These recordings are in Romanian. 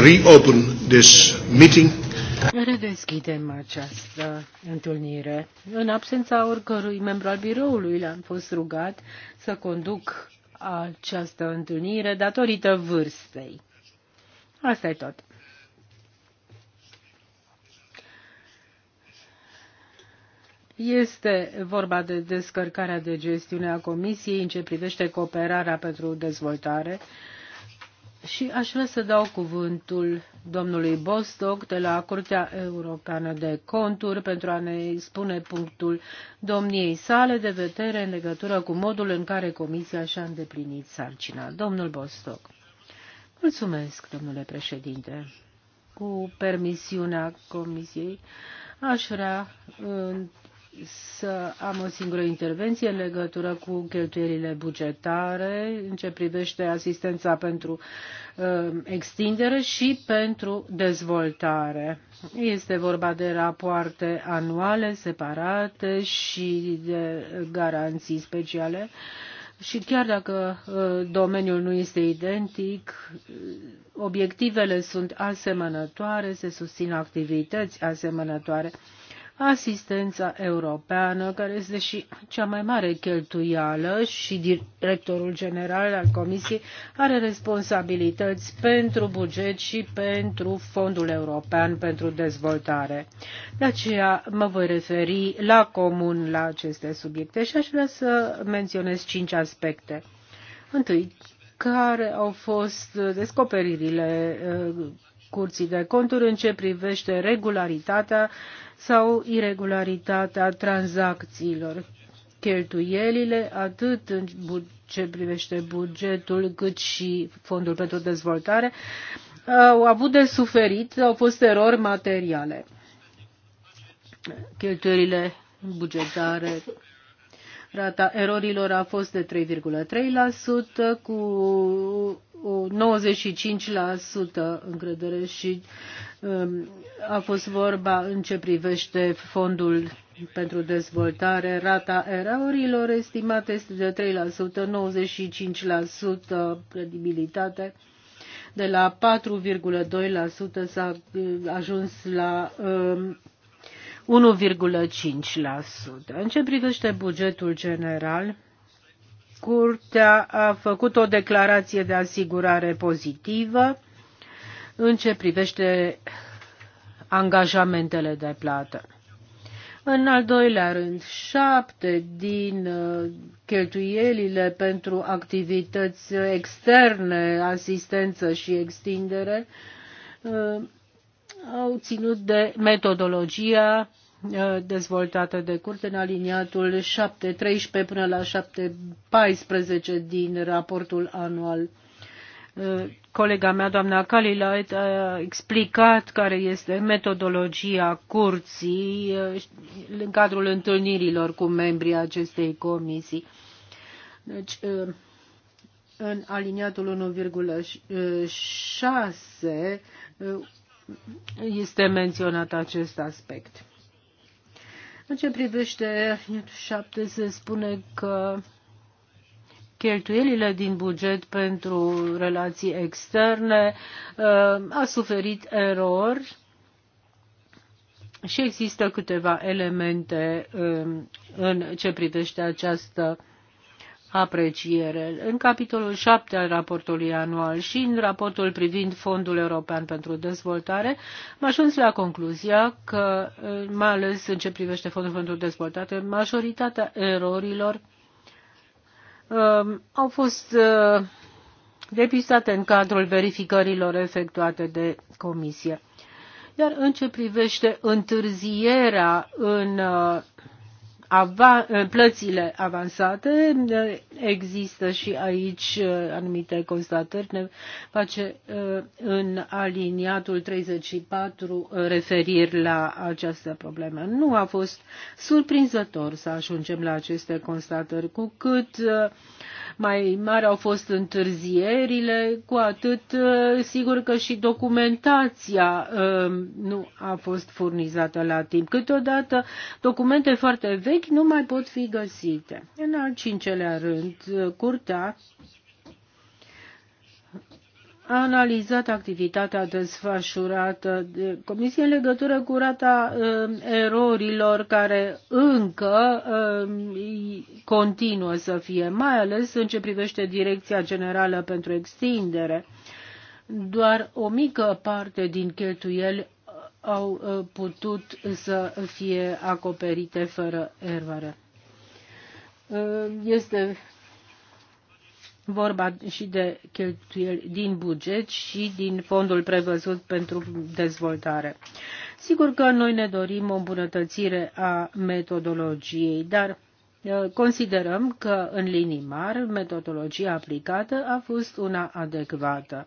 reopen this meeting. Redeschidem această întâlnire. În absența oricărui membru al biroului le-am fost rugat să conduc această întâlnire datorită vârstei. Asta e tot. Este vorba de descărcarea de gestiune a Comisiei în ce privește cooperarea pentru dezvoltare și aș vrea să dau cuvântul domnului Bostock de la Curtea Europeană de Conturi pentru a ne spune punctul domniei sale de vedere în legătură cu modul în care Comisia și-a îndeplinit sarcina. Domnul Bostock. Mulțumesc, domnule președinte. Cu permisiunea Comisiei, aș vrea să am o singură intervenție în legătură cu cheltuielile bugetare în ce privește asistența pentru uh, extindere și pentru dezvoltare. Este vorba de rapoarte anuale separate și de garanții speciale și chiar dacă uh, domeniul nu este identic, obiectivele sunt asemănătoare, se susțin activități asemănătoare asistența europeană, care este și cea mai mare cheltuială și directorul general al Comisiei are responsabilități pentru buget și pentru Fondul European pentru Dezvoltare. De aceea mă voi referi la comun la aceste subiecte și aș vrea să menționez cinci aspecte. Întâi, care au fost descoperirile uh, curții de conturi în ce privește regularitatea sau irregularitatea tranzacțiilor. Cheltuielile, atât în ce privește bugetul, cât și Fondul pentru Dezvoltare, au avut de suferit, au fost erori materiale. Cheltuielile bugetare Rata erorilor a fost de 3,3% cu 95% încredere și um, a fost vorba în ce privește fondul pentru dezvoltare. Rata erorilor estimată este de 3%, 95% credibilitate. De la 4,2% s-a uh, ajuns la um, 1,5%. În ce privește bugetul general, Curtea a făcut o declarație de asigurare pozitivă în ce privește angajamentele de plată. În al doilea rând, șapte din uh, cheltuielile pentru activități externe, asistență și extindere, uh, au ținut de metodologia uh, dezvoltată de curte în aliniatul 7.13 până la 7.14 din raportul anual. Uh, colega mea, doamna Calilait, a explicat care este metodologia curții uh, în cadrul întâlnirilor cu membrii acestei comisii. Deci, în aliniatul 1,6 este menționat acest aspect. În ce privește 7, se spune că cheltuielile din buget pentru relații externe uh, a suferit erori și există câteva elemente um, în ce privește această apreciere. În capitolul 7 al raportului anual și în raportul privind Fondul European pentru Dezvoltare, am ajuns la concluzia că, mai ales în ce privește Fondul pentru Dezvoltare, majoritatea erorilor uh, au fost uh, depistate în cadrul verificărilor efectuate de comisie. Iar în ce privește întârzierea în uh, ava- plățile avansate. Există și aici uh, anumite constatări. Ne face uh, în aliniatul 34 uh, referiri la această problemă. Nu a fost surprinzător să ajungem la aceste constatări. Cu cât mai mari au fost întârzierile, cu atât sigur că și documentația nu a fost furnizată la timp. Câteodată documente foarte vechi vechi nu mai pot fi găsite. În al cincelea rând, curtea a analizat activitatea desfășurată de Comisie în legătură cu rata uh, erorilor care încă uh, continuă să fie, mai ales în ce privește Direcția Generală pentru Extindere. Doar o mică parte din cheltuieli au uh, putut să fie acoperite fără eroare. Uh, este vorba și de cheltuieli din buget și din fondul prevăzut pentru dezvoltare. Sigur că noi ne dorim o îmbunătățire a metodologiei, dar uh, considerăm că, în linii mari, metodologia aplicată a fost una adecvată.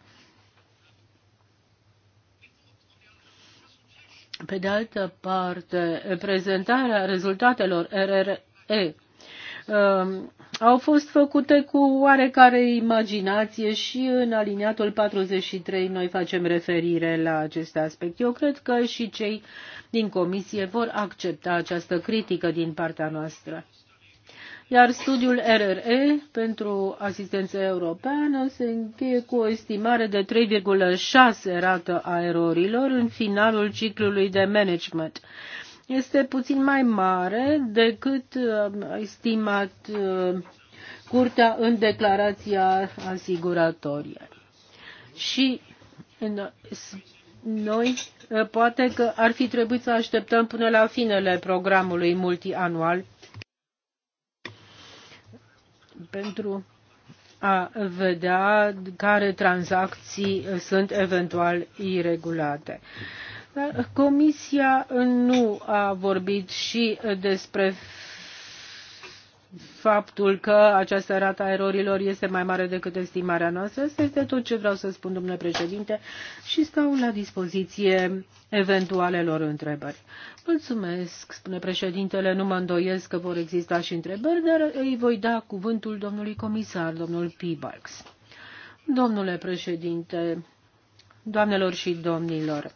Pe de altă parte, prezentarea rezultatelor RRE um, au fost făcute cu oarecare imaginație și în aliniatul 43 noi facem referire la acest aspect. Eu cred că și cei din comisie vor accepta această critică din partea noastră iar studiul RRE pentru asistență europeană se încheie cu o estimare de 3,6 rată a erorilor în finalul ciclului de management. Este puțin mai mare decât a uh, estimat uh, curtea în declarația asiguratorie. Și noi uh, poate că ar fi trebuit să așteptăm până la finele programului multianual pentru a vedea care tranzacții sunt eventual irregulate. Dar Comisia nu a vorbit și despre faptul că această rată a erorilor este mai mare decât estimarea noastră. Asta este tot ce vreau să spun, domnule președinte, și stau la dispoziție eventualelor întrebări. Mulțumesc, spune președintele, nu mă îndoiesc că vor exista și întrebări, dar îi voi da cuvântul domnului comisar, domnul Pibalx. Domnule președinte, doamnelor și domnilor,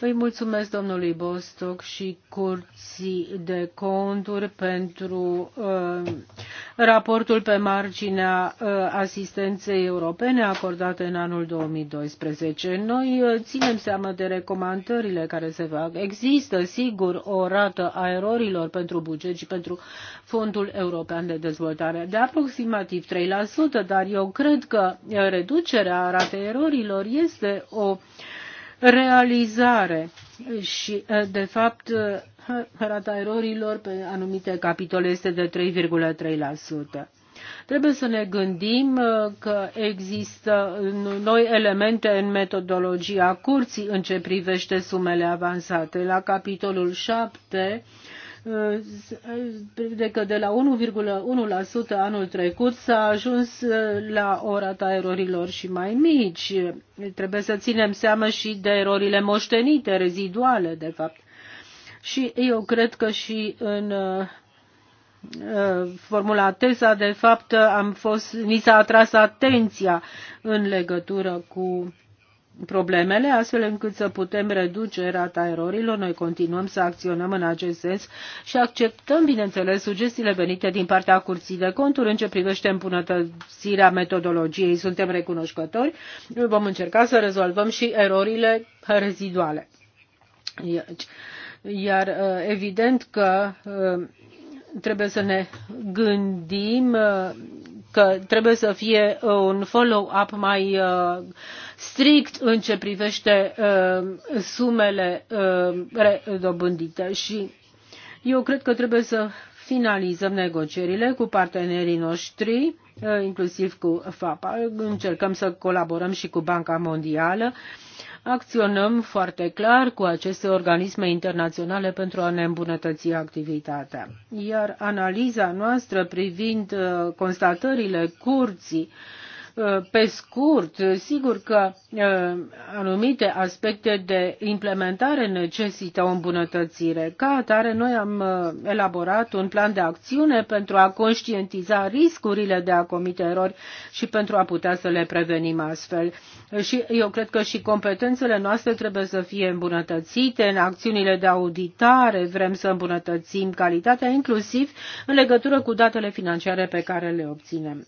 îi mulțumesc domnului Bostoc și Curții de Conturi pentru uh, raportul pe marginea uh, asistenței europene acordate în anul 2012. Noi uh, ținem seama de recomandările care se fac. Există, sigur, o rată a erorilor pentru buget și pentru Fondul European de Dezvoltare de aproximativ 3%, dar eu cred că uh, reducerea ratei erorilor este o uh, realizare și, uh, de fapt, uh, rata erorilor pe anumite capitole este de 3,3%. Trebuie să ne gândim uh, că există noi elemente în metodologia curții în ce privește sumele avansate. La capitolul 7 de că de la 1,1% anul trecut s-a ajuns uh, la o rata erorilor și mai mici. Trebuie să ținem seama și de erorile moștenite, reziduale, de fapt. Și eu cred că și în uh, uh, formula TESA, de fapt, am fost, ni s-a atras atenția în legătură cu problemele, astfel încât să putem reduce rata erorilor. Noi continuăm să acționăm în acest sens și acceptăm, bineînțeles, sugestiile venite din partea Curții de Conturi în ce privește îmbunătățirea metodologiei. Suntem recunoscători. Vom încerca să rezolvăm și erorile reziduale. Iar uh, evident că uh, trebuie să ne gândim uh, că trebuie să fie uh, un follow-up mai uh, strict în ce privește uh, sumele dobândite și eu cred că trebuie să finalizăm negocierile cu partenerii noștri, inclusiv cu FAPA. Încercăm să colaborăm și cu Banca Mondială acționăm foarte clar cu aceste organisme internaționale pentru a ne îmbunătăți activitatea. Iar analiza noastră privind uh, constatările curții Uh, pe scurt, sigur că uh, anumite aspecte de implementare necesită o îmbunătățire. Ca atare, noi am uh, elaborat un plan de acțiune pentru a conștientiza riscurile de a comite erori și pentru a putea să le prevenim astfel. Și eu cred că și competențele noastre trebuie să fie îmbunătățite în acțiunile de auditare, vrem să îmbunătățim calitatea, inclusiv în legătură cu datele financiare pe care le obținem.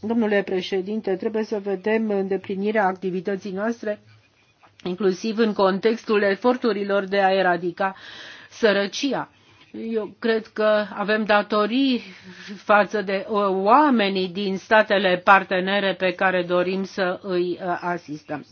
Domnule președinte, trebuie să vedem îndeplinirea activității noastre, inclusiv în contextul eforturilor de a eradica sărăcia. Eu cred că avem datorii față de uh, oamenii din statele partenere pe care dorim să îi uh, asistăm.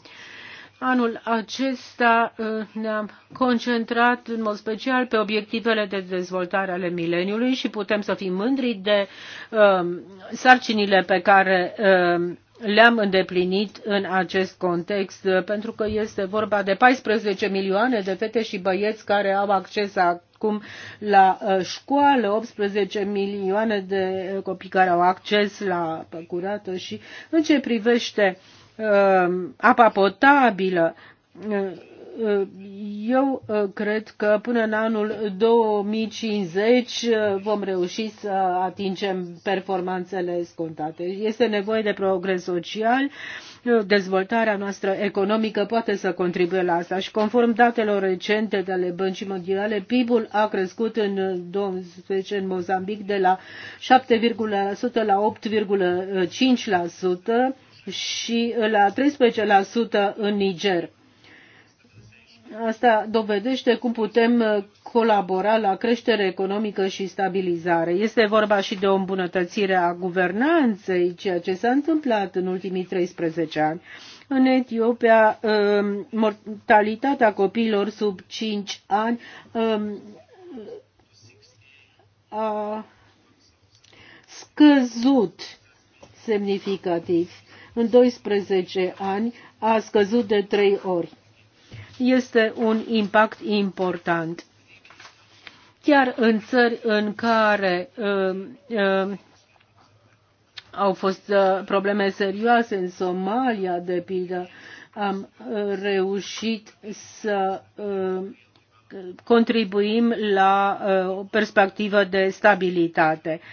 Anul acesta uh, ne-am concentrat în mod special pe obiectivele de dezvoltare ale mileniului și putem să fim mândri de um, sarcinile pe care um, le-am îndeplinit în acest context, uh, pentru că este vorba de 14 milioane de fete și băieți care au acces acum la uh, școală, 18 milioane de copii care au acces la curată și în ce privește uh, Um, apa potabilă. Uh, uh, eu uh, cred că până în anul 2050 vom reuși să atingem performanțele scontate. Este nevoie de progres social, dezvoltarea noastră economică poate să contribuie la asta și conform datelor recente de ale Băncii Mondiale, PIB-ul a crescut în 2010 în Mozambic de la 7,1% la 8,5% și la 13% în Niger. Asta dovedește cum putem colabora la creștere economică și stabilizare. Este vorba și de o îmbunătățire a guvernanței, ceea ce s-a întâmplat în ultimii 13 ani. În Etiopia, mortalitatea copiilor sub 5 ani a scăzut semnificativ în 12 ani a scăzut de 3 ori. Este un impact important. Chiar în țări în care uh, uh, au fost uh, probleme serioase, în Somalia, de pildă, am uh, reușit să uh, contribuim la uh, o perspectivă de stabilitate. Uh,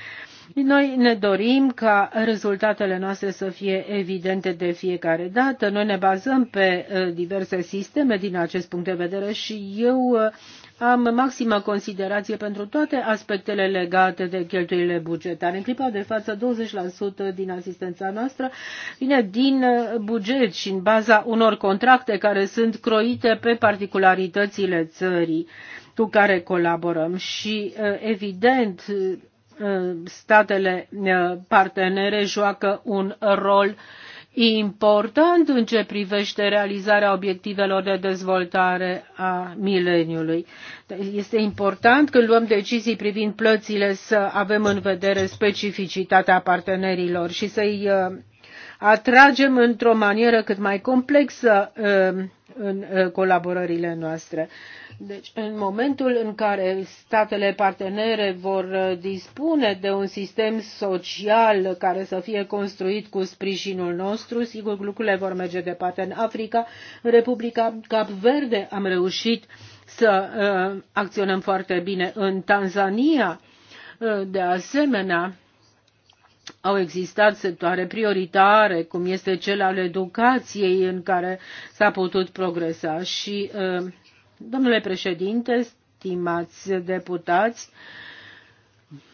noi ne dorim ca rezultatele noastre să fie evidente de fiecare dată. Noi ne bazăm pe uh, diverse sisteme din acest punct de vedere și eu uh, am maximă considerație pentru toate aspectele legate de cheltuielile bugetare. În clipa de față, 20% din asistența noastră vine din uh, buget și în baza unor contracte care sunt croite pe particularitățile țării cu care colaborăm și, evident, Eh, statele eh, partenere joacă un rol important în ce privește realizarea obiectivelor de dezvoltare a mileniului. Este important când luăm decizii privind plățile să avem în vedere specificitatea partenerilor și să-i eh, atragem într-o manieră cât mai complexă în uh, colaborările noastre. Deci, în momentul în care statele partenere vor uh, dispune de un sistem social care să fie construit cu sprijinul nostru, sigur lucrurile vor merge departe. În Africa, în Republica Cap Verde am reușit să uh, acționăm foarte bine. În Tanzania, uh, de asemenea, au existat sectoare prioritare, cum este cel al educației, în care s-a putut progresa. Și, ă, domnule președinte, stimați deputați,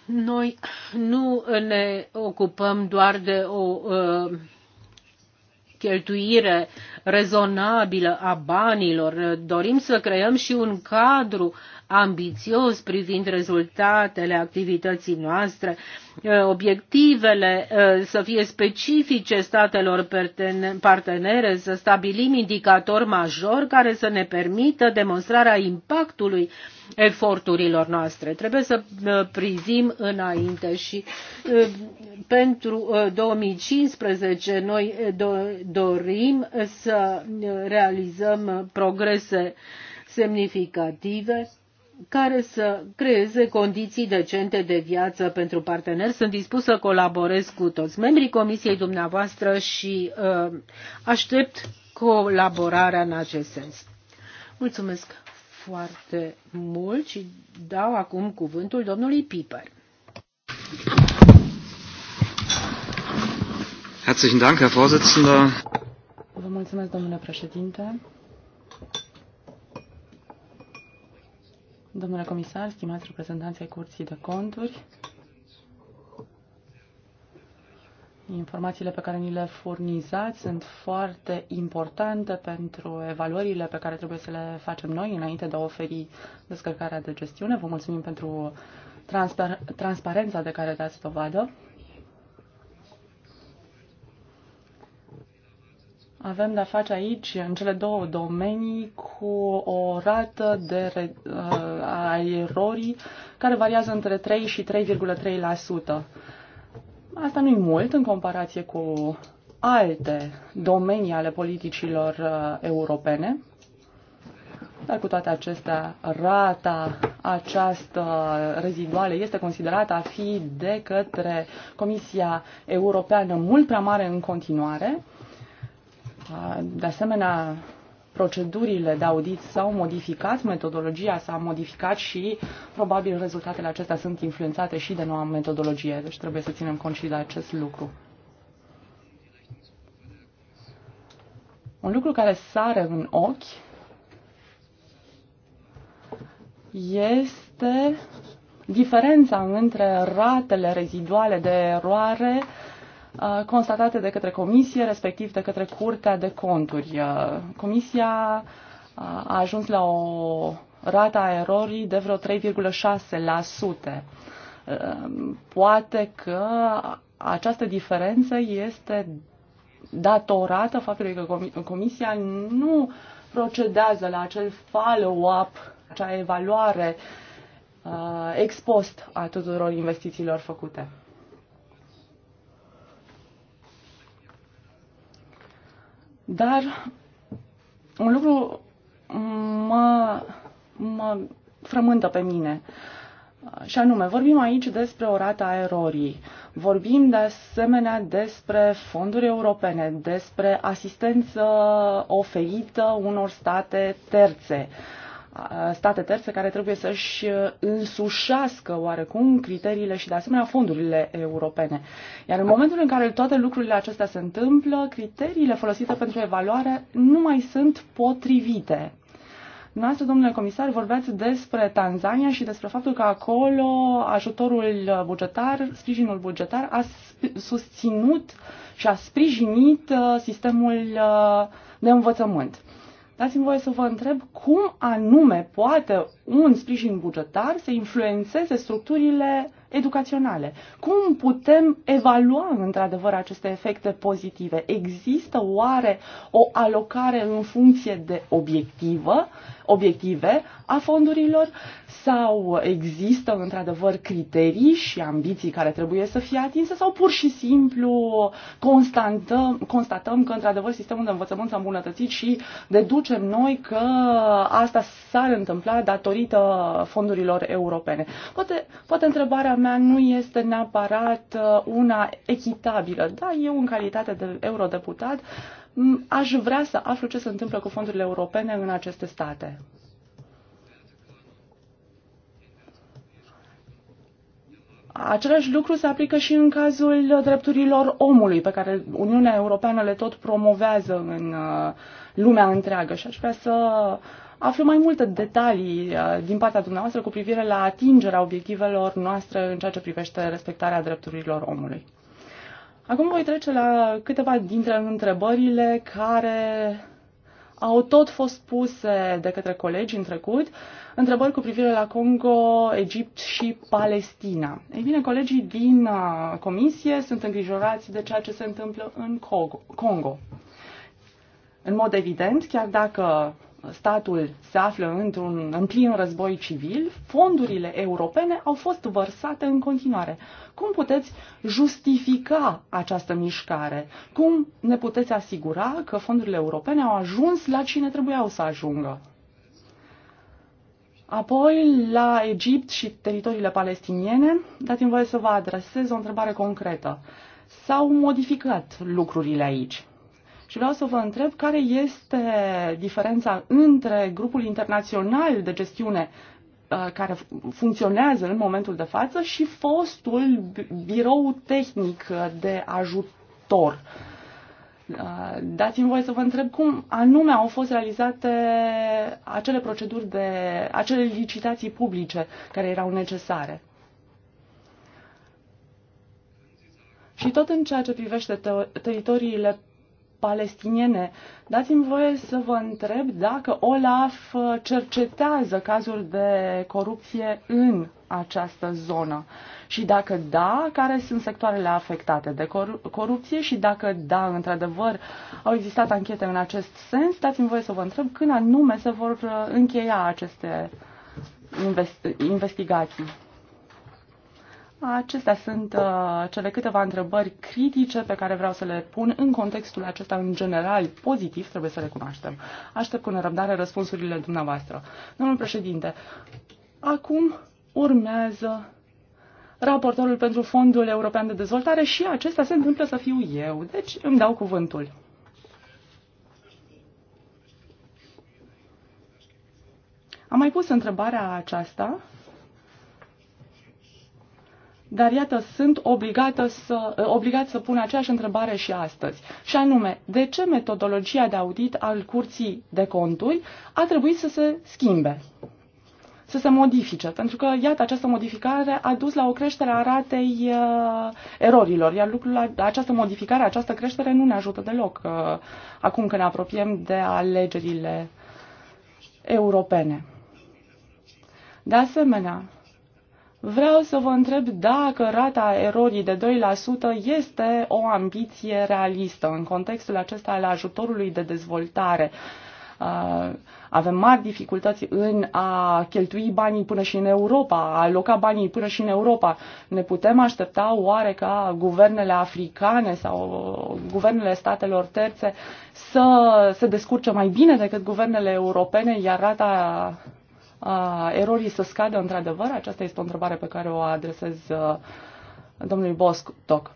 noi nu ne ocupăm doar de o uh, cheltuire rezonabilă a banilor. Dorim să creăm și un cadru ambițios privind rezultatele activității noastre, obiectivele eh, să fie specifice statelor partenere, să stabilim indicatori majori care să ne permită demonstrarea impactului uh, eforturilor noastre. Trebuie să uh, privim înainte și uh, pentru 2015 uh, noi dorim să realizăm progrese semnificative care să creeze condiții decente de viață pentru parteneri. Sunt dispus să colaborez cu toți membrii comisiei dumneavoastră și uh, aștept colaborarea în acest sens. Mulțumesc foarte mult și dau acum cuvântul domnului Piper. Herzlichen Dank, Herr Vorsitzender. Vă mulțumesc, domnule președinte. Domnule comisar, stimați reprezentanții Curții de Conturi, Informațiile pe care ni le furnizați sunt foarte importante pentru evaluările pe care trebuie să le facem noi înainte de a oferi descărcarea de gestiune. Vă mulțumim pentru transpar- transparența de care dați dovadă. Avem de-a face aici, în cele două domenii, cu o rată de a erorii care variază între 3 și 3,3%. Asta nu-i mult în comparație cu alte domenii ale politicilor uh, europene, dar cu toate acestea, rata această reziduală este considerată a fi de către Comisia Europeană mult prea mare în continuare. Uh, de asemenea, procedurile de audit s-au modificat, metodologia s-a modificat și probabil rezultatele acestea sunt influențate și de noua metodologie, deci trebuie să ținem cont și de acest lucru. Un lucru care sare în ochi este diferența între ratele reziduale de eroare uh, Uh, constatate de către comisie, respectiv de către Curtea de Conturi. Uh, comisia uh, a ajuns la o rata a erorii de vreo 3,6%. Poate că această diferență este datorată faptului că Comisia nu procedează la acel follow-up, acea evaluare uh, ex post a tuturor investițiilor făcute. Dar un lucru mă, mă frământă pe mine. Și anume, vorbim aici despre o rată a erorii. Vorbim de asemenea despre fonduri europene, despre asistență oferită unor state terțe. Uh, state terțe care trebuie să-și uh, însușească oarecum criteriile și de asemenea fondurile europene. Iar în momentul în care toate lucrurile acestea se întâmplă, criteriile folosite pentru evaluare nu mai sunt potrivite. Noastră, domnule comisar, vorbeați despre Tanzania și despre faptul că acolo ajutorul bugetar, sprijinul bugetar a susținut și a sprijinit uh, sistemul uh, de învățământ. Dați-mi voie să vă întreb cum anume poate un sprijin bugetar să influențeze structurile educaționale. Cum putem evalua într-adevăr aceste efecte pozitive? Există oare o alocare în funcție de obiective obiective, a fondurilor sau există într-adevăr criterii și ambiții care trebuie să fie atinse sau pur și simplu constatăm, constatăm că într-adevăr sistemul de învățământ s-a îmbunătățit și deducem noi că asta s-ar întâmpla datorită fondurilor europene. Poate, poate întrebarea mea nu este neapărat uh, una echitabilă, dar eu în calitate de eurodeputat aș vrea să aflu ce se întâmplă cu fondurile europene în aceste state. Același lucru se aplică și în cazul drepturilor omului, pe care Uniunea Europeană le tot promovează în uh, lumea întreagă și aș vrea să aflu mai multe detalii uh, din partea dumneavoastră cu privire la atingerea obiectivelor noastre în ceea ce privește respectarea drepturilor omului. Acum voi trece la câteva dintre întrebările care au tot fost puse de către colegi în trecut întrebări cu privire la Congo, Egipt și Palestina. Ei bine, colegii din uh, comisie sunt îngrijorați de ceea ce se întâmplă în Congo. În mod evident, chiar dacă statul se află într-un în plin război civil, fondurile europene au fost vărsate în continuare. Cum puteți justifica această mișcare? Cum ne puteți asigura că fondurile europene au ajuns la cine trebuiau să ajungă? Apoi, la Egipt și teritoriile palestiniene, dați-mi voie să vă adresez o întrebare concretă. S-au modificat lucrurile aici. Și vreau să vă întreb care este diferența între grupul internațional de gestiune uh, care funcționează în momentul de față și fostul birou tehnic de ajutor Uh, dați-mi voie să vă întreb cum anume au fost realizate acele proceduri de, acele licitații publice care erau necesare. Și tot în ceea ce privește teritoriile palestiniene. Dați-mi voie să vă întreb dacă Olaf cercetează cazuri de corupție în această zonă? Și dacă da, care sunt sectoarele afectate de cor- corupție? Și dacă da, într-adevăr, au existat anchete în acest sens, dați-mi voie să vă întreb când anume se vor uh, încheia aceste invest- investigații. Acestea sunt uh, cele câteva întrebări critice pe care vreau să le pun în contextul acesta în general pozitiv, trebuie să cunoaștem. Aștept cu nerăbdare răspunsurile dumneavoastră. Domnul președinte, acum urmează raportorul pentru Fondul European de Dezvoltare și acesta se întâmplă să fiu eu, deci îmi dau cuvântul. Am mai pus întrebarea aceasta, dar iată, sunt obligată să, obligat să pun aceeași întrebare și astăzi. Și anume, de ce metodologia de audit al curții de conturi a trebuit să se schimbe? să se modifice, pentru că, iată, această modificare a dus la o creștere a ratei uh, erorilor, iar lucrul, această modificare, această creștere nu ne ajută deloc uh, acum când ne apropiem de alegerile europene. De asemenea, vreau să vă întreb dacă rata erorii de 2% este o ambiție realistă în contextul acesta al ajutorului de dezvoltare. Uh, Uh, avem mari dificultăți în a cheltui banii până și în Europa, a aloca banii până și în Europa. Ne putem aștepta oare ca guvernele africane sau guvernele statelor terțe să se descurce mai bine decât guvernele europene, iar rata a uh, erorii să scadă într-adevăr? Aceasta este o întrebare pe care o adresez uh, domnului Toc.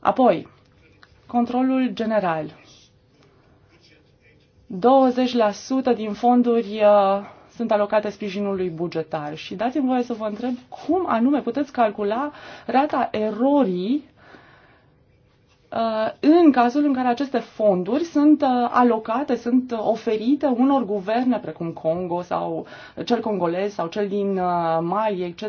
Apoi, controlul general. 20% din fonduri uh, sunt alocate sprijinului bugetar. Și dați-mi voie să vă întreb cum anume puteți calcula rata erorii uh, în cazul în care aceste fonduri sunt uh, alocate, sunt oferite unor guverne precum Congo sau cel congolez sau cel din Mali, etc.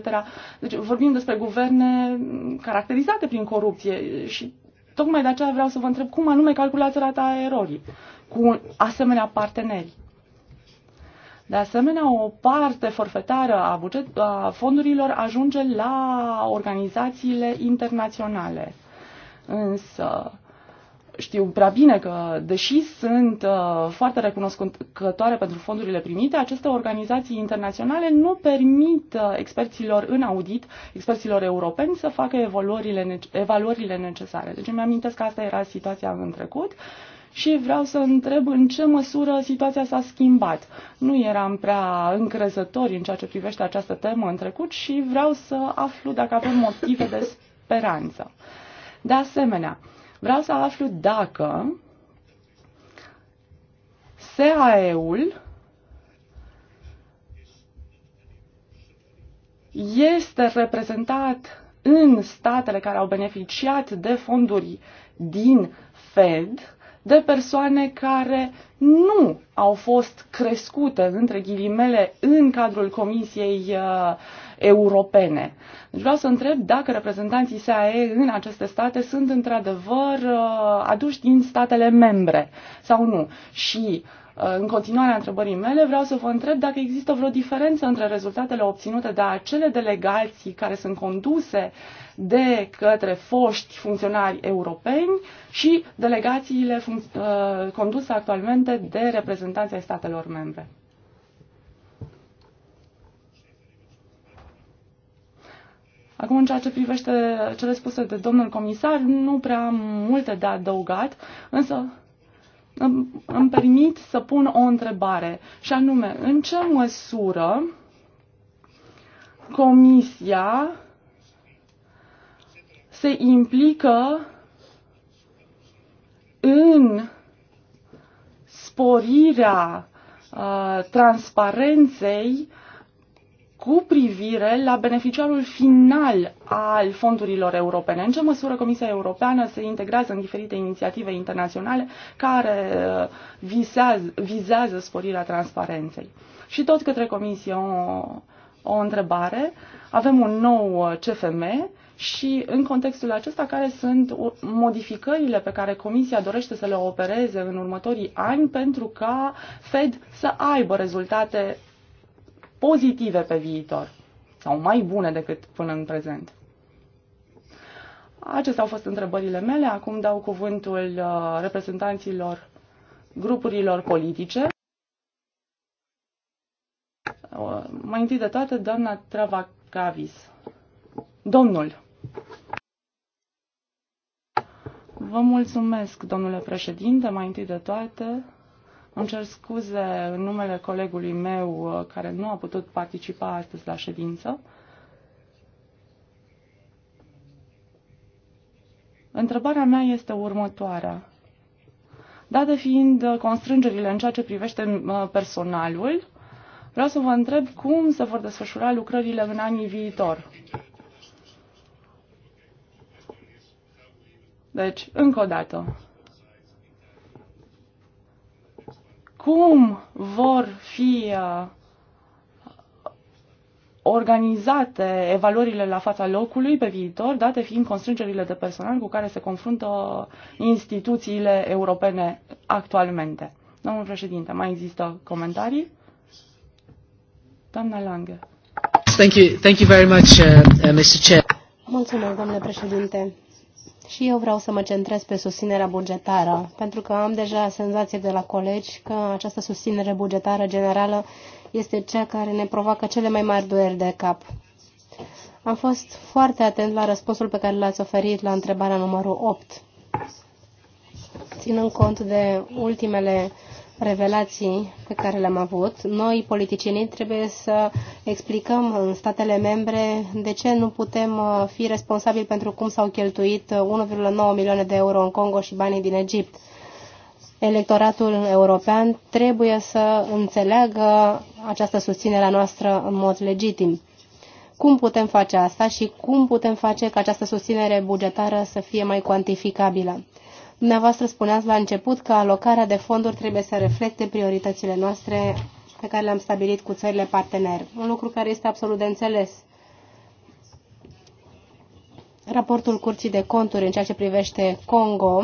Deci vorbim despre guverne mm, caracterizate prin corupție și tocmai de aceea vreau să vă întreb cum anume calculați rata erorii cu asemenea parteneri. De asemenea, o parte forfetară a, buget, a fondurilor ajunge la organizațiile internaționale. Însă, știu prea bine că, deși sunt uh, foarte recunoscătoare pentru fondurile primite, aceste organizații internaționale nu permit uh, experților în audit, experților europeni, să facă evaluările, nece- evaluările necesare. Deci îmi amintesc că asta era situația în trecut. Uh, și vreau să întreb în ce măsură situația s-a schimbat. Nu eram prea încrezători în ceea ce privește această temă în trecut și vreau să aflu dacă avem motive de speranță. De asemenea, vreau să aflu dacă SAE-ul este reprezentat în statele care au beneficiat de fonduri din Fed de persoane care nu au fost crescute, între ghilimele, în cadrul Comisiei uh, Europene. Deci vreau să întreb dacă reprezentanții SAE în aceste state sunt într-adevăr uh, aduși din statele membre sau nu. Și uh, Uh, în continuarea întrebării mele, vreau să vă întreb dacă există vreo diferență între rezultatele obținute de acele delegații care sunt conduse de către foști funcționari europeni și delegațiile uh, conduse actualmente de reprezentanții ai statelor membre. Acum, în ceea ce privește cele spuse de domnul comisar, nu prea am multe de adăugat, însă îmi permit să pun o întrebare, și anume, în ce măsură Comisia se implică în sporirea uh, transparenței cu privire la beneficiarul final al fondurilor europene. În ce măsură Comisia Europeană se integrează în diferite inițiative internaționale care uh, visează, vizează sporirea transparenței. Și tot către Comisie o, o întrebare. Avem un nou uh, CFM și în contextul acesta care sunt modificările pe care Comisia dorește să le opereze în următorii ani pentru ca Fed să aibă rezultate pozitive pe viitor sau mai bune decât până în prezent. Acestea au fost întrebările mele. Acum dau cuvântul uh, reprezentanților grupurilor politice. Uh, mai întâi de toate, doamna Travacavis. Domnul. Vă mulțumesc, domnule președinte, mai întâi de toate. Îmi cer scuze în numele colegului meu uh, care nu a putut participa astăzi la ședință. Întrebarea mea este următoarea. Dată fiind uh, constrângerile în ceea ce privește uh, personalul, vreau să vă întreb cum se vor desfășura lucrările în anii viitor. Deci, încă o dată, cum vor fi uh, organizate evaluările la fața locului pe viitor, date fiind constrângerile de personal cu care se confruntă instituțiile europene actualmente. Domnul președinte, mai există comentarii? Doamna Lange. Thank you, thank you very much, uh, uh Mr. Chair. Mulțumesc, domnule președinte și eu vreau să mă centrez pe susținerea bugetară, pentru că am deja senzație de la colegi că această susținere bugetară generală este cea care ne provoacă cele mai mari dueri de cap. Am fost foarte atent la răspunsul pe care l-ați oferit la întrebarea numărul 8. Ținând cont de ultimele revelații pe care le-am avut, noi, politicienii, trebuie să explicăm în statele membre de ce nu putem uh, fi responsabili pentru cum s-au cheltuit 1,9 uh, milioane de euro în Congo și banii din Egipt. Electoratul european trebuie să înțeleagă această susținere a noastră în mod legitim. Cum putem face asta și cum putem face ca această susținere bugetară să fie mai cuantificabilă? Dumneavoastră spuneați la început că alocarea de fonduri trebuie să reflecte prioritățile noastre pe care le-am stabilit cu țările parteneri, un lucru care este absolut de înțeles. Raportul Curții de Conturi în ceea ce privește Congo,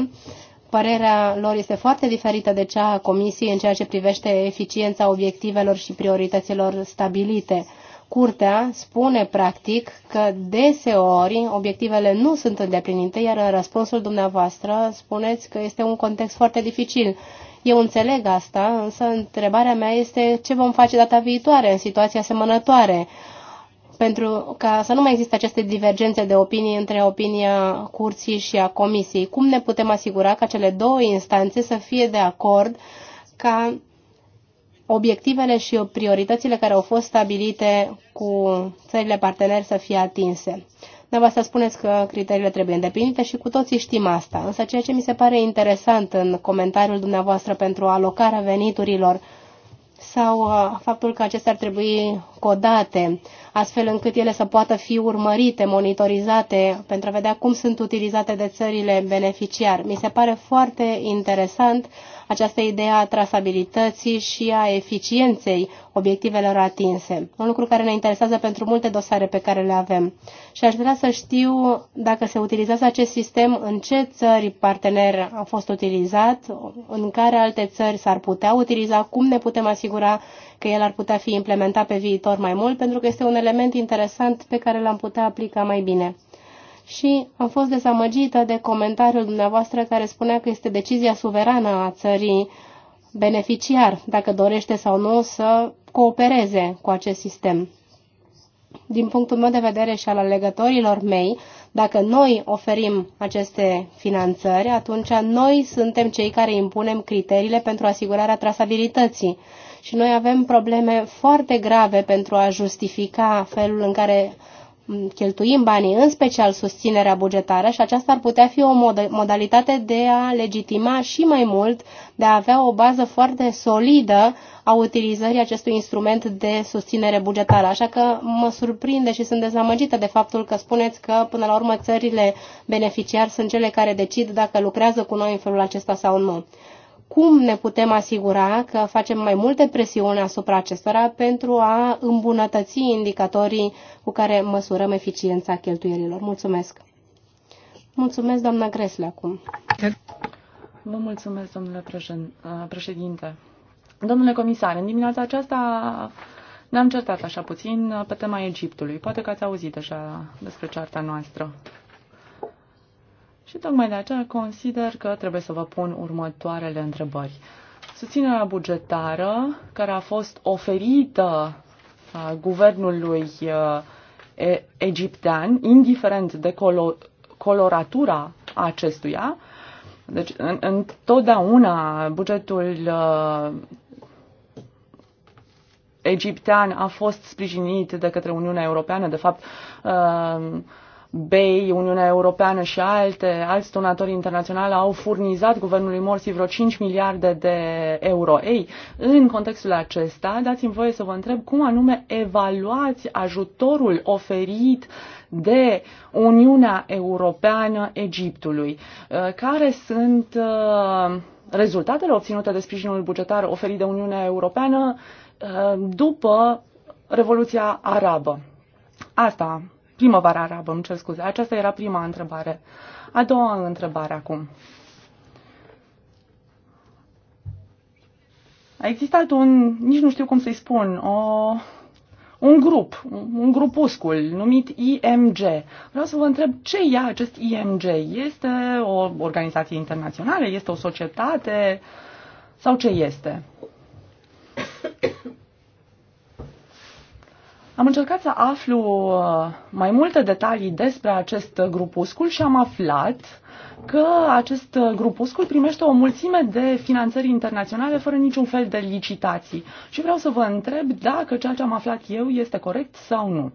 părerea lor este foarte diferită de cea a Comisiei în ceea ce privește eficiența obiectivelor și priorităților stabilite. Curtea spune practic că deseori obiectivele nu sunt îndeplinite, iar în răspunsul dumneavoastră spuneți că este un context foarte dificil. Eu înțeleg asta, însă întrebarea mea este ce vom face data viitoare în situații asemănătoare pentru ca să nu mai există aceste divergențe de opinii între opinia curții și a comisiei. Cum ne putem asigura ca cele două instanțe să fie de acord ca obiectivele și prioritățile care au fost stabilite cu țările parteneri să fie atinse. să spuneți că criteriile trebuie îndeplinite și cu toții știm asta, însă ceea ce mi se pare interesant în comentariul dumneavoastră pentru alocarea veniturilor sau uh, faptul că acestea ar trebui codate, astfel încât ele să poată fi urmărite, monitorizate, pentru a vedea cum sunt utilizate de țările beneficiar. Mi se pare foarte interesant uh, această idee a trasabilității și a eficienței obiectivelor atinse. Un lucru care ne interesează pentru multe dosare pe care le avem. Și aș vrea să știu dacă se utilizează acest sistem, în ce țări partener a fost utilizat, în care alte țări s-ar putea utiliza, cum ne putem asigura că el ar putea fi implementat pe viitor mai mult, pentru că este un element interesant pe care l-am putea aplica mai bine și am fost dezamăgită de comentariul dumneavoastră care spunea că este decizia suverană a țării beneficiar, dacă dorește sau nu să coopereze cu acest sistem. Din punctul meu de vedere și al alegătorilor mei, dacă noi oferim aceste finanțări, atunci noi suntem cei care impunem criteriile pentru asigurarea trasabilității. Și noi avem probleme foarte grave pentru a justifica felul în care cheltuim banii, în special susținerea bugetară și aceasta ar putea fi o modalitate de a legitima și mai mult, de a avea o bază foarte solidă a utilizării acestui instrument de susținere bugetară. Așa că mă surprinde și sunt dezamăgită de faptul că spuneți că, până la urmă, țările beneficiari sunt cele care decid dacă lucrează cu noi în felul acesta sau nu cum ne putem asigura că facem mai multe presiuni asupra acestora pentru a îmbunătăți indicatorii cu care măsurăm eficiența cheltuielilor. Mulțumesc! Mulțumesc, doamna Gresle, acum. Vă mulțumesc, domnule președinte. Domnule comisar, în dimineața aceasta ne-am certat așa puțin pe tema Egiptului. Poate că ați auzit deja despre cearta noastră. Și tocmai de aceea consider că trebuie să vă pun următoarele întrebări. Susținerea bugetară care a fost oferită a guvernului e, egiptean, indiferent de colo, coloratura acestuia, deci în, întotdeauna bugetul egiptean a fost sprijinit de către Uniunea Europeană. De fapt, uh, BEI, Uniunea Europeană și alte, alți donatori internaționali au furnizat guvernului Morsi vreo 5 miliarde de euro. Ei, în contextul acesta, dați-mi voie să vă întreb cum anume evaluați ajutorul oferit de Uniunea Europeană Egiptului. Uh, care sunt uh, rezultatele obținute de sprijinul bugetar oferit de Uniunea Europeană uh, după Revoluția Arabă? Asta primăvara arabă, îmi cer scuze. Aceasta era prima întrebare. A doua întrebare acum. A existat un, nici nu știu cum să-i spun, o, un grup, un grupuscul numit IMG. Vreau să vă întreb ce e acest IMG? Este o organizație internațională? Este o societate? Sau ce este? Am încercat să aflu uh, mai multe detalii despre acest grupuscul și am aflat că acest grupuscul primește o mulțime de finanțări internaționale fără niciun fel de licitații. Și vreau să vă întreb dacă ceea ce am aflat eu este corect sau nu.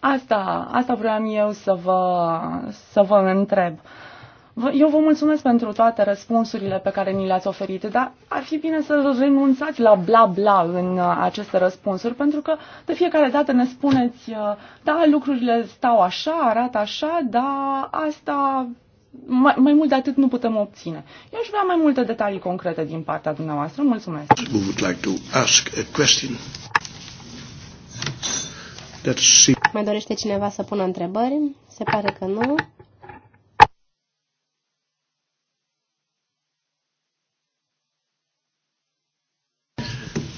Asta, asta vreau eu să vă, să vă întreb. Uh, eu vă mulțumesc pentru toate răspunsurile pe care ni le-ați oferit, dar ar fi bine să renunțați la bla-bla în uh, aceste răspunsuri, pentru că de fiecare dată ne spuneți, uh, da, lucrurile stau așa, arată așa, dar asta mai, mai mult de atât nu putem obține. Eu aș vrea mai multe detalii concrete din partea dumneavoastră. Mulțumesc. We would like to ask a question. Mai dorește cineva să pună întrebări? Se pare că nu.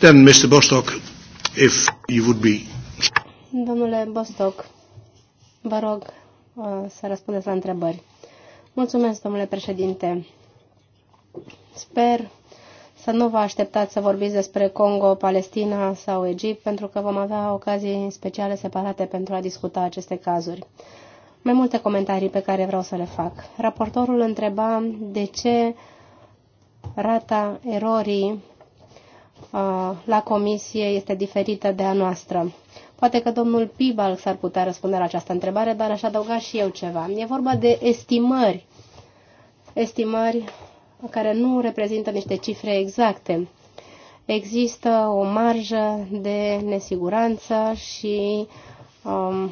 Then, Mr. Bostock, if you would be... Domnule Bostock, vă rog uh, să răspundeți la întrebări. Mulțumesc, domnule președinte. Sper să nu vă așteptați să vorbiți despre Congo, Palestina sau Egipt, pentru că vom avea ocazii speciale separate pentru a discuta aceste cazuri. Mai multe comentarii pe care vreau să le fac. Raportorul întreba de ce rata erorii la comisie este diferită de a noastră. Poate că domnul Pibal s ar putea răspunde la această întrebare, dar aș adăuga și eu ceva. E vorba de estimări. Estimări care nu reprezintă niște cifre exacte. Există o marjă de nesiguranță și um,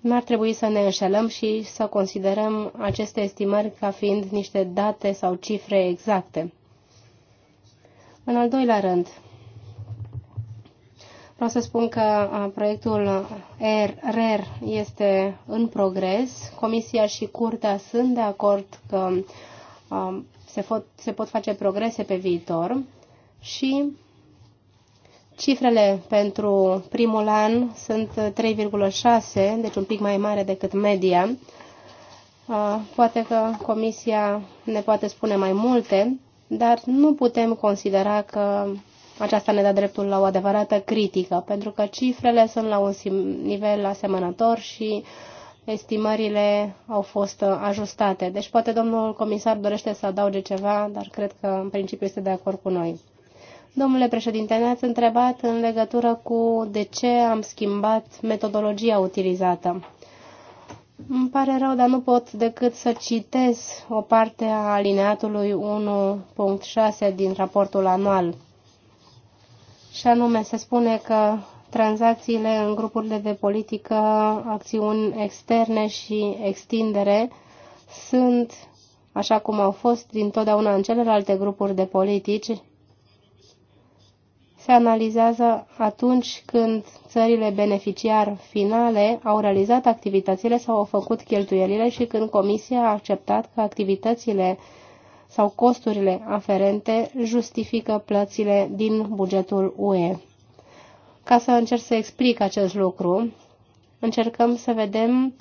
nu ar trebui să ne înșelăm și să considerăm aceste estimări ca fiind niște date sau cifre exacte. În al doilea rând, vreau să spun că proiectul RER este în progres. Comisia și Curtea sunt de acord că se pot, se pot face progrese pe viitor și Cifrele pentru primul an sunt 3,6, deci un pic mai mare decât media. Poate că Comisia ne poate spune mai multe, dar nu putem considera că aceasta ne dă dreptul la o adevărată critică, pentru că cifrele sunt la un nivel asemănător și estimările au fost ajustate. Deci poate domnul comisar dorește să adauge ceva, dar cred că în principiu este de acord cu noi. Domnule președinte, ne-ați întrebat în legătură cu de ce am schimbat metodologia utilizată. Îmi pare rău, dar nu pot decât să citesc o parte a alineatului 1.6 din raportul anual. Și anume, se spune că tranzacțiile în grupurile de politică, acțiuni externe și extindere sunt, așa cum au fost dintotdeauna în celelalte grupuri de politici, se analizează atunci când țările beneficiar finale au realizat activitățile sau au făcut cheltuielile și când Comisia a acceptat că activitățile sau costurile aferente justifică plățile din bugetul UE. Ca să încerc să explic acest lucru, încercăm să vedem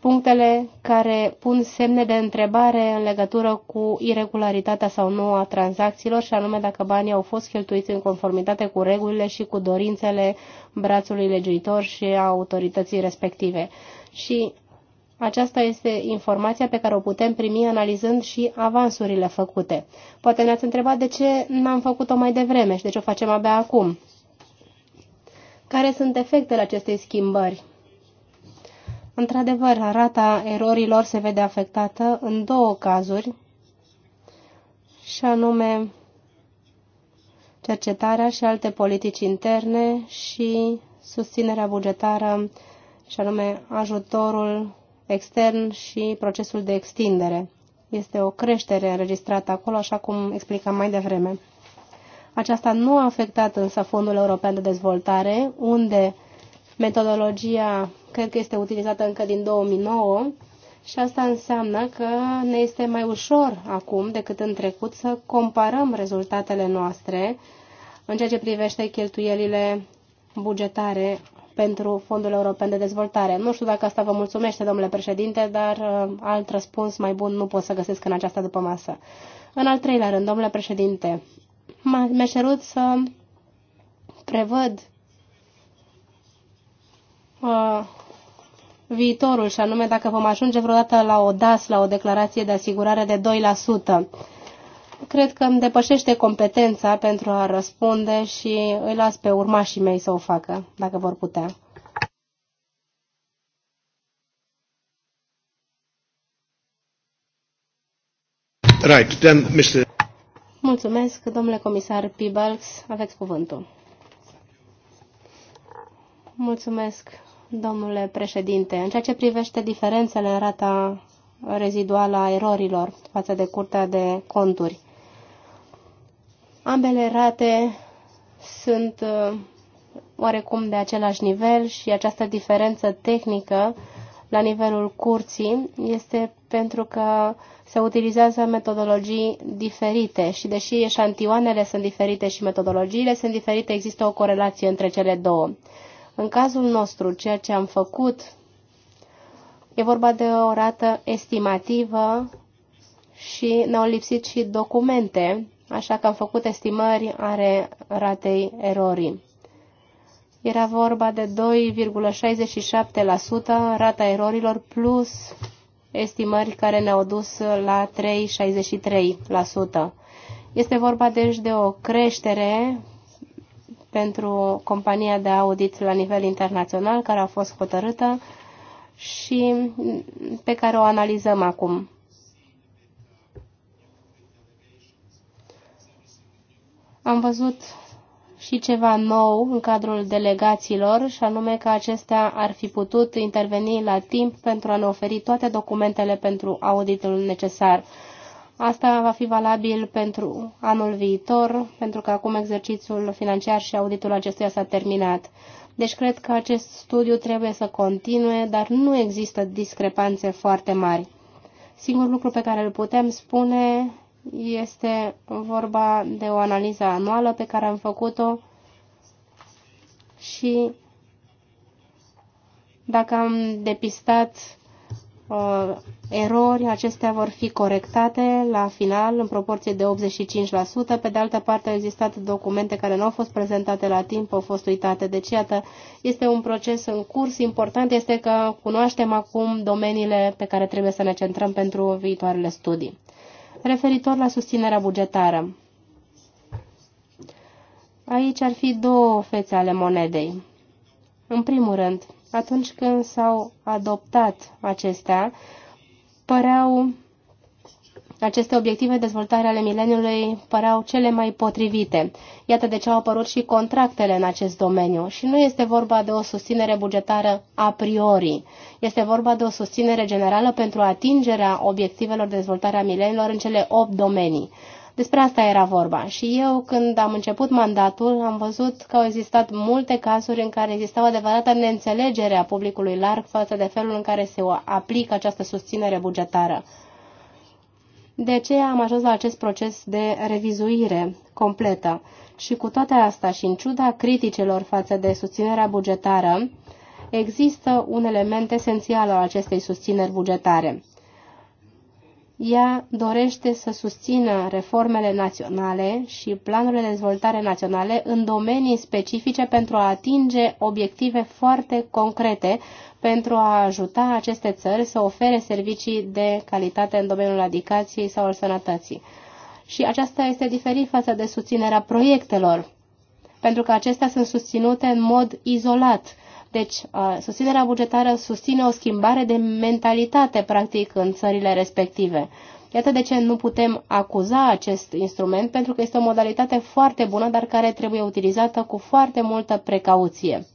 punctele care pun semne de întrebare în legătură cu irregularitatea sau nu a tranzacțiilor și anume dacă banii au fost cheltuiți în conformitate cu regulile și cu dorințele brațului legiuitor și a autorității respective. Și aceasta este informația pe care o putem primi analizând și avansurile făcute. Poate ne-ați întrebat de ce n-am făcut-o mai devreme și de ce o facem abia acum. Care sunt efectele acestei schimbări? Într-adevăr, rata erorilor se vede afectată în două cazuri, și anume cercetarea și alte politici interne și susținerea bugetară, și anume ajutorul extern și procesul de extindere. Este o creștere înregistrată acolo, așa cum explicam mai devreme. Aceasta nu a afectat însă Fondul European de Dezvoltare, unde metodologia cred că este utilizată încă din 2009 și asta înseamnă că ne este mai ușor acum decât în trecut să comparăm rezultatele noastre în ceea ce privește cheltuielile bugetare pentru Fondul European de Dezvoltare. Nu știu dacă asta vă mulțumește, domnule președinte, dar uh, alt răspuns mai bun nu pot să găsesc în această după masă. În al treilea rând, domnule președinte, mi-a cerut să prevăd Uh, viitorul, și anume dacă vom ajunge vreodată la o DAS, la o declarație de asigurare de 2%. Cred că îmi depășește competența pentru a răspunde și îi las pe urmașii mei să o facă, dacă vor putea. Right, then, Mr. Mulțumesc, domnule comisar Pibalx, aveți cuvântul. Mulțumesc domnule președinte. În ceea ce privește diferențele în rata reziduală a erorilor față de curtea de conturi, ambele rate sunt uh, oarecum de același nivel și această diferență tehnică la nivelul curții este pentru că se utilizează metodologii diferite și deși eșantioanele sunt diferite și metodologiile sunt diferite, există o corelație între cele două. În cazul nostru, ceea ce am făcut e vorba de o rată estimativă și ne-au lipsit și documente, așa că am făcut estimări ale ratei erorii. Era vorba de 2,67% rata erorilor plus estimări care ne-au dus la 3,63%. Este vorba deci de o creștere pentru compania de audit la nivel internațional care a fost hotărâtă și pe care o analizăm acum. Am văzut și ceva nou în cadrul delegațiilor, și anume că acestea ar fi putut interveni la timp pentru a ne oferi toate documentele pentru auditul necesar. Asta va fi valabil pentru anul viitor, pentru că acum exercițiul financiar și auditul acestuia s-a terminat. Deci cred că acest studiu trebuie să continue, dar nu există discrepanțe foarte mari. Singurul lucru pe care îl putem spune este vorba de o analiză anuală pe care am făcut-o și dacă am depistat uh, erori, acestea vor fi corectate la final în proporție de 85%. Pe de altă parte, au existat documente care nu au fost prezentate la timp, au fost uitate. Deci, iată, este un proces în curs. Important este că cunoaștem acum domeniile pe care trebuie să ne centrăm pentru viitoarele studii. Referitor la susținerea bugetară. Aici ar fi două fețe ale monedei. În primul rând, atunci când s-au adoptat acestea, păreau aceste obiective de dezvoltare ale mileniului păreau cele mai potrivite. Iată de ce au apărut și contractele în acest domeniu. Și nu este vorba de o susținere bugetară a priori. Este vorba de o susținere generală pentru atingerea obiectivelor de dezvoltare a mileniilor în cele 8 domenii. Despre asta era vorba. Și eu, când am început mandatul, am văzut că au existat multe cazuri în care exista o adevărată neînțelegere a publicului larg față de felul în care se aplică această susținere bugetară. De aceea am ajuns la acest proces de revizuire completă. Și cu toate astea și în ciuda criticilor față de susținerea bugetară, există un element esențial al acestei susțineri bugetare. Ea dorește să susțină reformele naționale și planurile de dezvoltare naționale în domenii specifice pentru a atinge obiective foarte concrete pentru a ajuta aceste țări să ofere servicii de calitate în domeniul educației sau al sănătății. Și aceasta este diferit față de susținerea proiectelor, pentru că acestea sunt susținute în mod izolat deci, uh, susținerea bugetară susține o schimbare de mentalitate, practic, în țările respective. Iată de ce nu putem acuza acest instrument, pentru că este o modalitate foarte bună, dar care trebuie utilizată cu foarte multă precauție.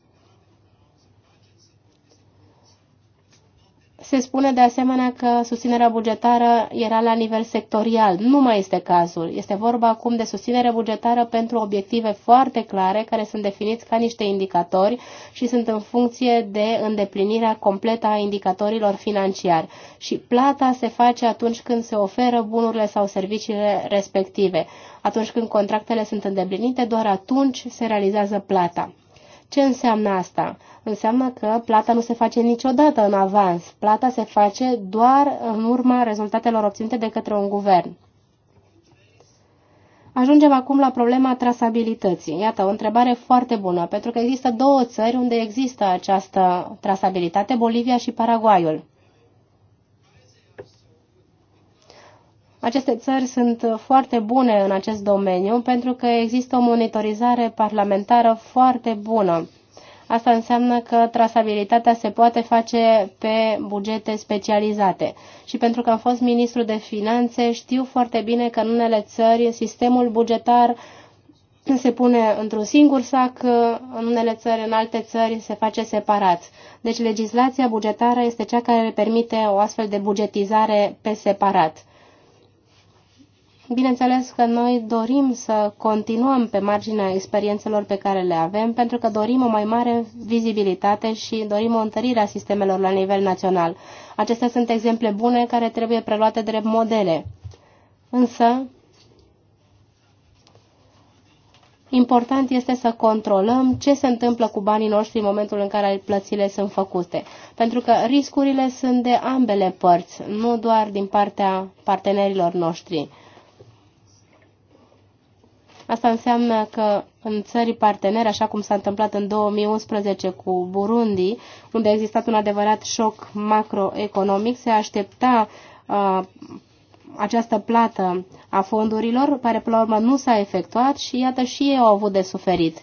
Se spune de asemenea că susținerea bugetară era la nivel sectorial. Nu mai este cazul. Este vorba acum de susținere bugetară pentru obiective foarte clare care sunt definiți ca niște indicatori și sunt în funcție de îndeplinirea completă a indicatorilor financiari. Și plata se face atunci când se oferă bunurile sau serviciile respective. Atunci când contractele sunt îndeplinite, doar atunci se realizează plata. Ce înseamnă asta? Înseamnă că plata nu se face niciodată în avans. Plata se face doar în urma rezultatelor obținute de către un guvern. Ajungem acum la problema trasabilității. Iată, o întrebare foarte bună, pentru că există două țări unde există această trasabilitate, Bolivia și Paraguayul. Aceste țări sunt foarte bune în acest domeniu pentru că există o monitorizare parlamentară foarte bună. Asta înseamnă că trasabilitatea se poate face pe bugete specializate. Și pentru că am fost ministru de finanțe, știu foarte bine că în unele țări sistemul bugetar se pune într-un singur sac, în unele țări, în alte țări se face separat. Deci legislația bugetară este cea care permite o astfel de bugetizare pe separat. Bineînțeles că noi dorim să continuăm pe marginea experiențelor pe care le avem, pentru că dorim o mai mare vizibilitate și dorim o întărire a sistemelor la nivel național. Acestea sunt exemple bune care trebuie preluate drept modele. Însă, important este să controlăm ce se întâmplă cu banii noștri în momentul în care plățile sunt făcute. Pentru că riscurile sunt de ambele părți, nu doar din partea partenerilor noștri. Asta înseamnă că în țări parteneri, așa cum s-a întâmplat în 2011 cu Burundi, unde a existat un adevărat șoc macroeconomic, se aștepta uh, această plată a fondurilor, care până la urmă nu s-a efectuat și iată și ei au avut de suferit.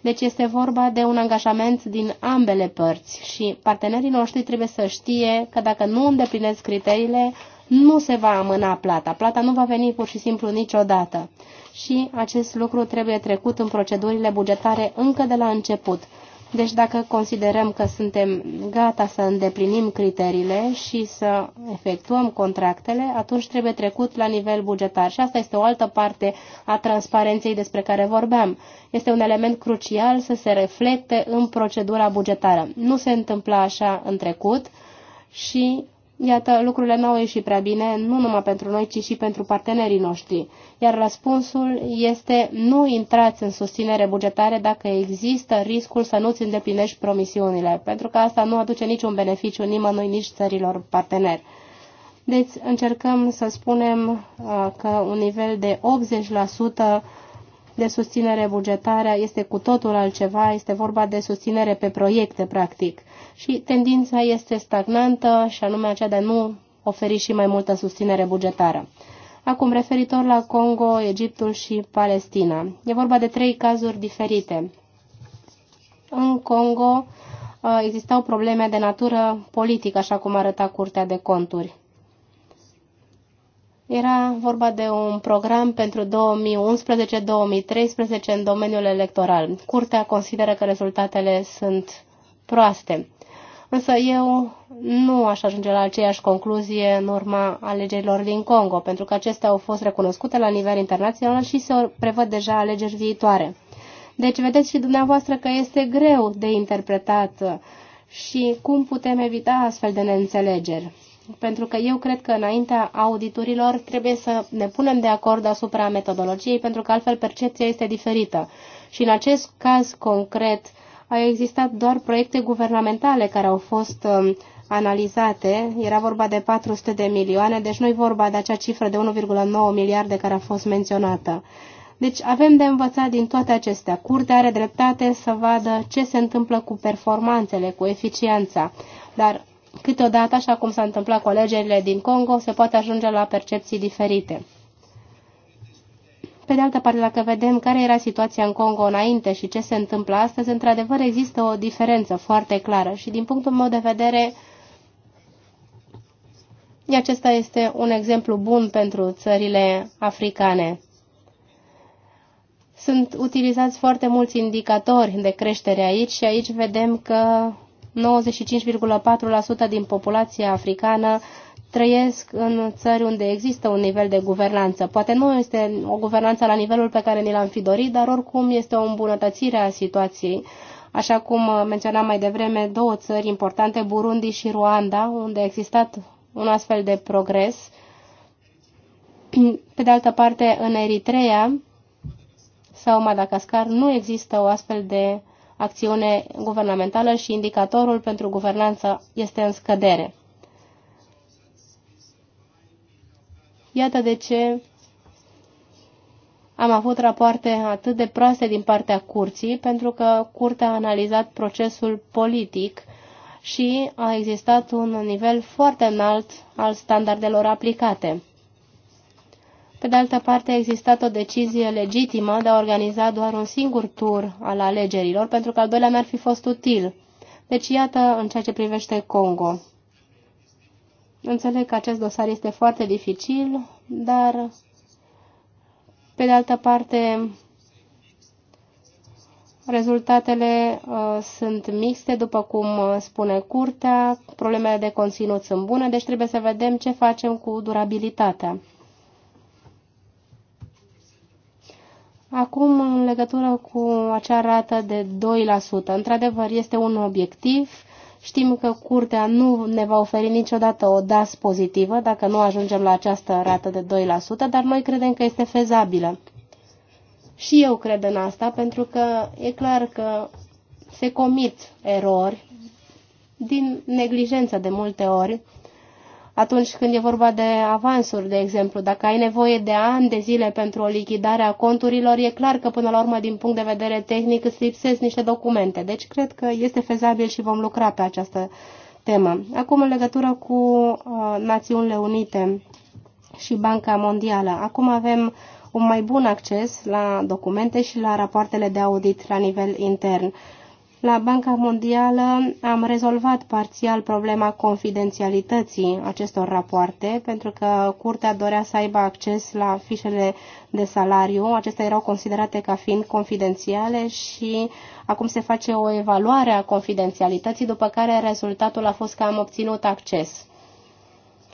Deci este vorba de un angajament din ambele părți și partenerii noștri trebuie să știe că dacă nu îndeplinesc criteriile, nu se va amâna plata. Plata nu va veni pur și simplu niciodată și acest lucru trebuie trecut în procedurile bugetare încă de la început. Deci dacă considerăm că suntem gata să îndeplinim criteriile și să efectuăm contractele, atunci trebuie trecut la nivel bugetar. Și asta este o altă parte a transparenței despre care vorbeam. Este un element crucial să se reflecte în procedura bugetară. Nu se întâmpla așa în trecut și Iată, lucrurile n-au ieșit prea bine, nu numai pentru noi, ci și pentru partenerii noștri. Iar răspunsul este nu intrați în susținere bugetare dacă există riscul să nu-ți îndeplinești promisiunile, pentru că asta nu aduce niciun beneficiu nimănui, nici țărilor parteneri. Deci încercăm să spunem uh, că un nivel de 80% de susținere bugetară este cu totul altceva, este vorba de susținere pe proiecte, practic și tendința este stagnantă și anume aceea de a nu oferi și mai multă susținere bugetară. Acum, referitor la Congo, Egiptul și Palestina. E vorba de trei cazuri diferite. În Congo ă, existau probleme de natură politică, așa cum arăta Curtea de Conturi. Era vorba de un program pentru 2011-2013 în domeniul electoral. Curtea consideră că rezultatele sunt proaste. Însă eu nu aș ajunge la aceeași concluzie în urma alegerilor din Congo, pentru că acestea au fost recunoscute la nivel internațional și se prevăd deja alegeri viitoare. Deci vedeți și dumneavoastră că este greu de interpretat și cum putem evita astfel de neînțelegeri. Pentru că eu cred că înaintea auditurilor trebuie să ne punem de acord asupra metodologiei, pentru că altfel percepția este diferită. Și în acest caz concret, uh, au existat doar proiecte guvernamentale care au fost um, analizate. Era vorba de 400 de milioane, deci nu e vorba de acea cifră de 1,9 miliarde care a fost menționată. Deci avem de învățat din toate acestea. Curtea are dreptate să vadă ce se întâmplă cu performanțele, cu eficiența. Dar câteodată, așa cum s-a întâmplat cu alegerile din Congo, se poate ajunge la percepții diferite. Pe de altă parte, dacă vedem care era situația în Congo înainte și ce se întâmplă astăzi, într-adevăr există o diferență foarte clară și din punctul meu de vedere, acesta este un exemplu bun pentru țările africane. Sunt utilizați foarte mulți indicatori de creștere aici și aici vedem că 95,4% din populația africană trăiesc în țări unde există un nivel de guvernanță. Poate nu este o guvernanță la nivelul pe care ni l-am fi dorit, dar oricum este o îmbunătățire a situației. Așa cum uh, menționam mai devreme, două țări importante, Burundi și Ruanda, unde a existat un astfel de progres. Pe de altă parte, în Eritrea sau Madagascar nu există o astfel de acțiune guvernamentală și indicatorul pentru guvernanță este în scădere. Iată de ce am avut rapoarte atât de proaste din partea curții, pentru că curtea a analizat procesul politic și a existat un nivel foarte înalt al standardelor aplicate. Pe de altă parte, a existat o decizie legitimă de a organiza doar un singur tur al alegerilor, pentru că al doilea mi-ar fi fost util. Deci, iată în ceea ce privește Congo. Înțeleg că acest dosar este foarte dificil, dar, pe de altă parte, rezultatele uh, sunt mixte, după cum uh, spune curtea, problemele de conținut sunt bune, deci trebuie să vedem ce facem cu durabilitatea. Acum, în legătură cu acea rată de 2%, într-adevăr, este un obiectiv Știm că curtea nu ne va oferi niciodată o DAS pozitivă dacă nu ajungem la această rată de 2%, dar noi credem că este fezabilă. Și eu cred în asta, pentru că e clar că se comit erori din neglijență de multe ori atunci când e vorba de avansuri, de exemplu. Dacă ai nevoie de ani de zile pentru o lichidare a conturilor, e clar că până la urmă, din punct de vedere tehnic, îți lipsesc niște documente. Deci cred că este fezabil și vom lucra pe această temă. Acum, în legătură cu uh, Națiunile Unite și Banca Mondială, acum avem un mai bun acces la documente și la rapoartele de audit la nivel intern. La Banca Mondială am rezolvat parțial problema confidențialității acestor rapoarte, pentru că curtea dorea să aibă acces la fișele de salariu. Acestea erau considerate ca fiind confidențiale și acum se face o evaluare a confidențialității, după care rezultatul a fost că am obținut acces.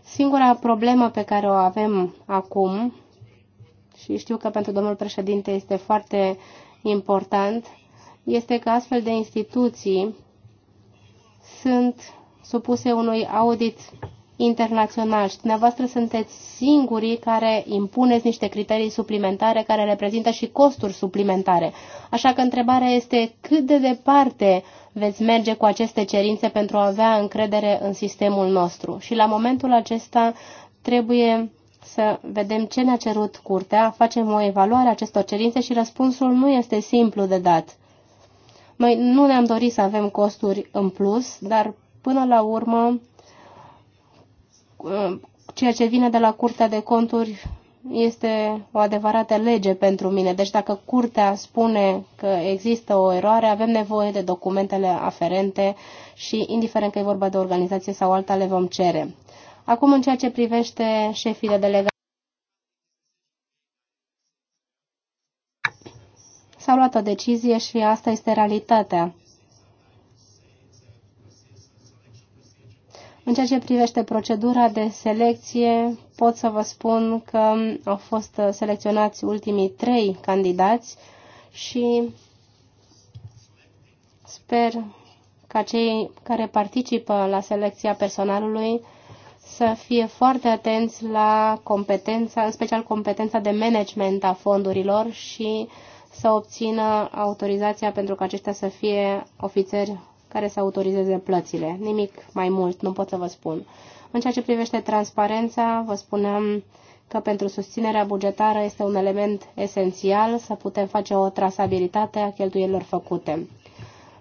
Singura problemă pe care o avem acum, și știu că pentru domnul președinte este foarte important, este că astfel de instituții sunt supuse unui audit internațional și dumneavoastră sunteți singurii care impuneți niște criterii suplimentare care reprezintă și costuri suplimentare. Așa că întrebarea este cât de departe veți merge cu aceste cerințe pentru a avea încredere în sistemul nostru. Și la momentul acesta trebuie să vedem ce ne-a cerut curtea, facem o evaluare a acestor cerințe și răspunsul nu este simplu de dat. Noi nu ne-am dorit să avem costuri în plus, dar până la urmă, ceea ce vine de la Curtea de Conturi este o adevărată lege pentru mine. Deci dacă curtea spune că există o eroare, avem nevoie de documentele aferente și, indiferent că e vorba de organizație sau alta, le vom cere. Acum, în ceea ce privește șefii de delegație, S-a luat o decizie și asta este realitatea. În ceea ce privește procedura de selecție, pot să vă spun că au fost selecționați ultimii trei candidați și sper ca cei care participă la selecția personalului să fie foarte atenți la competența, în special competența de management a fondurilor și uh, să obțină autorizația pentru ca aceștia să fie ofițeri care să autorizeze plățile. Nimic mai mult, nu pot să vă spun. În ceea ce privește transparența, vă spuneam că pentru susținerea bugetară este un element esențial să putem face o trasabilitate a cheltuielilor făcute.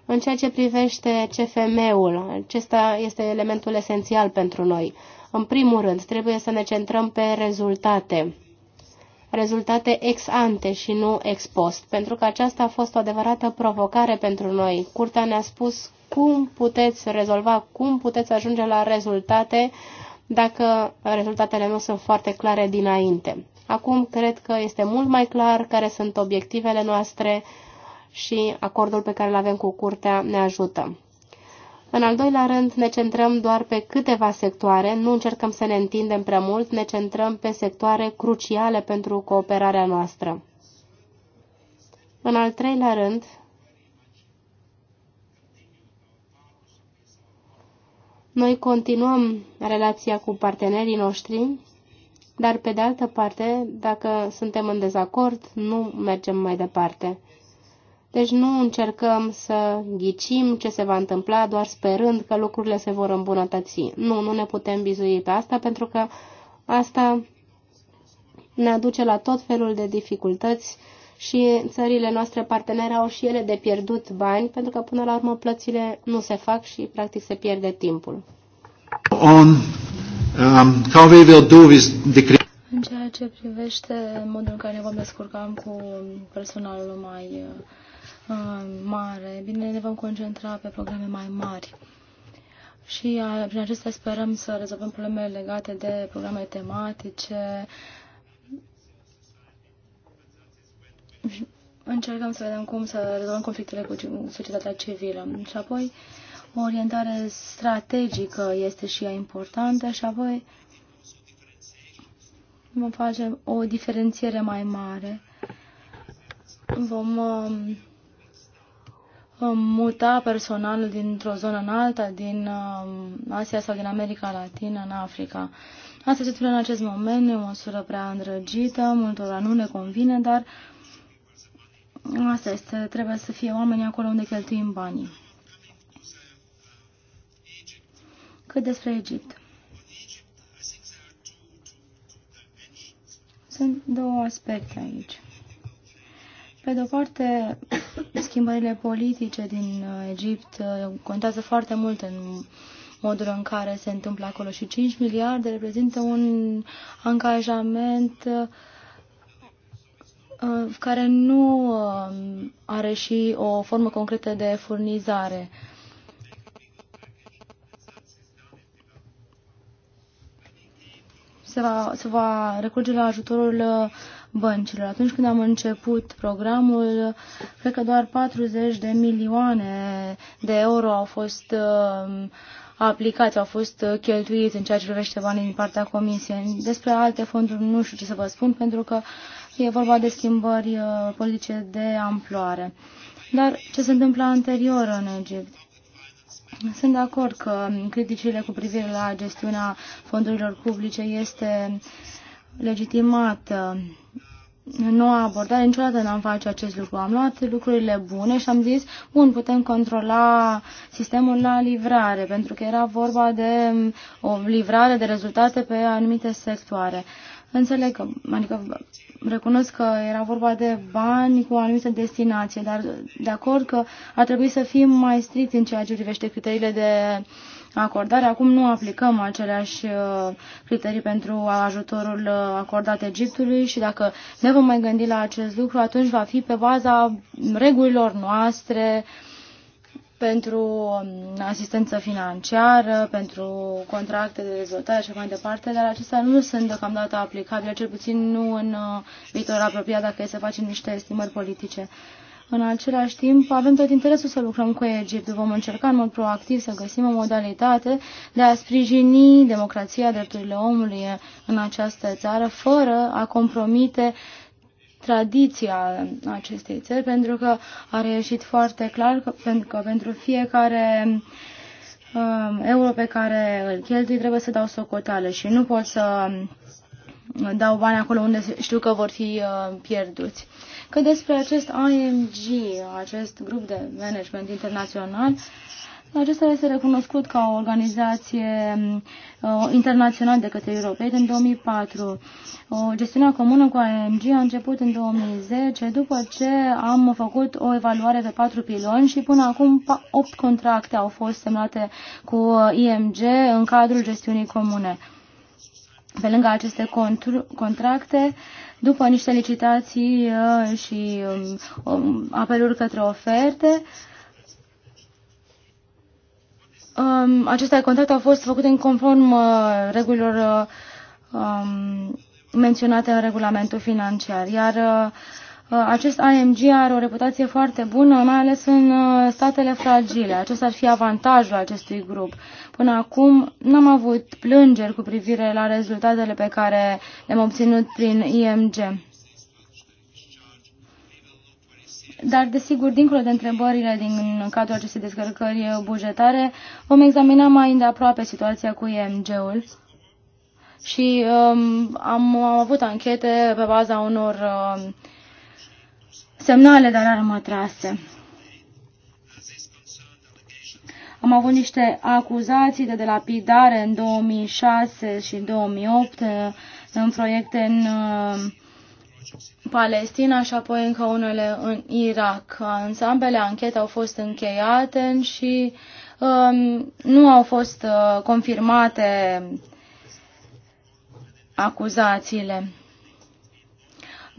În ceea ce privește CFM-ul, acesta este elementul esențial pentru noi. În primul rând, trebuie să ne centrăm pe rezultate rezultate ex ante și nu ex post, pentru că aceasta a fost o adevărată provocare pentru noi. Curtea ne-a spus cum puteți rezolva, cum puteți ajunge la rezultate dacă rezultatele nu sunt foarte clare dinainte. Acum cred că este mult mai clar care sunt obiectivele noastre și acordul pe care îl avem cu curtea ne ajută. În al doilea rând, ne centrăm doar pe câteva sectoare, nu încercăm să ne întindem prea mult, ne centrăm pe sectoare cruciale pentru cooperarea noastră. În al treilea rând, noi continuăm relația cu partenerii noștri, dar pe de altă parte, dacă suntem în dezacord, nu mergem mai departe. Deci nu încercăm să ghicim ce se va întâmpla doar sperând că lucrurile se vor îmbunătăți. Nu, nu ne putem bizui pe asta pentru că asta ne aduce la tot felul de dificultăți și țările noastre partenere au și ele de pierdut bani pentru că până la urmă plățile nu se fac și practic se pierde timpul. On, um, um În ceea ce privește modul în care ne vom descurca cu personalul mai uh, Uh, mare. Bine, ne vom concentra pe programe mai mari. Și uh, prin acestea sperăm să rezolvăm problemele legate de programe tematice. Încercăm să vedem cum să rezolvăm conflictele cu societatea civilă. Și apoi, o orientare strategică este și ea importantă și apoi vom face o diferențiere mai mare. Vom um, muta personal dintr-o zonă în alta, din um, Asia sau din America Latină în Africa. Asta se în acest moment, e o măsură prea îndrăgită, multora nu le convine, dar asta este, trebuie să fie oamenii acolo unde cheltuim banii. Cât despre Egipt. Sunt două aspecte aici. Pe de-o parte, schimbările politice din uh, Egipt uh, contează foarte mult în modul în care se întâmplă acolo și 5 miliarde reprezintă un angajament uh, care nu are și o formă concretă de furnizare. Se va, se va recurge la ajutorul uh, băncilor. Atunci când am început programul, cred că doar 40 de milioane de euro au fost um, aplicați, au fost uh, cheltuiți în ceea ce privește banii din partea Comisiei. Despre alte fonduri nu știu ce să vă spun, pentru că e vorba de schimbări uh, politice de amploare. Dar ce se întâmpla anterior în Egipt? Sunt de acord că criticile cu privire la gestiunea fondurilor publice este legitimată noua abordare, niciodată n-am face acest lucru. Am luat lucrurile bune și am zis, bun, putem controla sistemul la livrare, pentru că era vorba de mm, o livrare de rezultate pe anumite sectoare. Înțeleg că, adică recunosc că era vorba de bani cu o anumită destinație, dar de acord că ar trebui să fim mai strict în ceea ce privește criteriile de uh, acordare. Acum nu aplicăm aceleași uh, criterii pentru ajutorul uh, acordat Egiptului și dacă ne vom mai gândi la acest lucru, atunci va fi pe baza regulilor noastre pentru um, asistență financiară, pentru contracte de dezvoltare și mai departe, dar acestea nu sunt deocamdată aplicabile, cel puțin nu în uh, viitor apropiat, dacă e să facem niște estimări politice. În același timp, avem tot interesul să lucrăm cu Egipt. Vom încerca în mod proactiv să găsim o modalitate de a sprijini democrația, drepturile omului în această țară, fără a compromite tradiția acestei țări, pentru că a reieșit foarte clar că, pentru, că pentru fiecare um, euro pe care îl cheltui trebuie să dau socoteală și nu pot să dau bani acolo unde știu că vor fi uh, pierduți că despre acest IMG, acest grup de management internațional, acesta este recunoscut ca o organizație uh, internațională de către europei în 2004. O gestiunea comună cu AMG a început în 2010, după ce am făcut o evaluare pe patru piloni și până acum opt contracte au fost semnate cu IMG în cadrul gestiunii comune. Pe lângă aceste contracte, după niște licitații uh, și um, um, apeluri către oferte, um, aceste contracte au fost făcute în conform uh, regulilor uh, menționate în regulamentul financiar, iar uh, Uh, acest AMG are o reputație foarte bună, mai ales în uh, statele fragile. Acesta ar fi avantajul acestui grup. Până acum n-am avut plângeri cu privire la rezultatele pe care le-am obținut prin IMG. Dar, desigur, dincolo de întrebările din cadrul acestei descărcări bugetare, vom examina mai îndeaproape situația cu IMG-ul și um, am, am avut anchete pe baza unor uh, semnale de alarmă trase. Am avut niște acuzații de delapidare în 2006 și 2008 în proiecte în uh, Palestina și apoi încă unele în Irak. Ansambele anchete au fost încheiate și um, nu au fost uh, confirmate acuzațiile.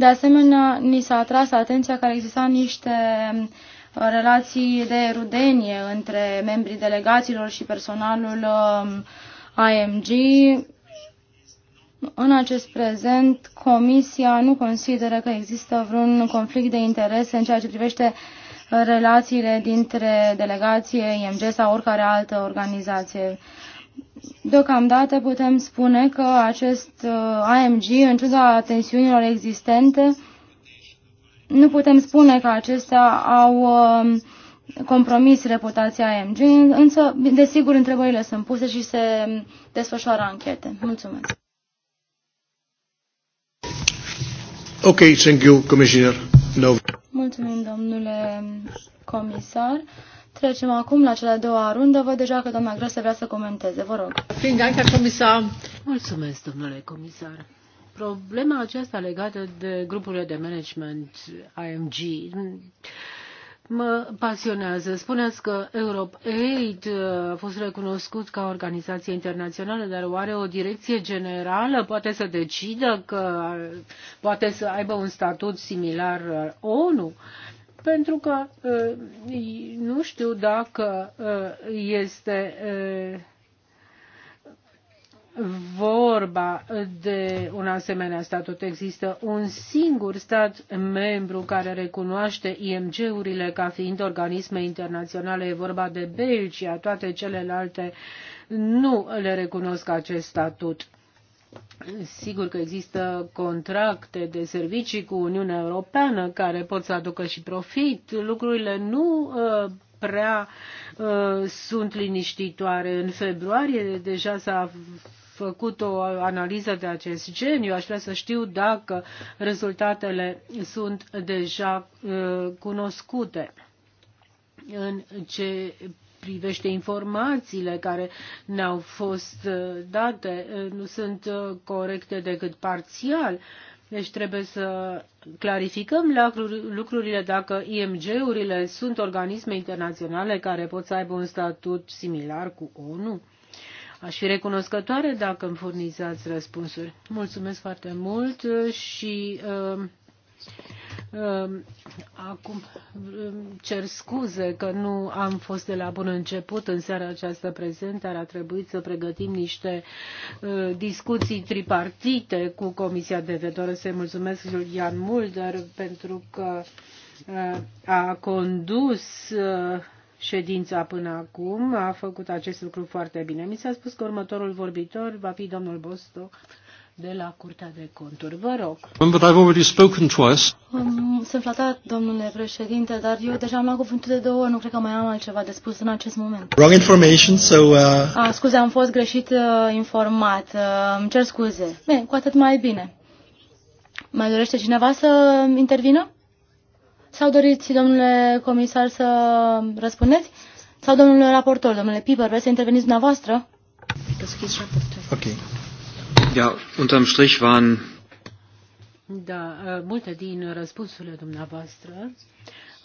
De asemenea, ni s-a atras atenția că exista niște uh, relații de rudenie între membrii delegațiilor și personalul AMG. Uh, în acest prezent, Comisia nu consideră că există vreun conflict de interese în ceea ce privește uh, relațiile dintre delegație, IMG sau oricare altă organizație. Deocamdată putem spune că acest uh, AMG, în ciuda tensiunilor existente, nu putem spune că acestea au um, compromis reputația AMG, însă, desigur, întrebările sunt puse și se desfășoară anchete. Mulțumesc. Ok, thank you, Commissioner. No. Mulțumim, domnule comisar. Trecem acum la cea de-a doua rundă. Văd deja că doamna Grăsă vrea să comenteze. Vă rog. Mulțumesc, domnule comisar. Problema aceasta legată de grupurile de management IMG mă pasionează. Spuneți că Europe Aid a fost recunoscut ca organizație internațională, dar oare o direcție generală poate să decidă că poate să aibă un statut similar ONU? pentru că uh, nu știu dacă uh, este uh, vorba de un asemenea statut. Există un singur stat membru care recunoaște IMG-urile ca fiind organisme internaționale. E vorba de Belgia. Toate celelalte nu le recunosc acest statut. Sigur că există contracte de servicii cu Uniunea Europeană care pot să aducă și profit. Lucrurile nu uh, prea uh, sunt liniștitoare. În februarie deja s-a făcut o analiză de acest gen. Eu aș vrea să știu dacă rezultatele sunt deja uh, cunoscute în ce privește informațiile care ne-au fost uh, date, uh, nu sunt uh, corecte decât parțial. Deci trebuie să clarificăm lucrurile dacă IMG-urile sunt organisme internaționale care pot să aibă un statut similar cu ONU. Aș fi recunoscătoare dacă îmi furnizați răspunsuri. Mulțumesc foarte mult și uh, Ehm, acum ehm, cer scuze că nu am fost de la bun început în seara aceasta prezentă. A trebuit să pregătim niște ehm, discuții tripartite cu Comisia de Vedere. să-i mulțumesc Julian Mulder pentru că a condus ședința până acum, a făcut acest lucru foarte bine. Mi s-a spus că următorul vorbitor va fi domnul Bostoc de la Curtea de Conturi. Vă rog. Um, sunt flatat, domnule președinte, dar eu deja am luat cuvântul de două ori, nu cred că mai am altceva de spus în acest moment. Wrong information, so... Uh... Ah, scuze, am fost greșit uh, informat. Uh, îmi cer scuze. Bine, cu atât mai bine. Mai dorește cineva să intervină? Sau doriți, domnule comisar, să răspundeți? Sau domnule raportor, domnule Piper, vreți să interveniți dumneavoastră? Ok. Ja, unterm Strich waren da, uh, multe din răspunsurile dumneavoastră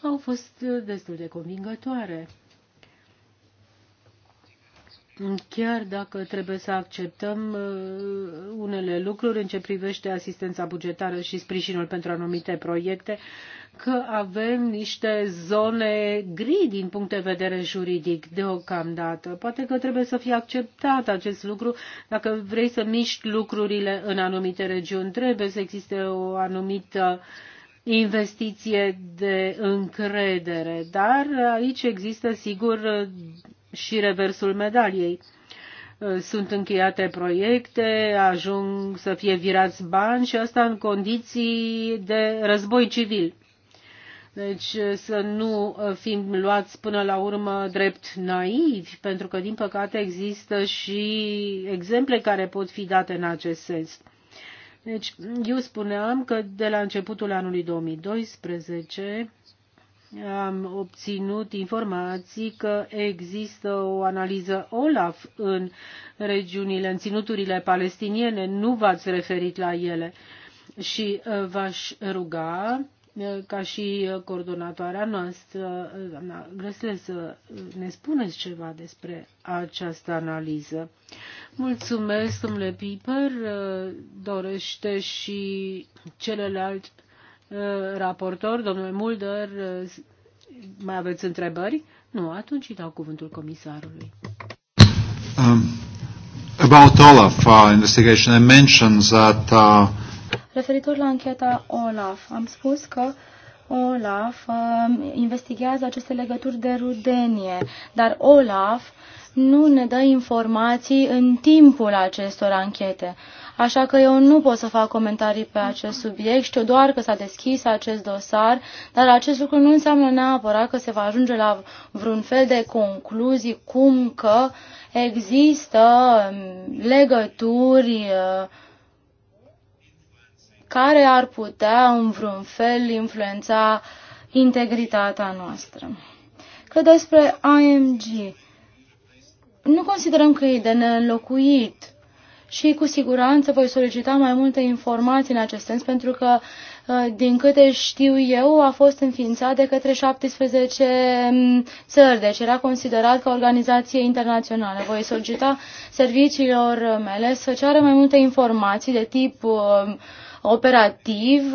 au fost uh, destul de convingătoare. Chiar dacă trebuie să acceptăm uh, unele lucruri în ce privește asistența bugetară și sprijinul pentru anumite proiecte, că avem niște zone gri din punct de vedere juridic deocamdată. Poate că trebuie să fie acceptat acest lucru. Dacă vrei să miști lucrurile în anumite regiuni, trebuie să existe o anumită investiție de încredere. Dar aici există, sigur, și reversul medaliei sunt încheiate proiecte, ajung să fie virați bani și asta în condiții de război civil. Deci eh, să nu eh, fim luați până la urmă drept naivi, pentru că, din păcate, există și exemple care pot fi date în acest sens. Deci, eu spuneam că de la începutul anului 2012 am obținut informații că există o analiză OLAF în regiunile, în ținuturile palestiniene. Nu v-ați referit la ele. Și eh, v-aș ruga ca și uh, coordonatoarea noastră, uh, doamna Grăsle, să uh, ne spuneți ceva despre această analiză. Mulțumesc, domnule Piper, dorește și celălalt raportor, domnule Mulder, mai aveți întrebări? Nu, atunci îi dau cuvântul comisarului. Um, about Olaf uh, investigation, I mentioned that uh, Referitor la ancheta OLAF, am spus că OLAF um, investigează aceste legături de rudenie, dar OLAF nu ne dă informații în timpul acestor anchete. Așa că eu nu pot să fac comentarii pe acest subiect, știu doar că s-a deschis acest dosar, dar acest lucru nu înseamnă neapărat că se va ajunge la vreun fel de concluzii cum că există um, legături uh, care ar putea în vreun fel influența integritatea noastră. Că despre AMG, nu considerăm că e de neînlocuit și cu siguranță voi solicita mai multe informații în acest sens, pentru că, ă, din câte știu eu, a fost înființat de către 17 țări, deci era considerat ca organizație internațională. Voi solicita serviciilor mele să ceară mai multe informații de tip uh, operativ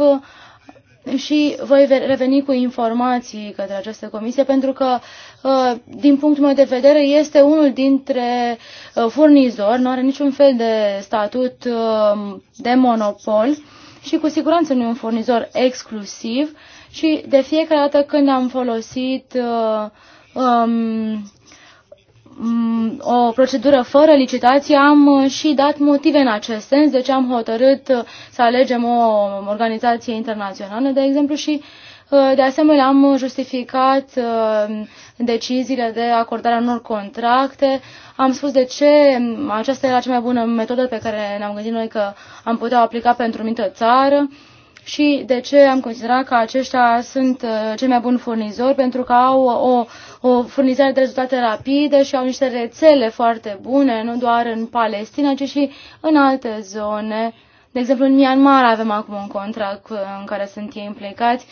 și voi reveni cu informații către această comisie pentru că, uh, din punctul meu de vedere, este unul dintre uh, furnizori, nu are niciun fel de statut uh, de monopol și cu siguranță nu e un furnizor exclusiv și de fiecare dată când am folosit um, Mm, o procedură fără licitație, am uh, și dat motive în acest sens, deci am hotărât uh, să alegem o organizație internațională, de exemplu, și uh, de asemenea am justificat deciziile de acordare a unor contracte, am spus de ce mm, aceasta era cea mai bună metodă pe care ne-am gândit noi că am putea aplica pentru o țară și de ce am considerat că aceștia sunt cei mai buni furnizori, pentru că au o o furnizare de rezultate rapide și au niște rețele foarte bune, nu doar în Palestina, ci și în alte zone. De exemplu, în Myanmar avem acum un contract uh, în care sunt ei implicați.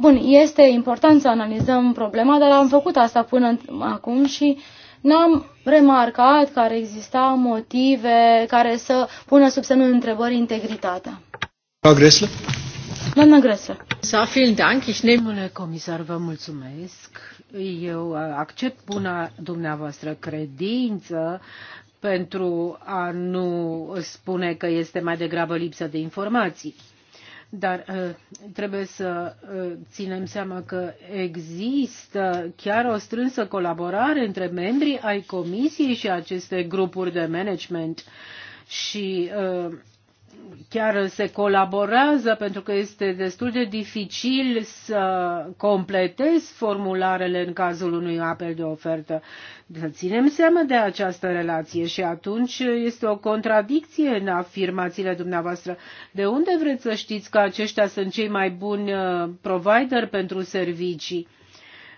Bun, este important să analizăm problema, dar am făcut asta până acum și n-am remarcat că ar exista motive care să pună sub semnul întrebării integritatea. Doamna Gresle. Doamna Gresle. Să fiind comisar, vă mulțumesc eu accept buna dumneavoastră credință pentru a nu spune că este mai degrabă lipsă de informații. Dar uh, trebuie să uh, ținem seama că există chiar o strânsă colaborare între membrii ai comisiei și aceste grupuri de management și uh, chiar se colaborează pentru că este destul de dificil să completezi formularele în cazul unui apel de ofertă. Să ținem seama de această relație și atunci este o contradicție în afirmațiile dumneavoastră. De unde vreți să știți că aceștia sunt cei mai buni uh, provider pentru servicii?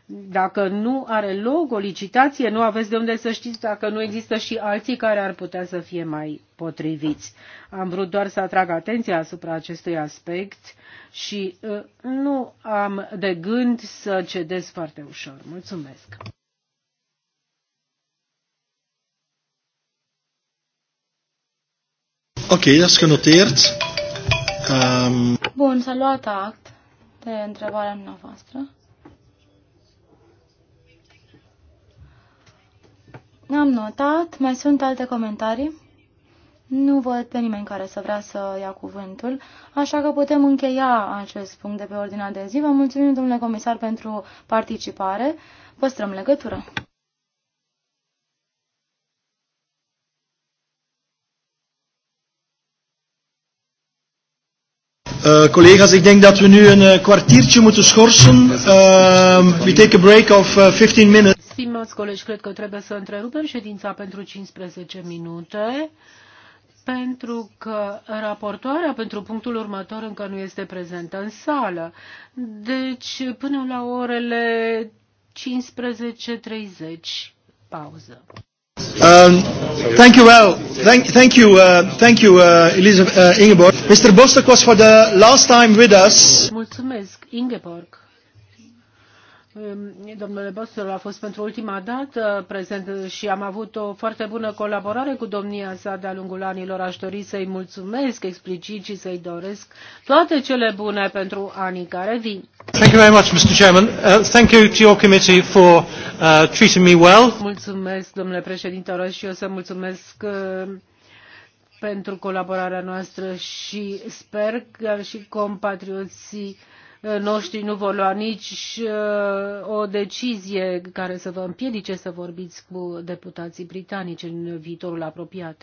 Dacă nu are loc o licitație, nu aveți de unde să știți dacă nu există și alții care ar putea să fie mai potriviți. Am vrut doar să atrag atenția asupra acestui aspect și uh, nu am de gând să cedez foarte ușor. Mulțumesc! Ok, okay, dat is Um... Bun, s-a luat act de întrebarea noastră. Am notat, mai sunt alte comentarii? Nu văd pe nimeni care să vrea să ia cuvântul, așa că putem încheia acest punct de pe ordinea de zi. Vă mulțumim, domnule comisar, pentru participare. Păstrăm legătură. Uh, collega's, ik denk dat we nu een uh, kwartiertje moeten schorsen. Uh, we take a break of uh, eh, 15 minutes. Stimați colegi, cred că trebuie să întrerupem ședința pentru 15 minute, pentru că raportoarea pentru punctul următor încă nu este prezentă în sală. Deci, până la orele 15.30, pauză. Um, thank you well. Thank, thank you, uh, thank you, uh, Elizabeth, uh, Ingeborg. Mr. Bostock was for the last time with us. Mulțumesc, Ingeborg. Domnule Bostel a fost pentru ultima dată prezent și am avut o foarte bună colaborare cu domnia sa de-a lungul anilor. Aș dori să-i mulțumesc explicit și să-i doresc toate cele bune pentru anii care vin. Thank you very much, Mr. Chairman. Uh, thank you to your committee for uh, treating me well. Mulțumesc, domnule președinte, și eu să mulțumesc uh, pentru colaborarea noastră și sper că și compatrioții Uh, noștri nu vor lua nici uh, o decizie care să vă împiedice să vorbiți cu deputații britanici în viitorul apropiat.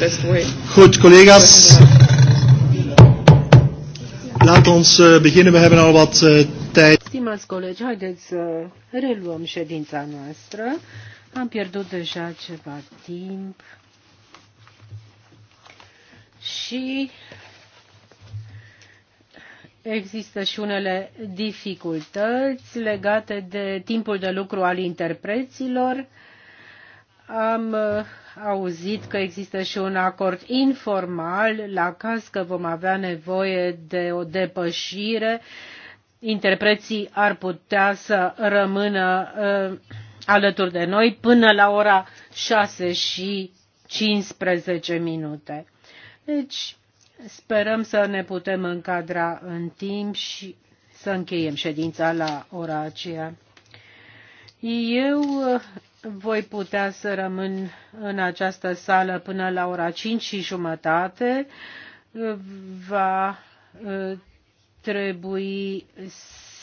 best way. Goed, collega's. Laat ons uh, beginnen. We hebben al wat uh, tijd. Stimați colegi, haideți să reluăm ședința noastră. Am pierdut deja ceva timp. Și Există și unele dificultăți legate de timpul de lucru al interpreților. Am eh, auzit că există și un acord informal la caz că vom avea nevoie de o depășire. Interpreții ar putea să rămână uh, alături de noi până la ora 6 și 15 minute. Deci, sperăm să ne putem încadra în timp și să încheiem ședința la ora aceea. Eu uh, voi putea să rămân în această sală până la ora 5 și jumătate. Va ă, trebui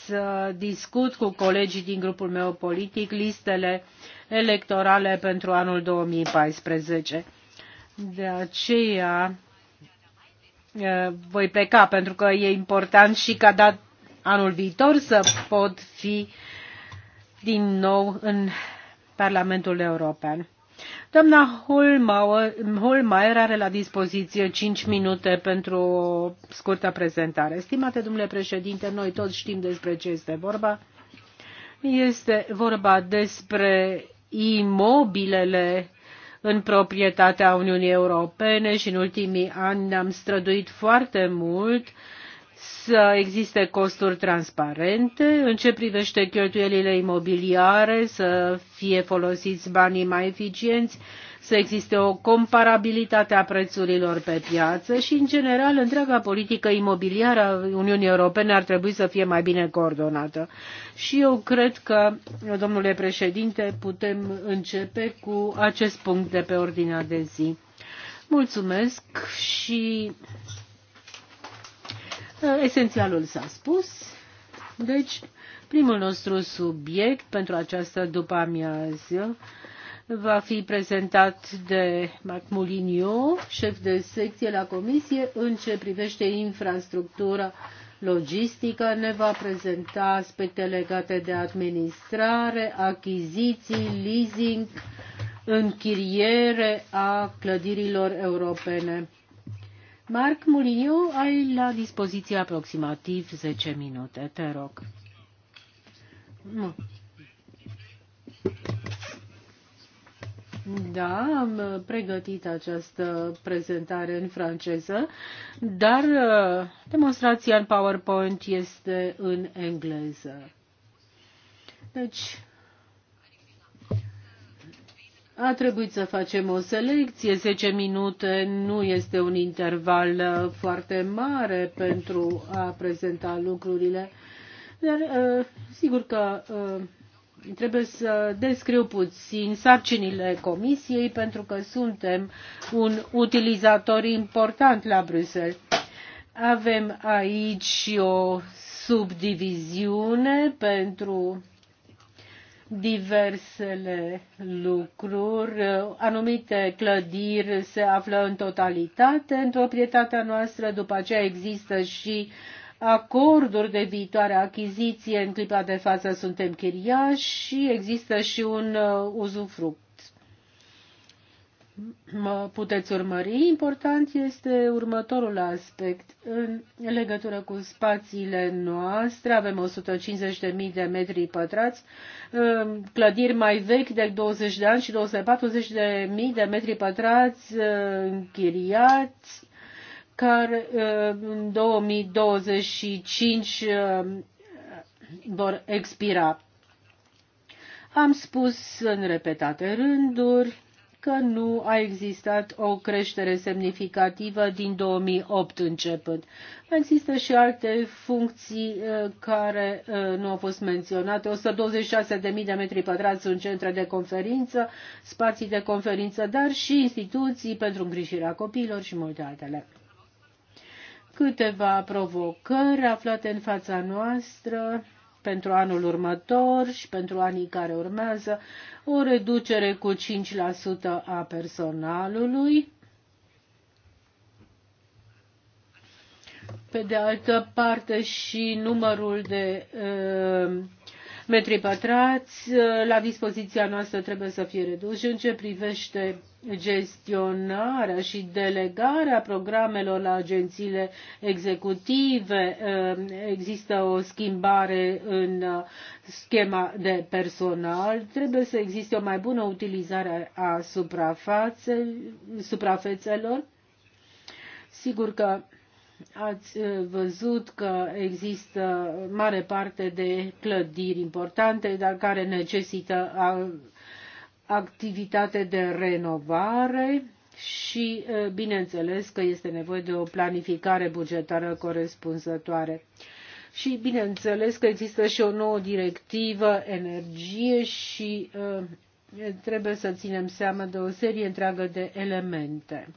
să discut cu colegii din grupul meu politic listele electorale pentru anul 2014. De aceea ă, voi pleca pentru că e important și ca dat anul viitor să pot fi din nou în Parlamentul European. Doamna Holmeier are la dispoziție 5 minute pentru o scurtă prezentare. Stimate domnule președinte, noi toți știm despre ce este vorba. Este vorba despre imobilele în proprietatea Uniunii Europene și în ultimii ani ne-am străduit foarte mult uh, să existe costuri transparente, în ce privește cheltuielile imobiliare, să fie folosiți banii mai eficienți, să existe o comparabilitate a prețurilor pe piață și, în general, întreaga politică imobiliară a Uniunii Europene ar trebui să fie mai bine coordonată. Și eu cred că, domnule președinte, putem începe cu acest punct de pe ordinea de zi. Mulțumesc și Eh, esențialul s-a spus. Deci, primul nostru subiect pentru această după-amiază va fi prezentat de Marc Moulinio, șef de secție la Comisie, în ce privește infrastructura logistică. Ne va prezenta aspecte legate de administrare, achiziții, leasing, închiriere a clădirilor europene. Marc Muliniu, ai la dispoziție aproximativ 10 minute, te rog. Nu. Da, am pregătit această prezentare în franceză, dar uh, demonstrația în PowerPoint este în engleză. Deci, a trebuit să facem o selecție. 10 minute nu este un interval uh, foarte mare pentru a prezenta lucrurile, dar uh, sigur că uh, trebuie să descriu puțin sarcinile comisiei pentru că suntem un utilizator important la Bruxelles. Avem aici o subdiviziune pentru diversele lucruri. Anumite clădiri se află în totalitate în proprietatea noastră, după aceea există și acorduri de viitoare achiziție, în clipa de față suntem chiriași și există și un uh, uzufruct mă puteți urmări. Important este următorul aspect. În legătură cu spațiile noastre, avem 150.000 de metri pătrați, um, clădiri mai vechi de 20 de ani și 240.000 de metri pătrați uh, închiriați, care uh, în 2025 uh, vor expira. Am spus în repetate rânduri că nu a existat o creștere semnificativă din 2008 începând. Există și alte funcții uh, care uh, nu au fost menționate. 126.000 de metri pătrați sunt centre de conferință, spații de conferință, dar și instituții pentru îngrijirea copiilor și multe altele câteva provocări aflate în fața noastră pentru anul următor și pentru anii care urmează o reducere cu 5% a personalului. Pe de altă parte și numărul de uh, metri pătrați uh, la dispoziția noastră trebuie să fie redus. În ce privește gestionarea și delegarea programelor la agențiile executive, uh, există o schimbare în uh, schema de personal. Trebuie să existe o mai bună utilizare a suprafețelor. Sigur că ați uh, văzut că există mare parte de clădiri importante, dar care necesită activitate de renovare și, uh, bineînțeles, că este nevoie de o planificare bugetară corespunzătoare. Și, bineînțeles, că există și o nouă directivă energie și uh, trebuie să ținem seama de o serie întreagă de elemente.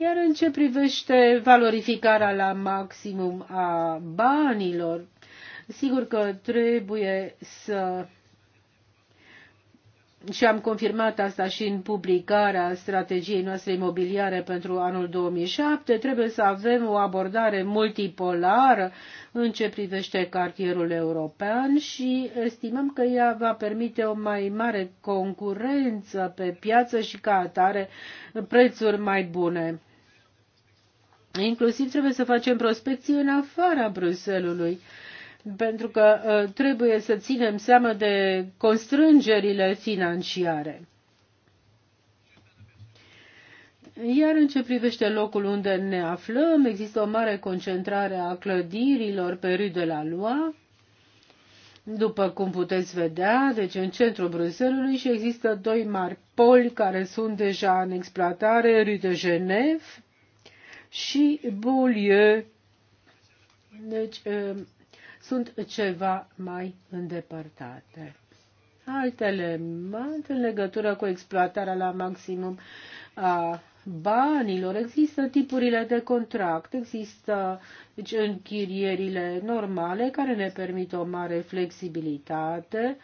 Iar în ce privește valorificarea la maximum a banilor, sigur că trebuie să și am confirmat asta și în publicarea strategiei noastre imobiliare pentru anul 2007, trebuie să avem o abordare multipolară în ce privește cartierul european și estimăm că ea va permite o mai mare concurență pe piață și ca atare prețuri mai bune. Inclusiv trebuie să facem prospecții în afara Bruselului pentru că uh, trebuie să ținem seama de constrângerile financiare. Iar în ce privește locul unde ne aflăm, există o mare concentrare a clădirilor pe Rue de la Lua, după cum puteți vedea, deci în centrul Bruselului și există doi mari poli care sunt deja în exploatare, Rue de Genève și Beaulieu. Deci uh, sunt ceva mai îndepărtate. Altele, element în legătură cu exploatarea la maximum a banilor, există tipurile de contract, există deci, închirierile normale care ne permit o mare flexibilitate, uh,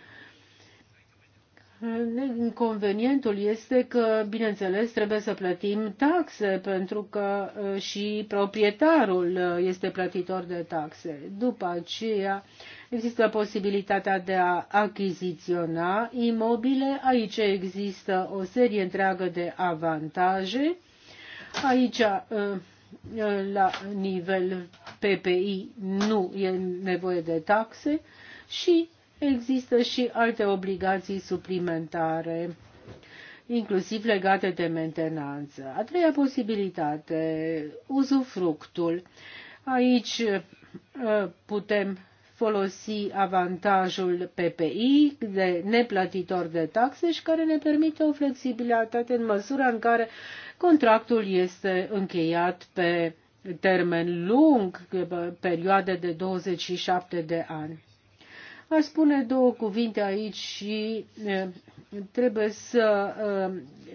Inconvenientul este că, bineînțeles, trebuie să plătim taxe, pentru că uh, și proprietarul uh, este plătitor de taxe. După aceea, există posibilitatea de a achiziționa imobile. Aici există o serie întreagă de avantaje. Aici, uh, la nivel PPI, nu e nevoie de taxe și există și alte obligații suplimentare inclusiv legate de mentenanță. A treia posibilitate, uzufructul. Aici uh, putem folosi avantajul PPI de neplătitor de taxe și care ne permite o flexibilitate în măsura în care contractul este încheiat pe termen lung, pe perioade de 27 de ani. Aș spune două cuvinte aici și trebuie să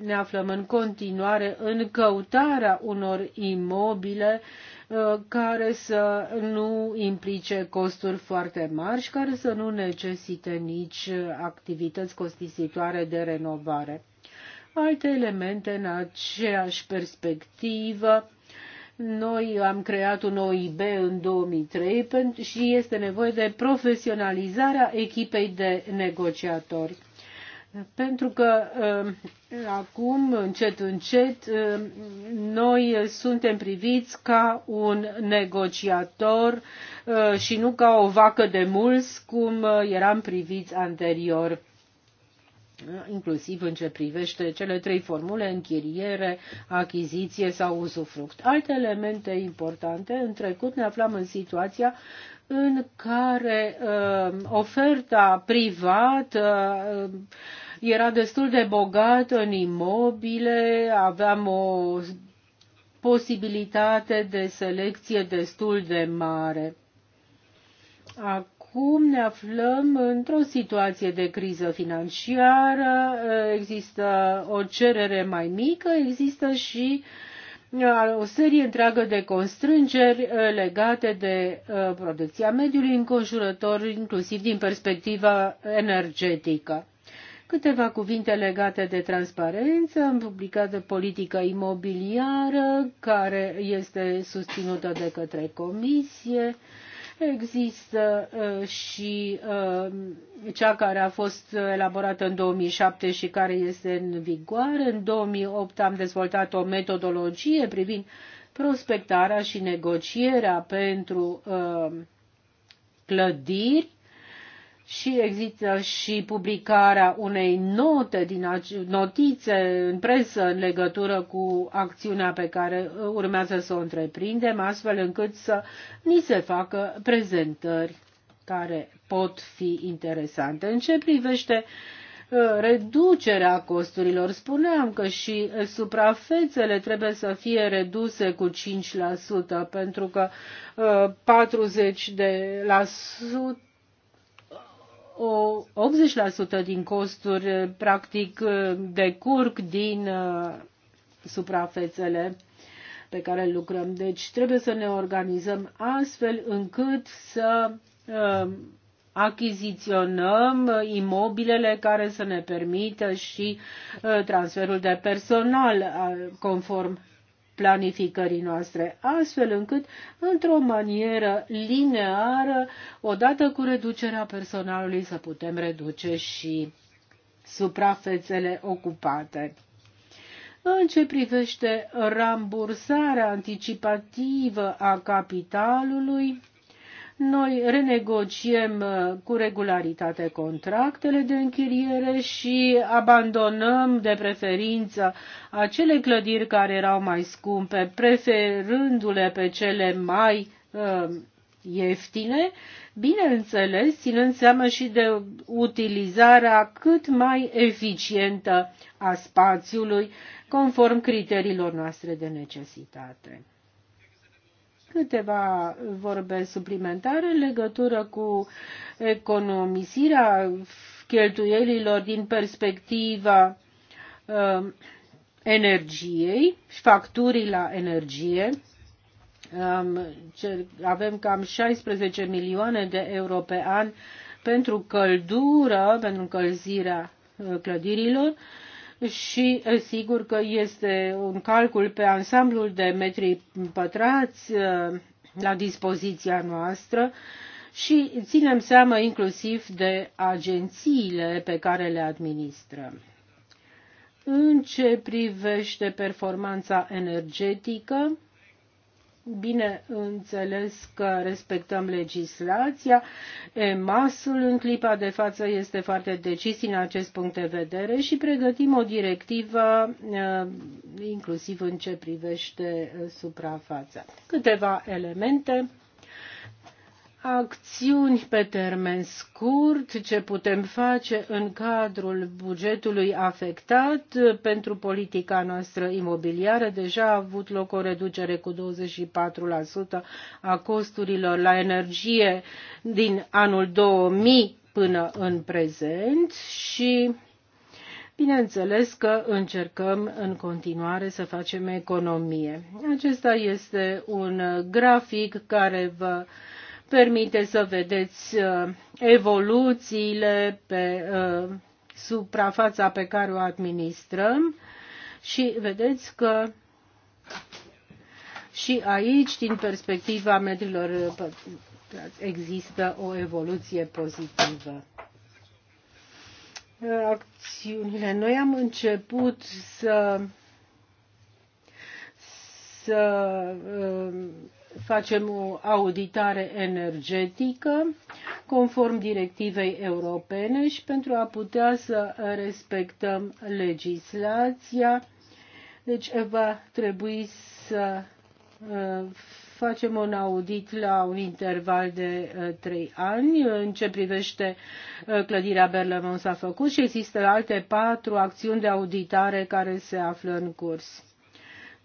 ne aflăm în continuare în căutarea unor imobile care să nu implice costuri foarte mari și care să nu necesite nici activități costisitoare de renovare. Alte elemente în aceeași perspectivă noi am creat un OIB în 2003 și este nevoie de profesionalizarea echipei de negociatori. Pentru că um, acum, încet, încet, um, noi suntem priviți ca un negociator uh, și nu ca o vacă de mulți, cum eram priviți anterior inclusiv în ce privește cele trei formule, închiriere, achiziție sau usufruct. Alte elemente importante, în trecut ne aflam în situația în care uh, oferta privată uh, era destul de bogată în imobile, aveam o posibilitate de selecție destul de mare. Acum, acum ne aflăm într-o situație de criză financiară, există o cerere mai mică, există și uh, o serie întreagă de constrângeri uh, legate de uh, protecția mediului înconjurător, inclusiv din perspectiva energetică. Câteva cuvinte legate de transparență, am publicat de politică imobiliară, care este susținută de către comisie, Există uh, și uh, cea care a fost elaborată în 2007 și care este în vigoare. În 2008 am dezvoltat o metodologie privind prospectarea și negocierea pentru uh, clădiri și există și publicarea unei note din notițe în presă în legătură cu acțiunea pe care urmează să o întreprindem, astfel încât să ni se facă prezentări care pot fi interesante. În ce privește uh, reducerea costurilor, spuneam că și suprafețele trebuie să fie reduse cu 5%, pentru că 40% uh, de la o 80% din costuri eh, practic eh, decurg din eh, suprafețele pe care lucrăm. Deci trebuie să ne organizăm astfel încât să achiziționăm imobilele care să ne permită și transferul de personal conform planificării noastre, astfel încât, într-o manieră lineară, odată cu reducerea personalului, să putem reduce și suprafețele ocupate. În ce privește rambursarea anticipativă a capitalului, noi renegociem uh, cu regularitate contractele de închiriere și abandonăm de preferință acele clădiri care erau mai scumpe, preferându-le pe cele mai uh, ieftine, bineînțeles, ținând seama și de utilizarea cât mai eficientă a spațiului, conform criteriilor noastre de necesitate câteva vorbe suplimentare în legătură cu economisirea cheltuielilor din perspectiva uh, energiei și facturii la energie. Avem cam 16 milioane de euro pe an pentru căldură, pentru încălzirea uh, clădirilor și sigur că este un calcul pe ansamblul de metri pătrați la dispoziția noastră și ținem seama inclusiv de agențiile pe care le administrăm. În ce privește performanța energetică, Bineînțeles că respectăm legislația. EMAS-ul în clipa de față este foarte decis în acest punct de vedere și pregătim o directivă inclusiv în ce privește suprafața. Câteva elemente acțiuni pe termen scurt, ce putem face în cadrul bugetului afectat pentru politica noastră imobiliară. Deja a avut loc o reducere cu 24% a costurilor la energie din anul 2000 până în prezent și Bineînțeles că încercăm în continuare să facem economie. Acesta este un grafic care vă uh, permite să vedeți uh, evoluțiile pe uh, suprafața pe care o administrăm și vedeți că și aici, din perspectiva metrilor uh, există o evoluție pozitivă. Acțiunile. Noi am început să să facem o auditare energetică conform directivei europene și pentru a putea să respectăm legislația. Deci va trebui să uh, facem un audit la un interval de uh, trei ani. În ce privește uh, clădirea Berlemont s-a făcut și există alte patru acțiuni de auditare care se află în curs.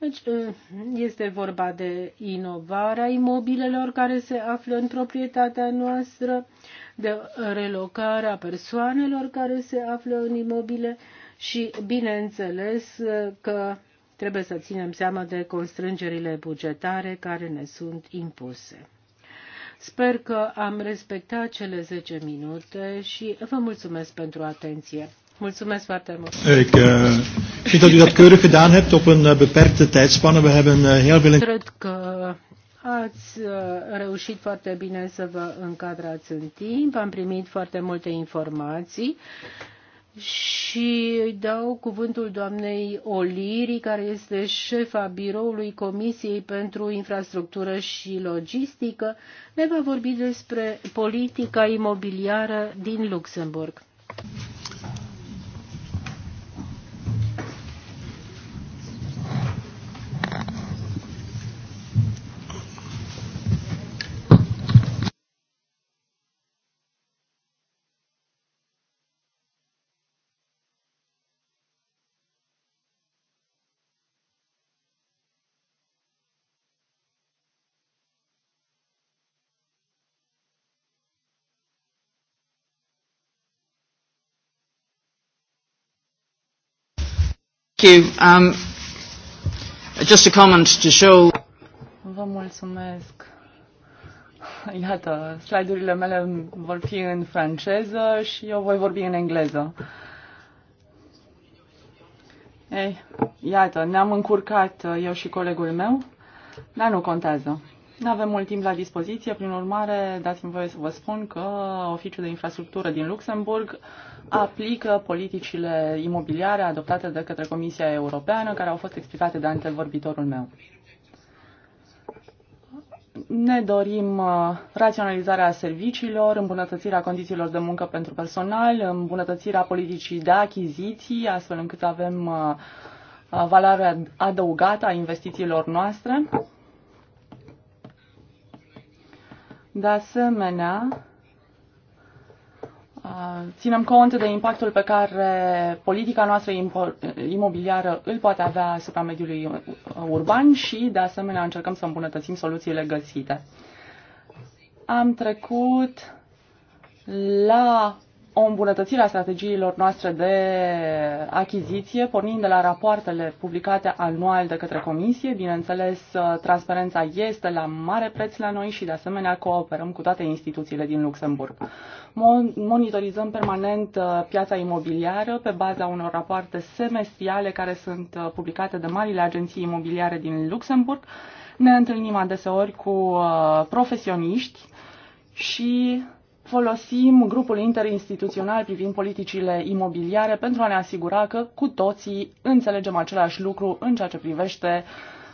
Deci, uh, este vorba de inovarea imobilelor care se află în proprietatea noastră, de relocarea persoanelor care se află în imobile și, bineînțeles, că trebuie să ținem seama de constrângerile bugetare care ne sunt impuse. Sper că am respectat cele 10 minute și vă mulțumesc pentru atenție. Mulțumesc foarte mult. Ik uh, vind dat u dat keurig gedaan hebt op een uh, beperkte tijdspanne. We hebben uh, heel veel... Cred că ați uh, reușit foarte bine să vă încadrați în timp. Am primit foarte multe informații și îi dau cuvântul doamnei Oliri, care este șefa biroului Comisiei pentru Infrastructură și Logistică. Ne va vorbi despre politica imobiliară din Luxemburg. you. Um, just a comment to show... Vă mulțumesc. Iată, slide-urile mele vor fi în franceză și eu voi vorbi în engleză. Ei, iată, ne-am încurcat eu și colegul meu, dar nu contează. Nu avem mult timp la dispoziție, prin urmare dați-mi voie să vă spun că Oficiul de Infrastructură din Luxemburg aplică politicile imobiliare adoptate de către Comisia Europeană, care au fost explicate de antevorbitorul meu. Ne dorim uh, raționalizarea serviciilor, îmbunătățirea condițiilor de muncă pentru personal, îmbunătățirea politicii de achiziții, astfel încât avem uh, valoarea adăugată a investițiilor noastre. De asemenea, ținem cont de impactul pe care politica noastră imobiliară îl poate avea asupra mediului urban și, de asemenea, încercăm să îmbunătățim soluțiile găsite. Am trecut la o îmbunătățire a strategiilor noastre de achiziție, pornind de la rapoartele publicate anual de către Comisie. Bineînțeles, transparența este la mare preț la noi și, de asemenea, cooperăm cu toate instituțiile din Luxemburg. Monitorizăm permanent uh, piața imobiliară pe baza unor rapoarte semestriale care sunt uh, publicate de marile agenții imobiliare din Luxemburg. Ne întâlnim adeseori cu uh, profesioniști și folosim grupul interinstituțional privind politicile imobiliare pentru a ne asigura că cu toții înțelegem același lucru în ceea ce privește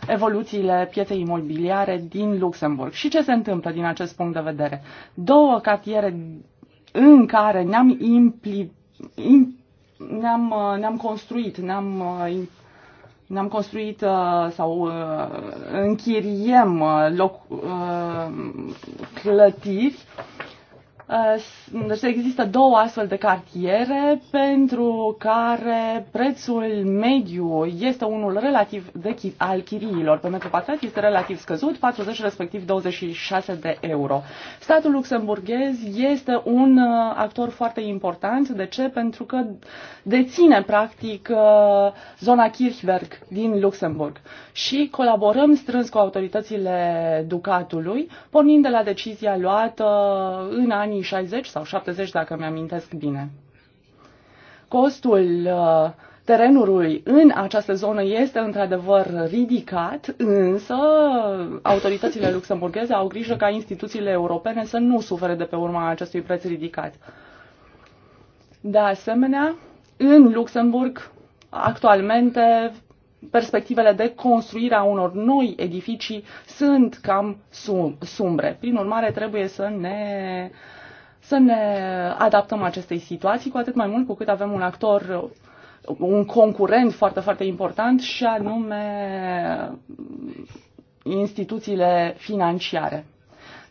evoluțiile pieței imobiliare din Luxemburg. Și ce se întâmplă din acest punct de vedere? Două cartiere în care ne-am impli, im, ne-am, ne-am construit, ne-am ne-am construit uh, sau uh, închiriem uh, loc, clătiri Uh, deci există două astfel de cartiere pentru care prețul mediu este unul relativ de al chiriilor pe metru pătrat este relativ scăzut, 40 respectiv 26 de euro. Statul luxemburghez este un uh, actor foarte important. De ce? Pentru că deține practic uh, zona Kirchberg din Luxemburg și colaborăm strâns cu autoritățile Ducatului, pornind de la decizia luată în anii anii 60 sau 70, dacă mi-amintesc bine. Costul uh, terenului în această zonă este într-adevăr ridicat, însă autoritățile luxemburgheze au grijă ca instituțiile europene să nu sufere de pe urma acestui preț ridicat. De asemenea, în Luxemburg, actualmente, perspectivele de construire a unor noi edificii sunt cam sum, sumbre. Prin urmare, trebuie să ne uh, să ne adaptăm acestei situații, cu atât mai mult cu cât avem un actor, un concurent foarte, foarte important și anume instituțiile financiare.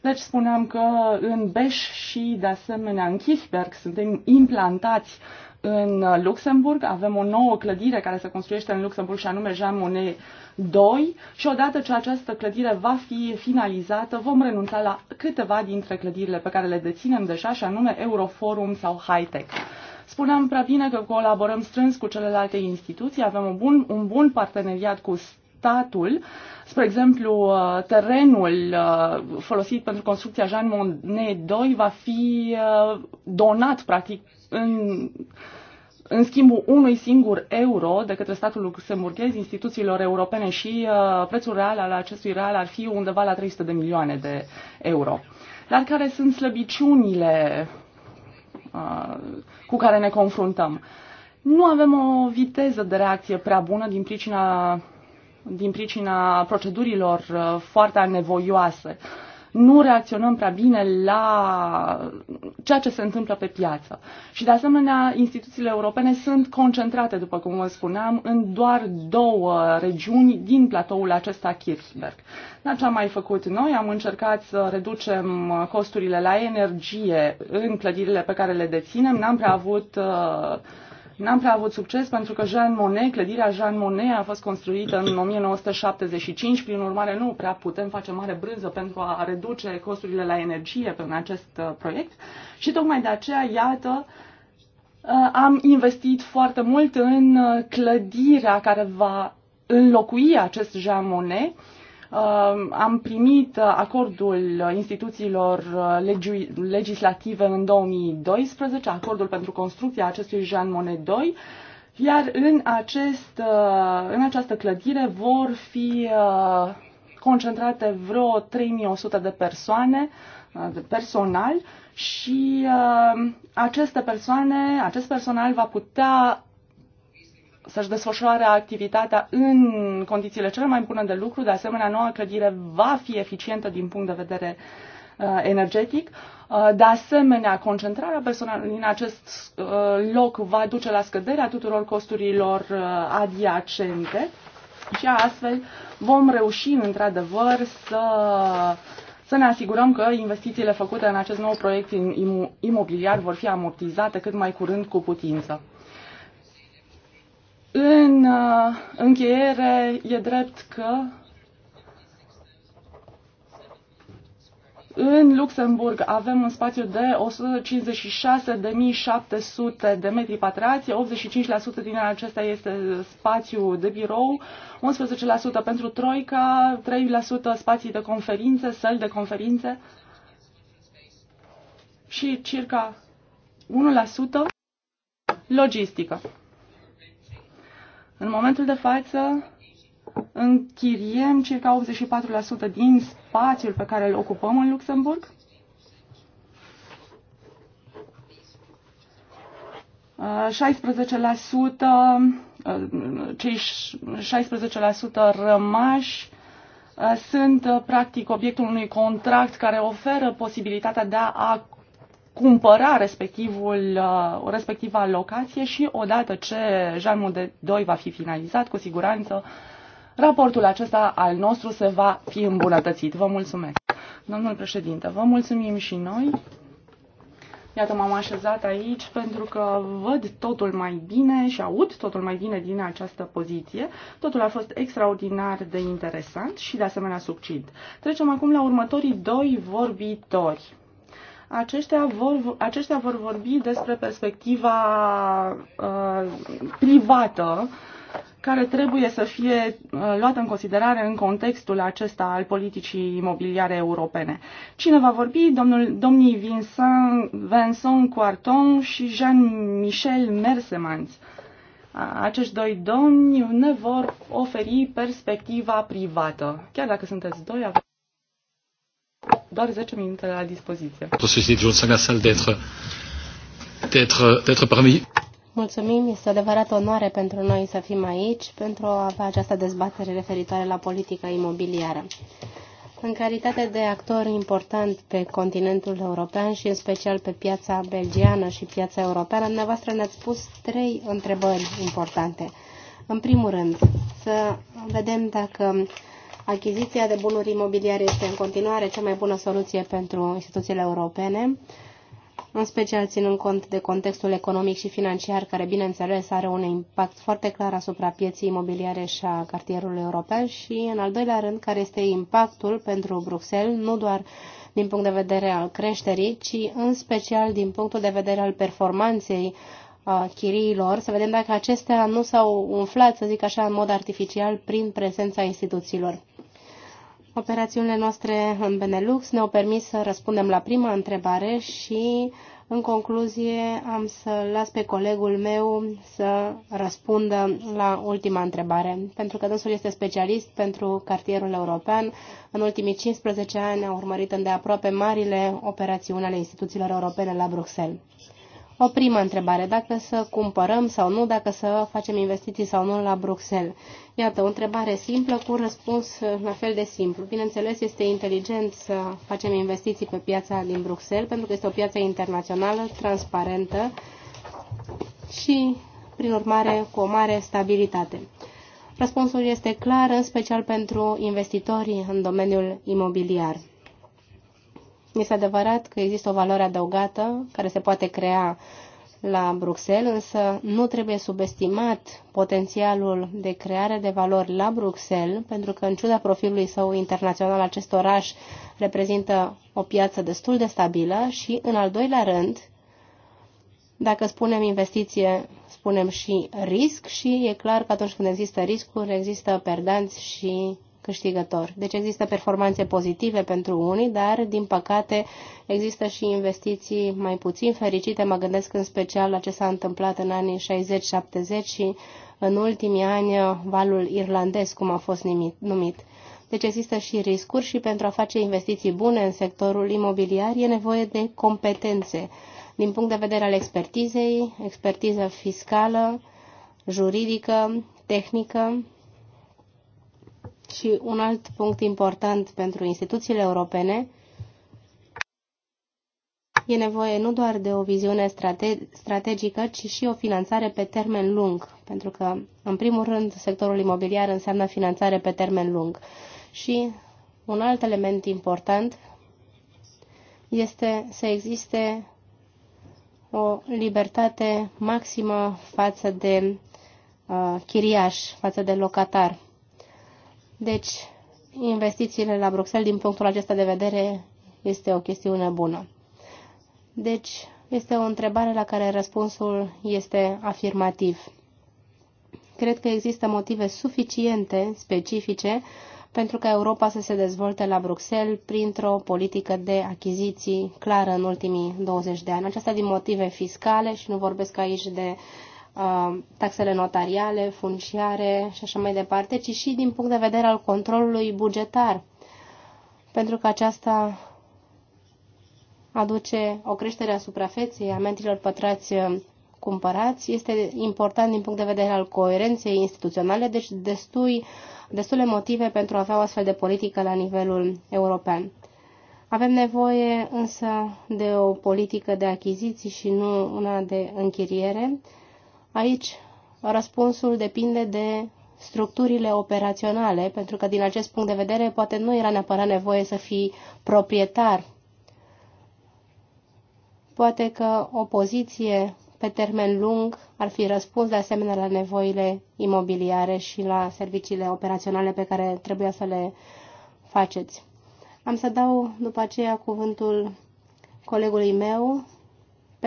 Deci spuneam că în Beș și de asemenea în Kirchberg suntem implantați în Luxemburg. Avem o nouă clădire care se construiește în Luxemburg și anume Jean Monnet 2 și odată ce această clădire va fi finalizată, vom renunța la câteva dintre clădirile pe care le deținem deja și anume Euroforum sau Hightech. Spuneam prea bine că colaborăm strâns cu celelalte instituții, avem un bun, un bun parteneriat cu statul. Spre exemplu, uh, terenul uh, folosit pentru construcția Jean Monnet 2 va fi uh, donat practic în, în schimbul unui singur euro de către statul luxemburghez instituțiilor europene și uh, prețul real al acestui real ar fi undeva la 300 de milioane de euro. Dar care sunt slăbiciunile uh, cu care ne confruntăm? Nu avem o viteză de reacție prea bună din pricina, din pricina procedurilor uh, foarte anevoioase. Uh, nu reacționăm prea bine la ceea ce se întâmplă pe piață. Și de asemenea, instituțiile europene sunt concentrate, după cum vă spuneam, în doar două regiuni din platoul acesta Kirchberg. Dar ce am mai făcut noi? Am încercat să reducem costurile la energie în clădirile pe care le deținem. N-am prea avut uh, N-am prea avut succes pentru că Jean Monnet, clădirea Jean Monnet a fost construită în 1975, prin urmare nu prea putem face mare brânză pentru a reduce costurile la energie pe acest uh, proiect și tocmai de aceea, iată, uh, am investit foarte mult în uh, clădirea care va înlocui acest Jean Monnet Um, am primit uh, acordul instituțiilor uh, legislative în 2012, acordul pentru construcția acestui Jean Monnet II, iar în, acest, uh, în această clădire vor fi concentrate vreo 3100 de persoane, de personal, și aceste persoane, acest personal va putea să-și desfășoare activitatea în condițiile cele mai bune de lucru. De asemenea, noua clădire va fi eficientă din punct de vedere uh, energetic. Uh, de asemenea, concentrarea personalului în acest uh, loc va duce la scăderea tuturor costurilor adiacente și astfel vom reuși, într-adevăr, să să ne asigurăm că investițiile făcute în acest nou proiect imobiliar vor fi amortizate cât mai curând cu putință. În uh, încheiere, e drept că În Luxemburg avem un spațiu de 156.700 de metri pătrați, 85% din acesta este spațiu de birou, 11% pentru troica, 3% spații de conferințe, săli de conferințe și circa 1% logistică. În momentul de față închiriem circa 84% din spațiul pe care îl ocupăm în Luxemburg. Uh, 16% uh, cei 16% rămași uh, sunt uh, practic obiectul unui contract care oferă posibilitatea de a cumpăra respectivul, uh, respectiva locație și odată ce Jeanul de 2 va fi finalizat, cu siguranță raportul acesta al nostru se va fi îmbunătățit. Vă mulțumesc. Domnul președinte, vă mulțumim și noi. Iată, m-am așezat aici pentru că văd totul mai bine și aud totul mai bine din această poziție. Totul a fost extraordinar de interesant și de asemenea succint. Trecem acum la următorii doi vorbitori aceștia vor, aceștia vor vorbi despre perspectiva uh, privată care trebuie să fie uh, luată în considerare în contextul acesta al politicii imobiliare europene. Cine va vorbi? Domnul, domnii Vincent, Vincent Quarton și Jean-Michel Mersemans. Acești doi domni ne vor oferi perspectiva privată. Chiar dacă sunteți doi, aveți doar 10 minute la dispoziție. Mulțumim, este o adevărată onoare pentru noi să fim aici pentru a avea această dezbatere referitoare la politica imobiliară. În calitate de actor important pe continentul european și în special pe piața belgiană și piața europeană, dumneavoastră ne-ați pus trei întrebări importante. În primul rând, să vedem dacă Achiziția de bunuri imobiliare este în continuare cea mai bună soluție pentru instituțiile europene, în special ținând cont de contextul economic și financiar, care, bineînțeles, are un impact foarte clar asupra pieții imobiliare și a cartierului european și, în al doilea rând, care este impactul pentru Bruxelles, nu doar din punct de vedere al creșterii, ci în special din punctul de vedere al performanței chiriilor, să vedem dacă acestea nu s-au umflat, să zic așa, în mod artificial prin prezența instituțiilor. Operațiunile noastre în Benelux ne-au permis să răspundem la prima întrebare și, în concluzie, am să las pe colegul meu să răspundă la ultima întrebare. Pentru că dânsul este specialist pentru cartierul european, în ultimii 15 ani a urmărit îndeaproape marile operațiuni ale instituțiilor europene la Bruxelles o primă întrebare, dacă să cumpărăm sau nu, dacă să facem investiții sau nu la Bruxelles. Iată, o întrebare simplă cu un răspuns la fel de simplu. Bineînțeles, este inteligent să facem investiții pe piața din Bruxelles, pentru că este o piață internațională, transparentă și, prin urmare, cu o mare stabilitate. Răspunsul este clar, în special pentru investitorii în domeniul imobiliar. Este adevărat că există o valoare adăugată care se poate crea la Bruxelles, însă nu trebuie subestimat potențialul de creare de valori la Bruxelles, pentru că, în ciuda profilului său internațional, acest oraș reprezintă o piață destul de stabilă și, în al doilea rând, dacă spunem investiție, spunem și risc și e clar că atunci când există riscuri, există perdanți și câștigător. Deci există performanțe pozitive pentru unii, dar din păcate există și investiții mai puțin fericite. Mă gândesc în special la ce s-a întâmplat în anii 60-70 și în ultimii ani valul irlandez, cum a fost numit. Deci există și riscuri și pentru a face investiții bune în sectorul imobiliar e nevoie de competențe din punct de vedere al expertizei, expertiză fiscală, juridică, tehnică și un alt punct important pentru instituțiile europene e nevoie nu doar de o viziune strate strategică, ci și o finanțare pe termen lung, pentru că, în primul rând, sectorul imobiliar înseamnă finanțare pe termen lung. Și un alt element important este să existe o libertate maximă față de uh, chiriaș, față de locatar. Deci, investițiile la Bruxelles, din punctul acesta de vedere, este o chestiune bună. Deci, este o întrebare la care răspunsul este afirmativ. Cred că există motive suficiente, specifice, pentru ca Europa să se dezvolte la Bruxelles printr-o politică de achiziții clară în ultimii 20 de ani. Aceasta din motive fiscale și nu vorbesc aici de Uh, taxele notariale, funciare și așa mai departe, ci și din punct de vedere al controlului bugetar, pentru că aceasta aduce o creștere a suprafeței, a metrilor pătrați uh, cumpărați. Este important din punct de vedere al coerenței instituționale, deci destui, destule motive pentru a avea o astfel de politică la nivelul european. Avem nevoie însă de o politică de achiziții și nu una de închiriere Aici răspunsul depinde de structurile operaționale, pentru că din acest punct de vedere poate nu era neapărat nevoie să fii proprietar. Poate că o poziție pe termen lung ar fi răspuns de asemenea la nevoile imobiliare și la serviciile operaționale pe care trebuia să le faceți. Am să dau după aceea cuvântul colegului meu,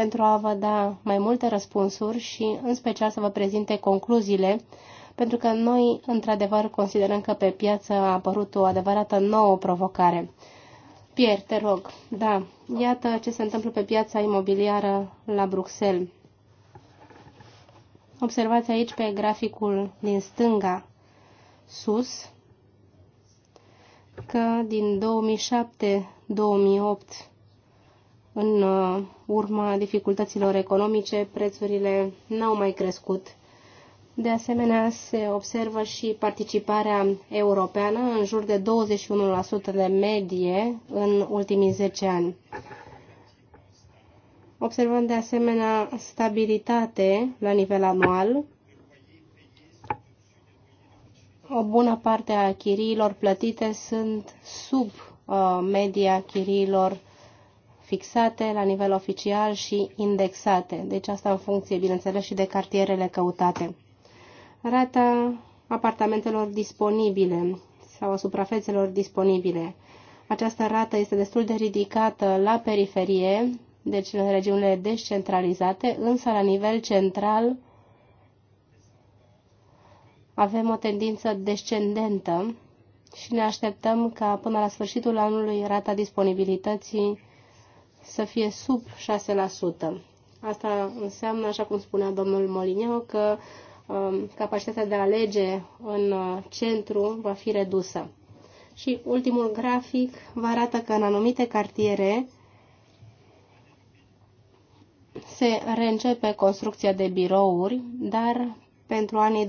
pentru a vă da mai multe răspunsuri și în special să vă prezinte concluziile, pentru că noi într-adevăr considerăm că pe piață a apărut o adevărată nouă provocare. Pierre, te rog, da, iată ce se întâmplă pe piața imobiliară la Bruxelles. Observați aici pe graficul din stânga sus că din 2007-2008 în uh, urma dificultăților economice, prețurile n-au mai crescut. De asemenea, se observă și participarea europeană în jur de 21% de medie în ultimii 10 ani. Observăm de asemenea stabilitate la nivel anual. O bună parte a chiriilor plătite sunt sub uh, media chiriilor fixate la nivel oficial și indexate. Deci asta în funcție, bineînțeles, și de cartierele căutate. Rata apartamentelor disponibile sau a suprafețelor disponibile. Această rată este destul de ridicată la periferie, deci în regiunile descentralizate, însă la nivel central avem o tendință descendentă și ne așteptăm ca până la sfârșitul anului rata disponibilității să fie sub 6%. Asta înseamnă, așa cum spunea domnul Molineu, că um, capacitatea de a alege în uh, centru va fi redusă. Și ultimul grafic vă arată că în anumite cartiere se reîncepe construcția de birouri, dar pentru anii 2014-2015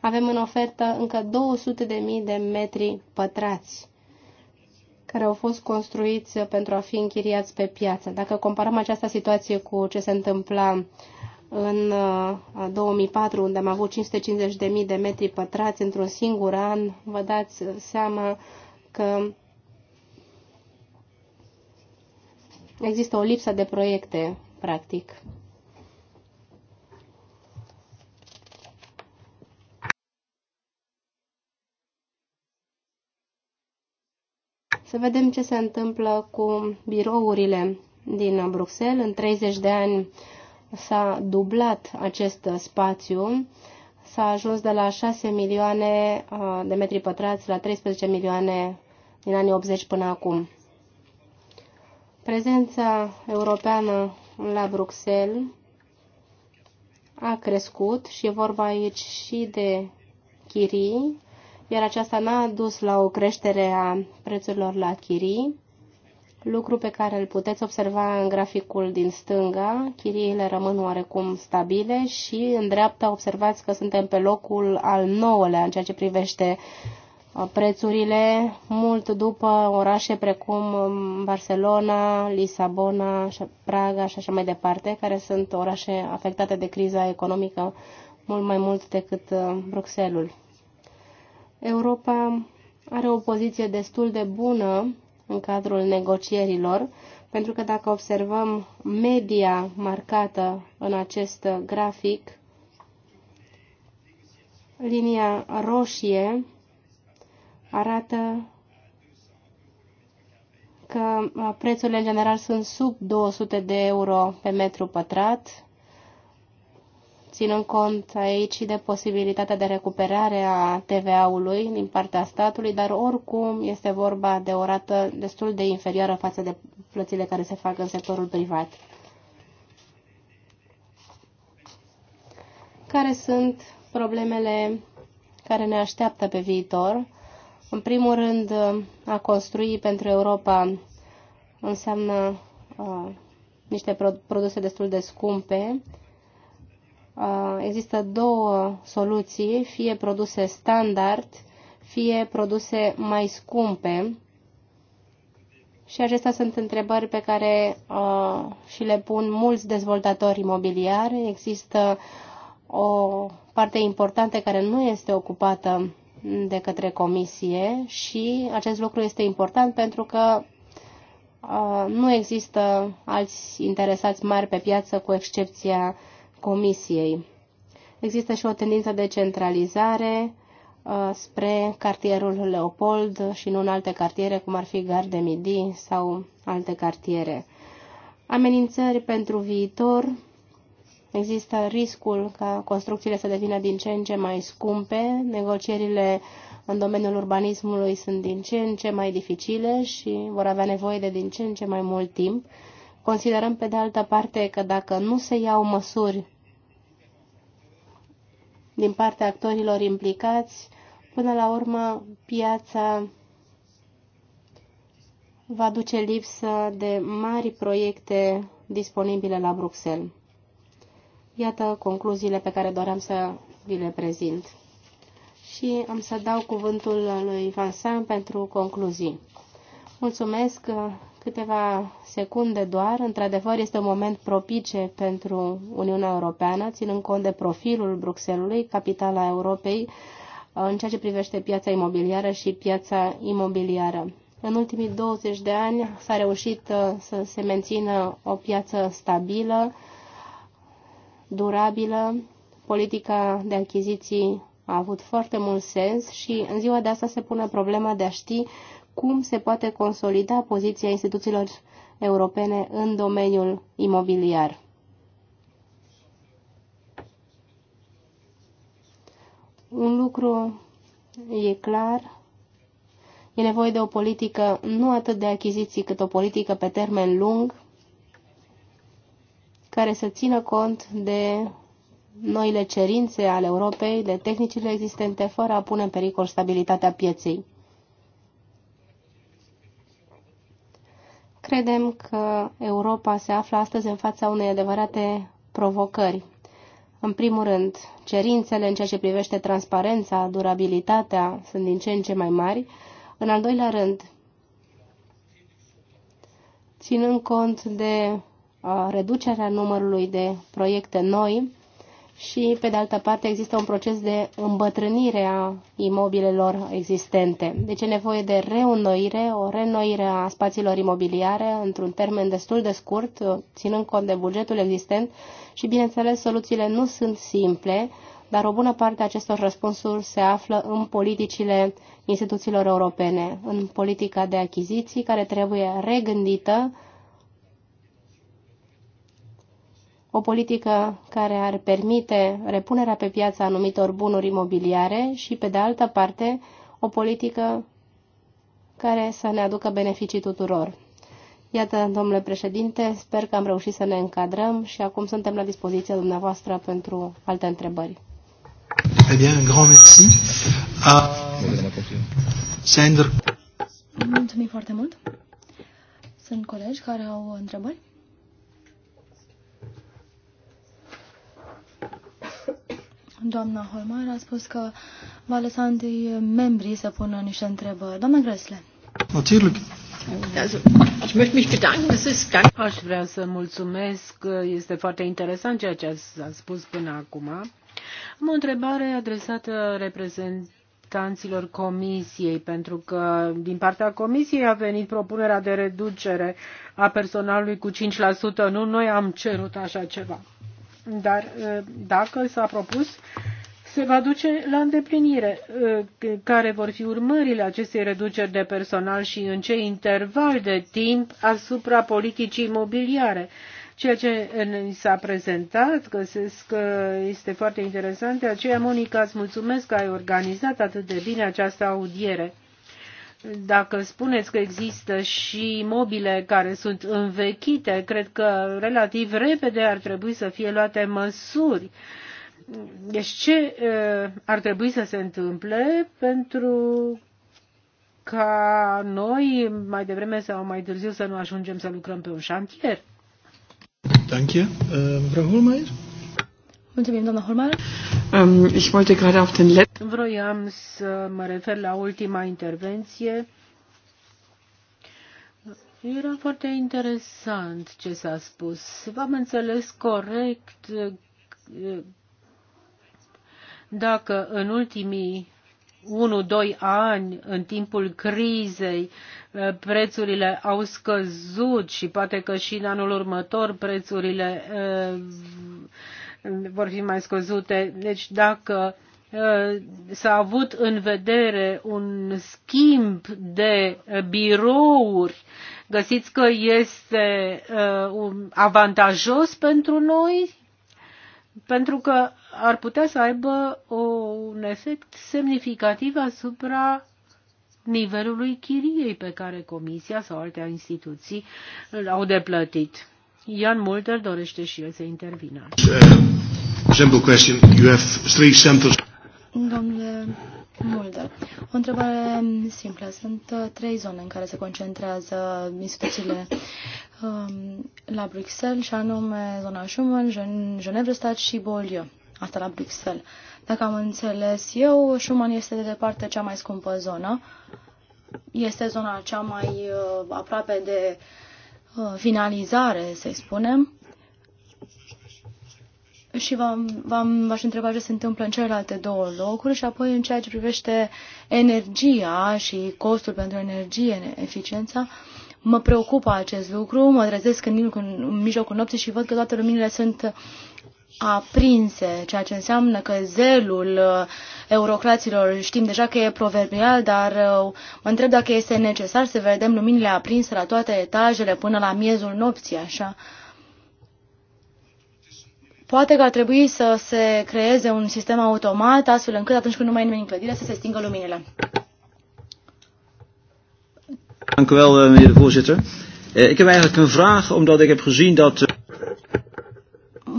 avem în ofertă încă 200.000 de metri pătrați care au fost construiți pentru a fi închiriați pe piață. Dacă comparăm această situație cu ce se întâmpla în 2004, uh, unde am avut 550.000 de metri pătrați într-un singur an, vă dați seama că există o lipsă de proiecte, practic. Să vedem ce se întâmplă cu birourile din Bruxelles. În 30 de ani s-a dublat acest spațiu. S-a ajuns de la 6 milioane uh, de metri pătrați la 13 milioane din anii 80 până acum. Prezența europeană la Bruxelles a crescut și e vorba aici și de chirii, iar aceasta n-a dus la o creștere a prețurilor la chirii, lucru pe care îl puteți observa în graficul din stânga. Chiriile rămân oarecum stabile și în dreapta observați că suntem pe locul al nouălea în ceea ce privește uh, prețurile, mult după orașe precum um, Barcelona, Lisabona, Praga și așa mai departe, care sunt orașe afectate de criza economică mult mai mult decât uh, Bruxelles. Europa are o poziție destul de bună în cadrul negocierilor, pentru că dacă observăm media marcată în acest grafic, linia roșie arată că prețurile în general sunt sub 200 de euro pe metru pătrat, ținând cont aici de posibilitatea de recuperare a TVA-ului din partea statului, dar oricum este vorba de o rată destul de inferioară față de plățile care se fac în sectorul privat. Care sunt problemele care ne așteaptă pe viitor? În primul rând, a construi pentru Europa înseamnă uh, niște produse destul de scumpe, Uh, există două soluții, fie produse standard, fie produse mai scumpe. Și acestea sunt întrebări pe care uh, și le pun mulți dezvoltatori imobiliari. Există o parte importantă care nu este ocupată de către comisie și acest lucru este important pentru că uh, nu există alți interesați mari pe piață cu excepția uh, Comisiei. Există și o tendință de centralizare uh, spre cartierul Leopold și nu în alte cartiere, cum ar fi Gardemidi sau alte cartiere. Amenințări pentru viitor. Există riscul ca construcțiile să devină din ce în ce mai scumpe, negocierile în domeniul urbanismului sunt din ce în ce mai dificile și vor avea nevoie de din ce în ce mai mult timp. Considerăm, pe de altă parte, că dacă nu se iau măsuri din partea actorilor implicați, până la urmă piața va duce lipsă de mari proiecte disponibile la Bruxelles. Iată concluziile pe care doream să vi le prezint. Și am să dau cuvântul lui Vincent pentru concluzii. Mulțumesc câteva secunde doar. Într-adevăr, este un moment propice pentru Uniunea Europeană, ținând cont de profilul Bruxelului, capitala Europei, în ceea ce privește piața imobiliară și piața imobiliară. În ultimii 20 de ani s-a reușit uh, să se mențină o piață stabilă, durabilă, politica de achiziții a avut foarte mult sens și în ziua de asta se pune problema de a ști cum se poate consolida poziția instituțiilor europene în domeniul imobiliar. Un lucru e clar, e nevoie de o politică nu atât de achiziții, cât o politică pe termen lung, care să țină cont de noile cerințe ale Europei, de tehnicile existente, fără a pune în pericol stabilitatea pieței. Credem că Europa se află astăzi în fața unei adevărate provocări. În primul rând, cerințele în ceea ce privește transparența, durabilitatea sunt din ce în ce mai mari. În al doilea rând, ținând cont de uh, reducerea numărului de proiecte noi, și, pe de altă parte, există un proces de îmbătrânire a imobilelor existente. Deci e nevoie de reînnoire, o reînnoire a spațiilor imobiliare într-un termen destul de scurt, ținând cont de bugetul existent și, bineînțeles, soluțiile nu sunt simple, dar o bună parte a acestor răspunsuri se află în politicile instituțiilor europene, în politica de achiziții care trebuie regândită o politică care ar permite repunerea pe piață anumitor bunuri imobiliare și, pe de altă parte, o politică care să ne aducă beneficii tuturor. Iată, domnule președinte, sper că am reușit să ne încadrăm și acum suntem la dispoziția dumneavoastră pentru alte întrebări. Eh bien, un grand merci. Uh, Mulțumim foarte mult. Sunt colegi care au întrebări? Doamna Holmeier a spus că va lăsa întâi membrii să pună niște întrebări. Doamna Gresle. Natürlich. Aș vrea să mulțumesc, este foarte interesant ceea ce a spus până acum. Am o întrebare adresată reprezentantului reprezentanților Comisiei, pentru că din partea Comisiei a venit propunerea de reducere a personalului cu 5%. Nu noi am cerut așa ceva. Dar dacă s-a propus, se va duce la îndeplinire. Care vor fi urmările acestei reduceri de personal și în ce interval de timp asupra politicii imobiliare? Ceea ce ni s-a prezentat, găsesc că este foarte interesant. De aceea, Monica, îți mulțumesc că ai organizat atât de bine această audiere dacă spuneți că există și mobile care sunt învechite, cred că relativ repede ar trebui să fie luate măsuri. Deci ce ar trebui să se întâmple pentru ca noi mai devreme sau mai târziu să nu ajungem să lucrăm pe un șantier? Danke, ehm, Frau Hohlmeier. Mulțumim, doamna Holmar. Um, ich wollte gerade auf den Let Vroiam să mă refer la ultima intervenție. Era foarte interesant ce s-a spus. V-am înțeles corect dacă în ultimii 1-2 ani, în timpul crizei, prețurile au scăzut și poate că și în anul următor prețurile uh, vor fi mai scăzute. Deci dacă uh, s-a avut în vedere un schimb de birouri, găsiți că este uh, avantajos pentru noi, pentru că ar putea să aibă un efect semnificativ asupra nivelului chiriei pe care Comisia sau alte instituții l-au deplătit. Ian Mulder dorește și el să intervină. Uh, simple question. You have three samples. Domnule Mulder, o întrebare simplă. Sunt uh, trei zone în care se concentrează instituțiile um, la Bruxelles, și anume zona Schumann, Genevra Stat și Beaulieu. Asta la Bruxelles. Dacă am înțeles eu, Schumann este de departe cea mai scumpă zonă. Este zona cea mai uh, aproape de uh, Uh, finalizare, să spunem, și v-am, v-aș întreba ce se întâmplă în celelalte două locuri și apoi în ceea ce privește energia și costul pentru energie, eficiența, mă preocupă acest lucru, mă trezesc în, în mijlocul nopții și văd că toate luminile sunt aprinse, ceea ce înseamnă că zelul uh, eurocraților știm deja că e proverbial, dar uh, mă întreb dacă este necesar să vedem luminile aprinse la toate etajele până la miezul nopții, așa. Poate că ar trebui să se creeze un sistem automat, astfel încât atunci când nu mai e nimeni în clădire să se stingă luminile. Dank u wel, eh, meneer de voorzitter. Eh, ik heb eigenlijk een vraag, omdat ik heb gezien dat... Eh,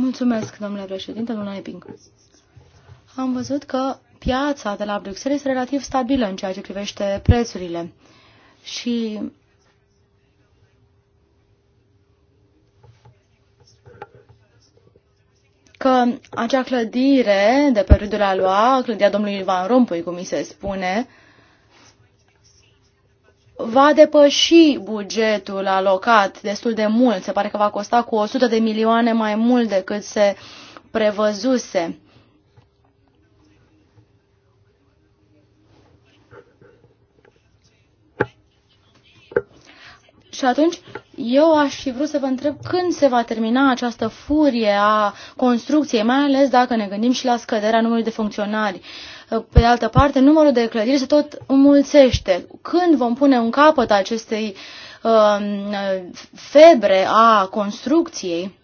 Mulțumesc, domnule președinte, domnule Eping? Am văzut că piața de la Bruxelles este relativ stabilă în ceea ce privește prețurile și că acea clădire de pe râdul Aloa, clădirea domnului Ivan Rompuy, cum mi se spune, va depăși bugetul alocat destul de mult. Se pare că va costa cu 100 de milioane mai mult decât se prevăzuse. Și atunci eu aș fi vrut să vă întreb când se va termina această furie a construcției, mai ales dacă ne gândim și la scăderea numărului de funcționari. Uh, pe de altă parte, numărul de clădiri se tot înmulțește. Când vom pune un capăt acestei um, febre a construcției?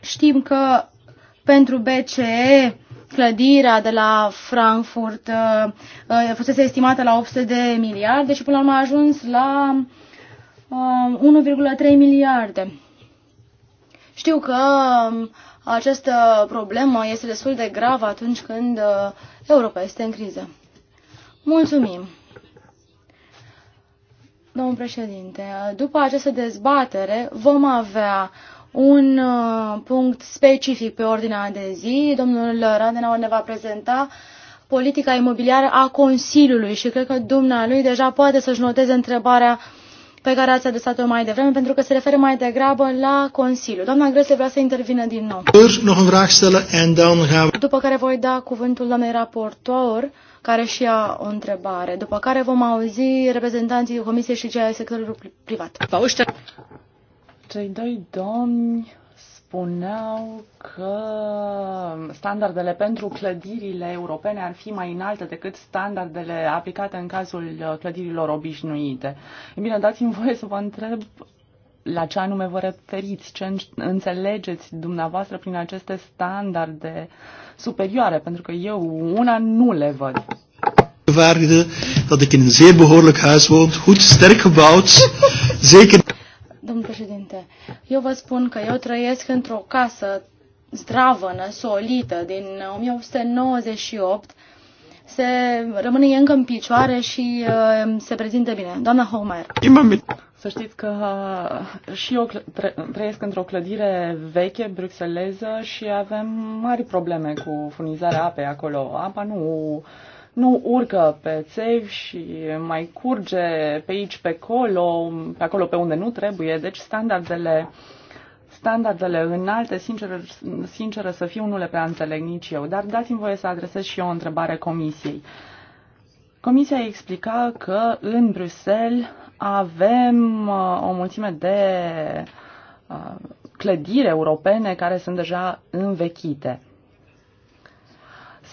Știm că pentru BCE clădirea de la Frankfurt uh, uh, fusese estimată la 800 de miliarde și până la urmă a ajuns la 1,3 uh, miliarde. Știu că um, această problemă este destul de gravă atunci când uh, Europa este în criză. Mulțumim! Domnul președinte, după această dezbatere vom avea un uh, punct specific pe ordinea de zi. Domnul Radenauer ne va prezenta politica imobiliară a Consiliului și cred că dumnealui deja poate să-și noteze întrebarea pe care ați adresat-o mai devreme, pentru că se referă mai degrabă la Consiliu. Doamna Gresle vrea să intervină din nou. După care voi da cuvântul doamnei raportor, care și ea o întrebare, după care vom auzi reprezentanții Comisiei și cei ai sectorului privat. Cei doi domni spuneau că standardele pentru clădirile europene ar fi mai înalte decât standardele aplicate în cazul uh, clădirilor obișnuite. E bine, dați-mi voie să vă întreb la ce anume vă referiți, ce înțelegeți dumneavoastră prin aceste standarde superioare, pentru că eu una nu le văd. dat ik in een zeer behoorlijk huis woon, goed, sterk gebouwd, zeker. Domnul președinte, eu vă spun că eu trăiesc într-o casă zdravănă, solită, din 1898. Se rămâne încă în picioare și uh, se prezintă bine. Doamna Homer. Să știți că uh, și eu trăiesc într-o clădire veche, bruxeleză, și avem mari probleme cu furnizarea apei acolo. Apa nu nu urcă pe țevi și mai curge pe aici, pe acolo, pe acolo pe unde nu trebuie. Deci standardele standardele înalte, sincer, sinceră să fiu, nu le prea înțeleg nici eu, dar dați-mi voie să adresez și eu o întrebare comisiei. Comisia explica că în Bruxelles avem uh, o mulțime de uh, clădiri europene care sunt deja învechite.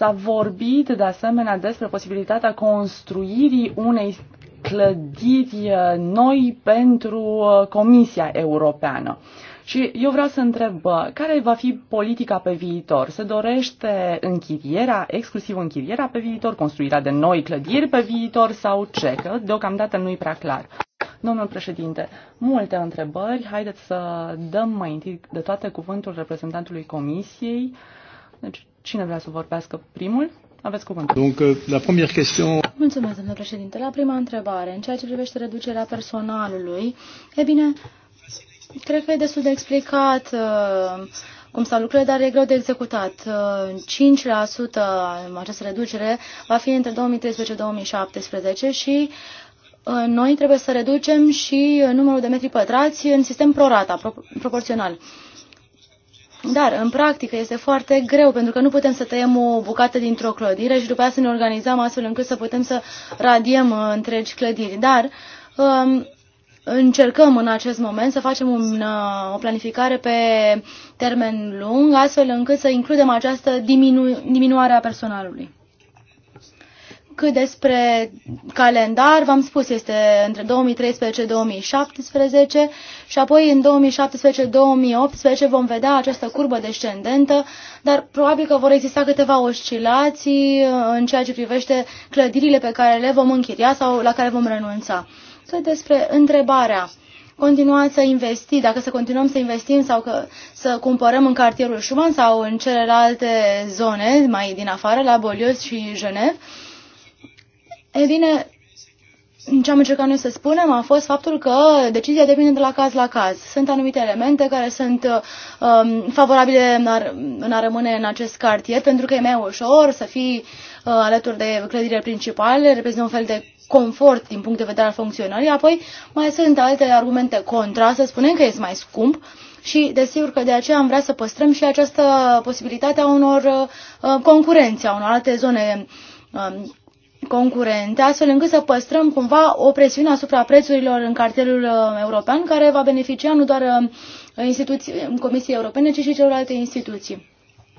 S-a vorbit de asemenea despre posibilitatea construirii unei clădiri uh, noi pentru uh, Comisia Europeană. Și eu vreau să întreb, uh, care va fi politica pe viitor? Se dorește închirierea, exclusiv închirierea pe viitor, construirea de noi clădiri pe viitor sau ce? Că deocamdată nu-i prea clar. Domnul președinte, multe întrebări. Haideți să dăm mai întâi de toate cuvântul reprezentantului Comisiei. Deci, Cine vrea să vorbească primul? Aveți cuvântul. Donc, euh, la première question... Mulțumesc, domnule președinte. La prima întrebare, în ceea ce privește reducerea personalului, e bine, cred că e destul de explicat uh, cum stau lucrurile, dar e greu de executat. 5% uh, această reducere va fi între 2013-2017 și uh, noi trebuie să reducem și uh, numărul de metri pătrați în sistem prorata, pro proporțional. Dar, în practică, este foarte greu, pentru că nu putem să tăiem o bucată dintr-o clădire și după aceea să ne organizăm astfel încât să putem să radiem uh, întregi clădiri. Dar um, încercăm în acest moment să facem un, uh, o planificare pe termen lung, astfel încât să includem această diminu- diminuare a personalului. Cât despre calendar, v-am spus, este între 2013-2017 și apoi în 2017-2018 vom vedea această curbă descendentă, dar probabil că vor exista câteva oscilații uh, în ceea ce privește clădirile pe care le vom închiria sau la care vom renunța. Cât despre întrebarea continuați să investi, dacă să continuăm să investim sau că, să cumpărăm în cartierul Schumann sau în celelalte zone mai din afară, la Bolios și Genève, E bine, ce am încercat noi să spunem a fost faptul că decizia depinde de la caz la caz. Sunt anumite elemente care sunt um, favorabile în a, în a rămâne în acest cartier, pentru că e mai ușor să fii uh, alături de clădirile principale, reprezintă un fel de confort din punct de vedere al funcționării. Apoi mai sunt alte argumente contra, să spunem că este mai scump și desigur că de aceea am vrea să păstrăm și această posibilitate a unor uh, concurențe, a unor alte zone Uh, concurente, astfel încât să păstrăm cumva o presiune asupra prețurilor în cartelul uh, european, care va beneficia nu doar uh, Comisiei Europene, ci și celorlalte instituții.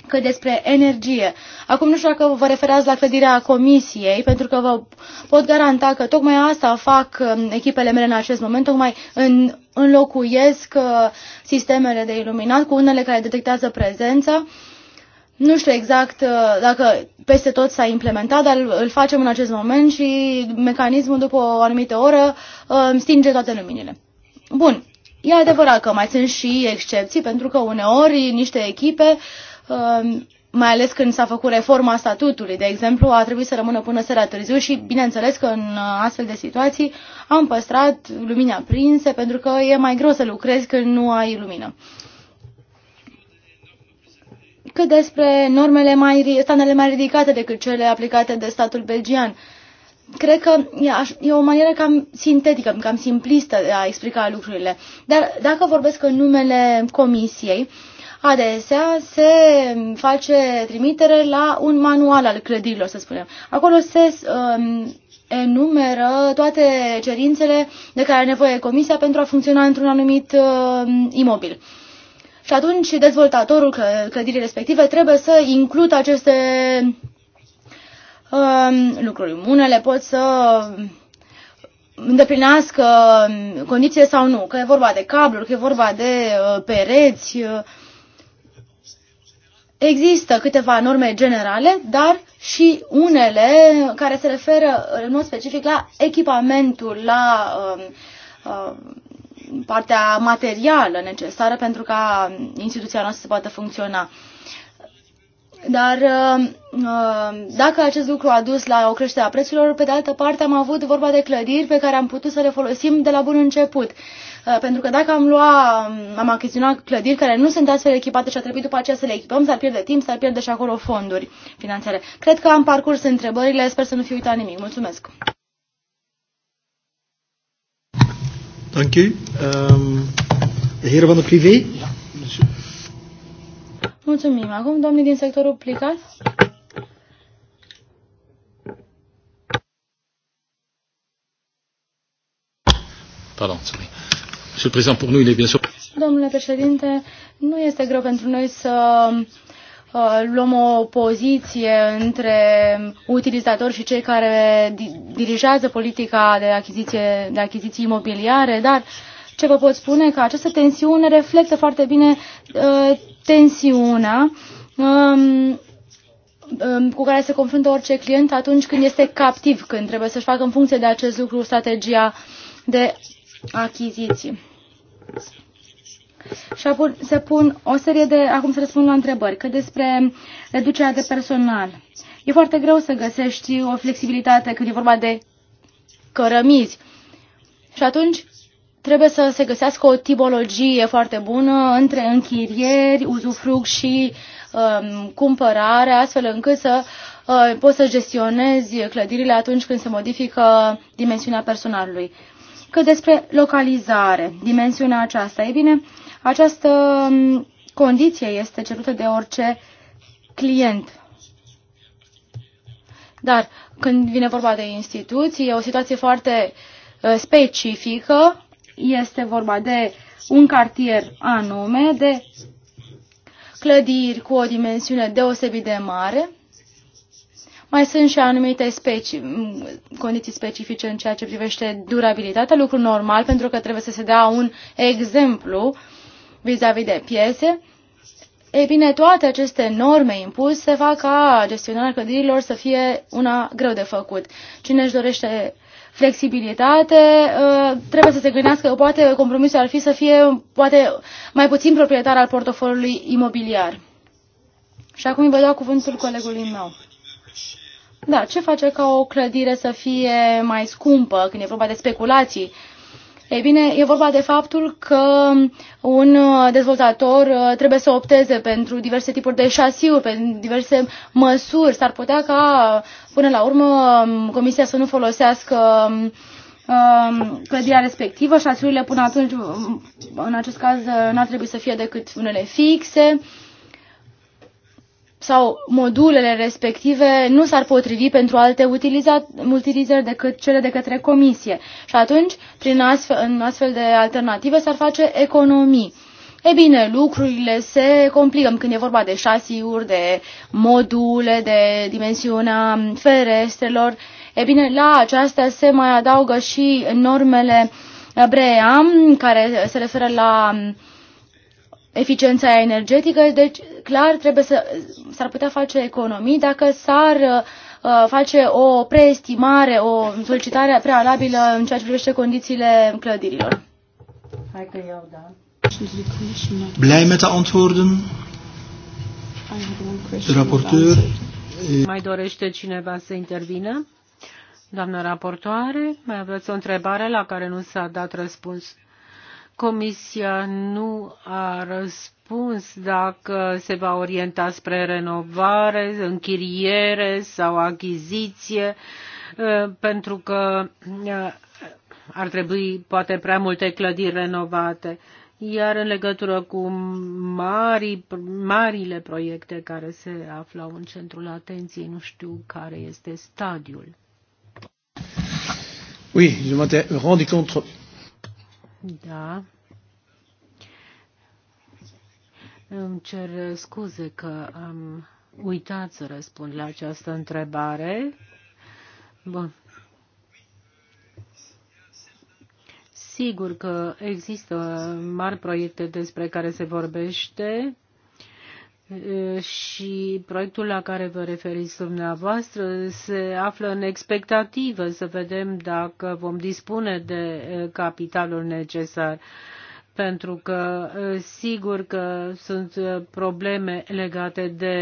Că despre energie. Acum nu știu dacă vă referați la clădirea Comisiei, pentru că vă pot garanta că tocmai asta fac um, echipele mele în acest moment, tocmai în, înlocuiesc uh, sistemele de iluminat cu unele care detectează prezența, uh, nu știu exact uh, dacă peste tot s-a implementat, dar îl facem în acest moment și mecanismul după o anumită oră uh, stinge toate luminile. Bun, e adevărat că mai sunt și excepții, pentru că uneori niște echipe, uh, mai ales când s-a făcut reforma statutului, de exemplu, a trebuit să rămână până seara târziu și, bineînțeles că în astfel de situații am păstrat lumini aprinse pentru că e mai greu să lucrezi când nu ai lumină cât despre normele mai, standardele mai ridicate decât cele aplicate de statul belgian. Cred că e o manieră cam sintetică, cam simplistă de a explica lucrurile. Dar dacă vorbesc în numele comisiei, adesea se face trimitere la un manual al clădirilor, să spunem. Acolo se um, enumeră toate cerințele de care are nevoie comisia pentru a funcționa într-un anumit um, imobil. Uh, și atunci dezvoltatorul clădirii respective trebuie să includă aceste um, lucruri. Unele pot să îndeplinească condiție sau nu, că e vorba de cabluri, că e vorba de uh, pereți. Uh. Există câteva norme generale, dar și unele care se referă în mod specific la echipamentul, la um, uh, uh, partea materială necesară pentru ca instituția noastră să poată funcționa. Dar uh, uh, dacă acest lucru a dus la o creștere a prețurilor, pe de altă parte am avut vorba de clădiri pe care am putut să le folosim de la bun început. Uh, pentru că dacă am luat, am achiziționat clădiri care nu sunt astfel echipate și a trebuit după aceea să le echipăm, s-ar pierde timp, s-ar pierde și acolo fonduri financiare. Cred că am parcurs întrebările, sper să nu fi uitat nimic. Mulțumesc! Dank u. Um, de heren van de privé? Ja. Mulțumim. Acum, domnii din sectorul plicat. Pardon, sorry. Monsieur le Président, pour nous, il est bien sûr... Domnule președinte, nu este greu pentru noi să Uh, luăm o poziție între utilizatori și cei care dirigează politica de, achiziție, de achiziții imobiliare, dar ce vă pot spune că această tensiune reflectă foarte bine uh, tensiunea um, um, cu care se confruntă orice client atunci când este captiv, când trebuie să-și facă în funcție de acest lucru strategia de achiziții. Și apoi se pun o serie de, acum să răspund la întrebări, că despre reducerea de personal. E foarte greu să găsești o flexibilitate când e vorba de cărămizi. Și atunci trebuie să se găsească o tipologie foarte bună între închirieri, uzufruc și um, cumpărare, astfel încât să uh, poți să gestionezi clădirile atunci când se modifică dimensiunea personalului. Cât despre localizare, dimensiunea aceasta, e bine, această mm, condiție este cerută de orice client. Dar când vine vorba de instituții, e o situație foarte ă, specifică. Este vorba de un cartier anume, de clădiri cu o dimensiune deosebit de mare. Mai sunt și anumite specii, mm, condiții specifice în ceea ce privește durabilitatea, lucru normal pentru că trebuie să se dea un exemplu uh, vis-a-vis -vis de piese, ei bine, toate aceste norme impuse fac ca gestionarea clădirilor să fie una greu de făcut. Cine își dorește flexibilitate, ă, trebuie să se gândească că poate compromisul ar fi să fie poate mai puțin proprietar al portofoliului imobiliar. Și acum îi vă dau cuvântul colegului meu. Da, ce face ca o clădire să fie mai scumpă când e vorba de speculații? Uh, ei bine, e vorba de faptul că un uh, dezvoltator uh, trebuie să opteze pentru diverse tipuri de șasiuri, pentru diverse măsuri. S-ar putea ca, până la urmă, um, Comisia să nu folosească um, um, clădirea respectivă, șasiurile până atunci, în acest caz, uh, n-ar trebui să fie decât unele fixe sau modulele respective nu s-ar potrivi pentru alte utilizări decât cele de către comisie. Și atunci, prin astfel, în astfel de alternative, s-ar face economii. E bine, lucrurile se complică când e vorba de șasiuri, de module, de dimensiunea ferestrelor. E bine, la aceasta se mai adaugă și normele BREAM, care se referă la eficiența energetică, deci clar trebuie să s-ar putea face economii dacă s-ar uh, face o preestimare, o solicitare prealabilă în ceea ce privește condițiile clădirilor. Hai că iau, da. Blij met de antwoorden? raporteur? Mai dorește cineva să intervină? Doamnă raportoare, mai aveți o întrebare la care nu s-a dat răspuns. Comisia nu a răspuns răspuns dacă se va orienta spre renovare, închiriere sau achiziție, ă, pentru că ă, ar trebui poate prea multe clădiri renovate. Iar în legătură cu mari, marile proiecte care se aflau în centrul atenției, nu știu care este stadiul. Oui, je m'étais rendu compte. Da, Îmi cer scuze că am uitat să răspund la această întrebare. Bun. Sigur că există mari proiecte despre care se vorbește eh, și proiectul la care vă referiți dumneavoastră se află în expectativă să vedem dacă vom dispune de eh, capitalul necesar pentru că ă, sigur că sunt ă, probleme legate de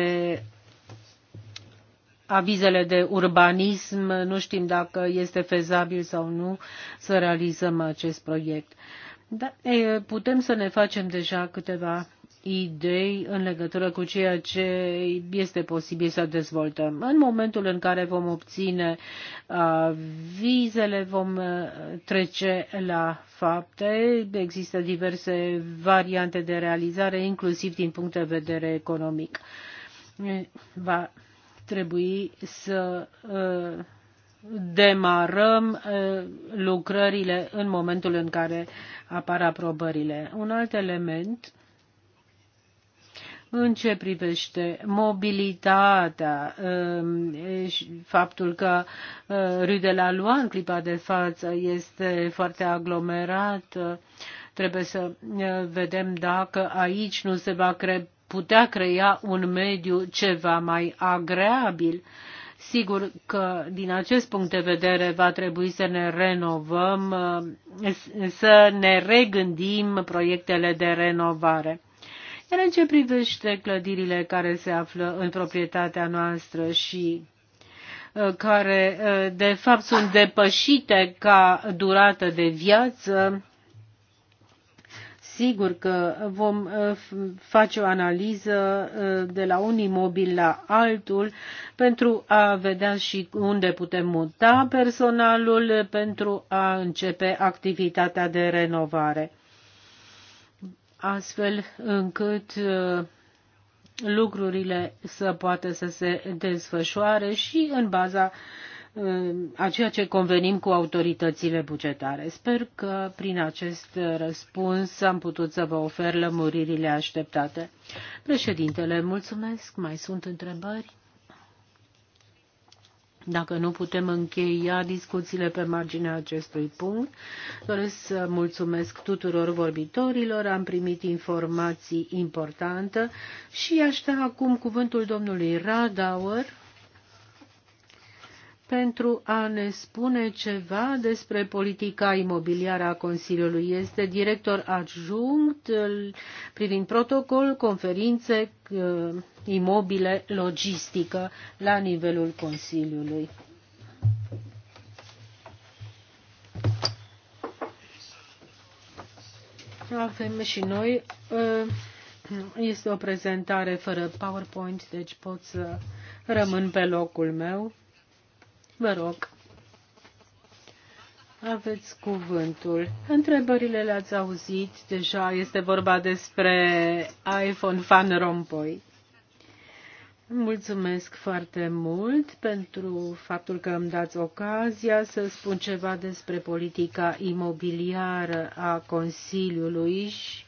avizele de urbanism, nu știm dacă este fezabil sau nu să realizăm acest proiect. Da, putem să ne facem deja câteva idei în legătură cu ceea ce este posibil să dezvoltăm. În momentul în care vom obține vizele, vom trece la fapte. Există diverse variante de realizare, inclusiv din punct de vedere economic. Va trebui să demarăm lucrările în momentul în care apar aprobările. Un alt element în ce privește mobilitatea, um, faptul că uh, Rue de la Lua în clipa de față este foarte aglomerat, uh, trebuie să uh, vedem dacă aici nu se va cre- putea crea un mediu ceva mai agreabil. Sigur că din acest punct de vedere va trebui să ne renovăm, să ne regândim proiectele de renovare. Iar în ce privește clădirile care se află în proprietatea noastră și uh, care uh, de fapt sunt depășite ca durată de viață, sigur că vom uh, face o analiză de la un imobil la altul pentru a vedea și unde putem muta personalul pentru a începe activitatea de renovare astfel încât uh, lucrurile să poată să se desfășoare și în baza uh, a ceea ce convenim cu autoritățile bugetare. Sper că prin acest răspuns am putut să vă ofer lămuririle așteptate. Președintele, mulțumesc. Mai sunt întrebări? Dacă nu putem încheia discuțiile pe marginea acestui punct, doresc să mulțumesc tuturor vorbitorilor, am primit informații importante și aștept da acum cuvântul domnului Radauer pentru a ne spune ceva despre politica imobiliară a Consiliului. Este director adjunct privind protocol, conferințe, imobile, logistică la nivelul Consiliului. Avem și noi. Ă, este o prezentare fără PowerPoint, deci pot să rămân pe locul meu. Vă rog. Aveți cuvântul. Întrebările le-ați auzit deja. Este vorba despre iPhone Fan rompoi. Mulțumesc foarte mult pentru faptul că îmi dați ocazia să spun ceva despre politica imobiliară a Consiliului și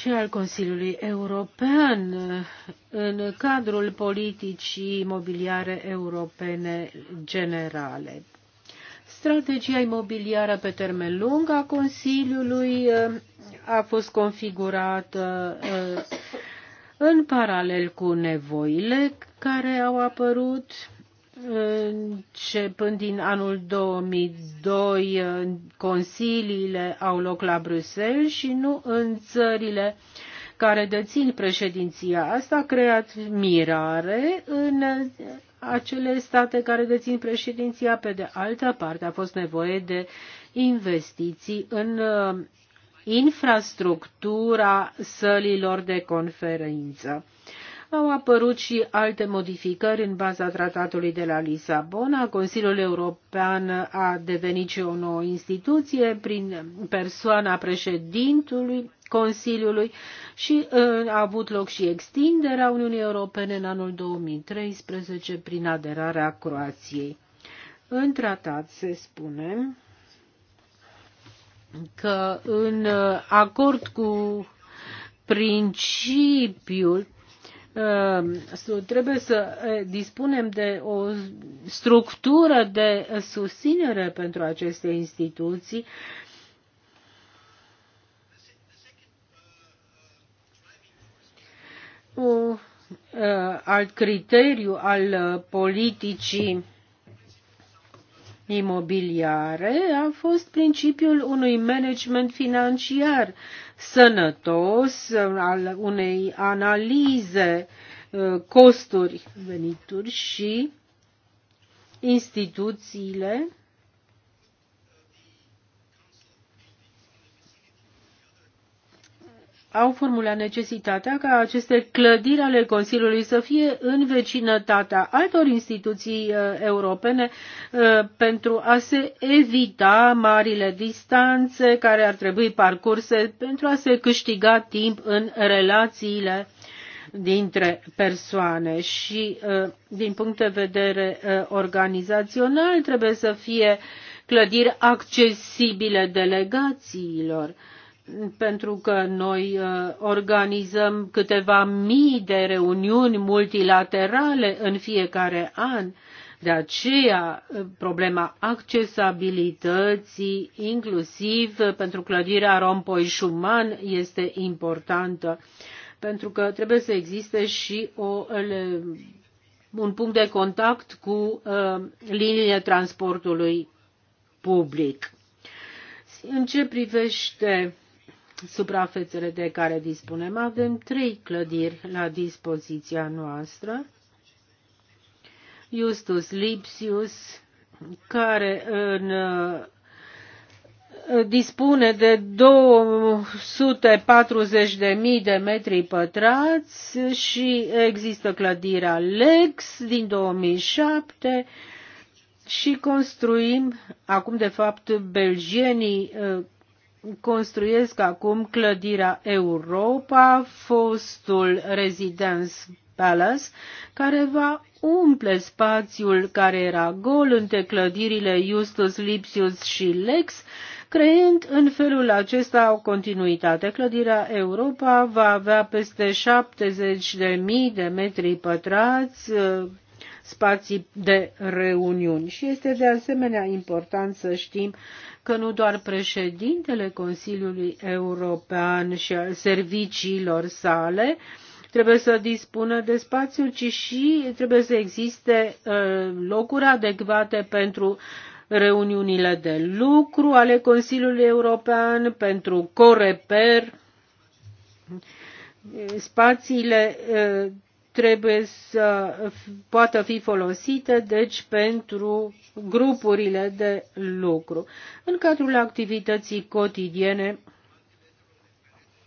și al Consiliului European eh, în cadrul politicii imobiliare europene generale. Strategia imobiliară pe termen lung a Consiliului eh, a fost configurată eh, în paralel cu nevoile care au apărut Începând din anul 2002, consiliile au loc la Bruxelles și nu în țările care dețin președinția. Asta a creat mirare în acele state care dețin președinția. Pe de altă parte, a fost nevoie de investiții în uh, infrastructura sălilor de conferință. Au apărut și alte modificări în baza tratatului de la Lisabona. Consiliul European a devenit și o nouă instituție prin persoana președintului Consiliului și uh, a avut loc și extinderea Uniunii Europene în anul 2013 prin aderarea Croației. În tratat se spune că în uh, acord cu principiul Ehm, trebuie să dispunem de o structură de susținere pentru aceste instituții un alt criteriu al uh, politicii imobiliare a fost principiul unui management financiar sănătos, al unei analize uh, costuri, venituri și instituțiile au formulat necesitatea ca aceste clădiri ale Consiliului să fie în vecinătatea altor instituții uh, europene uh, pentru a se evita marile distanțe care ar trebui parcurse pentru a se câștiga timp în relațiile dintre persoane și uh, din punct de vedere organizațional trebuie să fie clădiri accesibile delegațiilor pentru că noi uh, organizăm câteva mii de reuniuni multilaterale în fiecare an. De aceea, uh, problema accesabilității, inclusiv uh, pentru clădirea Rompoi Schumann, este importantă, pentru că trebuie să existe și o, un punct de contact cu uh, liniile transportului public. În ce privește suprafețele de care dispunem. Avem trei clădiri la dispoziția noastră. Justus Lipsius, care în uh, dispune de 240.000 de metri pătrați și există clădirea Lex din 2007 și construim, acum de fapt belgienii uh, construiesc acum clădirea Europa, fostul Residence Palace, care va umple spațiul care era gol între clădirile Justus Lipsius și Lex, creând în felul acesta o continuitate. Clădirea Europa va avea peste 70.000 de metri pătrați, uh, spații de reuniuni. Și este de asemenea important să știm că nu doar președintele Consiliului European și al serviciilor sale trebuie să dispună de spațiu, ci și trebuie să existe uh, locuri adecvate pentru reuniunile de lucru ale Consiliului European, pentru coreper. Spațiile uh, trebuie să poată fi folosite, deci, pentru grupurile de lucru. În cadrul activității cotidiene,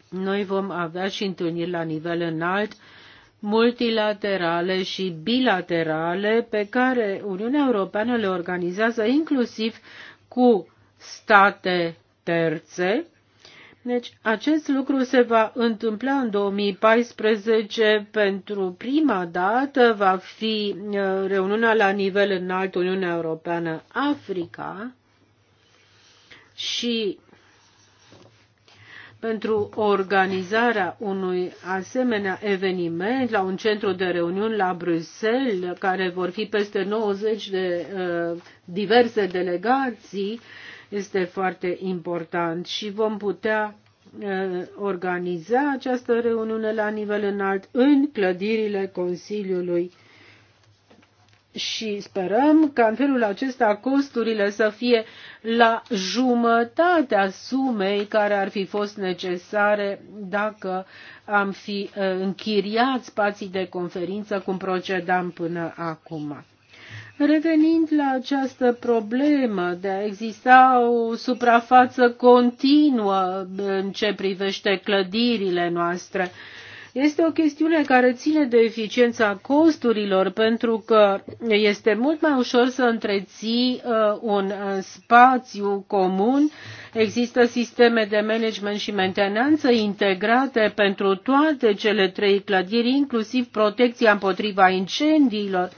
noi vom avea și întâlniri la nivel înalt, multilaterale și bilaterale, pe care Uniunea Europeană le organizează inclusiv cu state terțe, deci acest lucru se va întâmpla în 2014 pentru prima dată, va fi uh, reuniunea la nivel înalt Uniunea Europeană-Africa și pentru organizarea unui asemenea eveniment la un centru de reuniuni la Bruxelles, care vor fi peste 90 de uh, diverse delegații, uh, este foarte important și vom putea uh, organiza această reuniune la nivel înalt în clădirile Consiliului și sperăm ca în felul acesta costurile să fie la jumătatea sumei care ar fi fost necesare dacă am fi uh, închiriat spații de conferință cum procedam până acum. Revenind la această problemă de a exista o suprafață continuă în ce privește clădirile noastre, este o chestiune care ține de eficiența costurilor, pentru că este mult mai ușor să întreții uh, un uh, spațiu comun. Există sisteme de management și mentenanță integrate pentru toate cele trei clădiri, inclusiv protecția împotriva incendiilor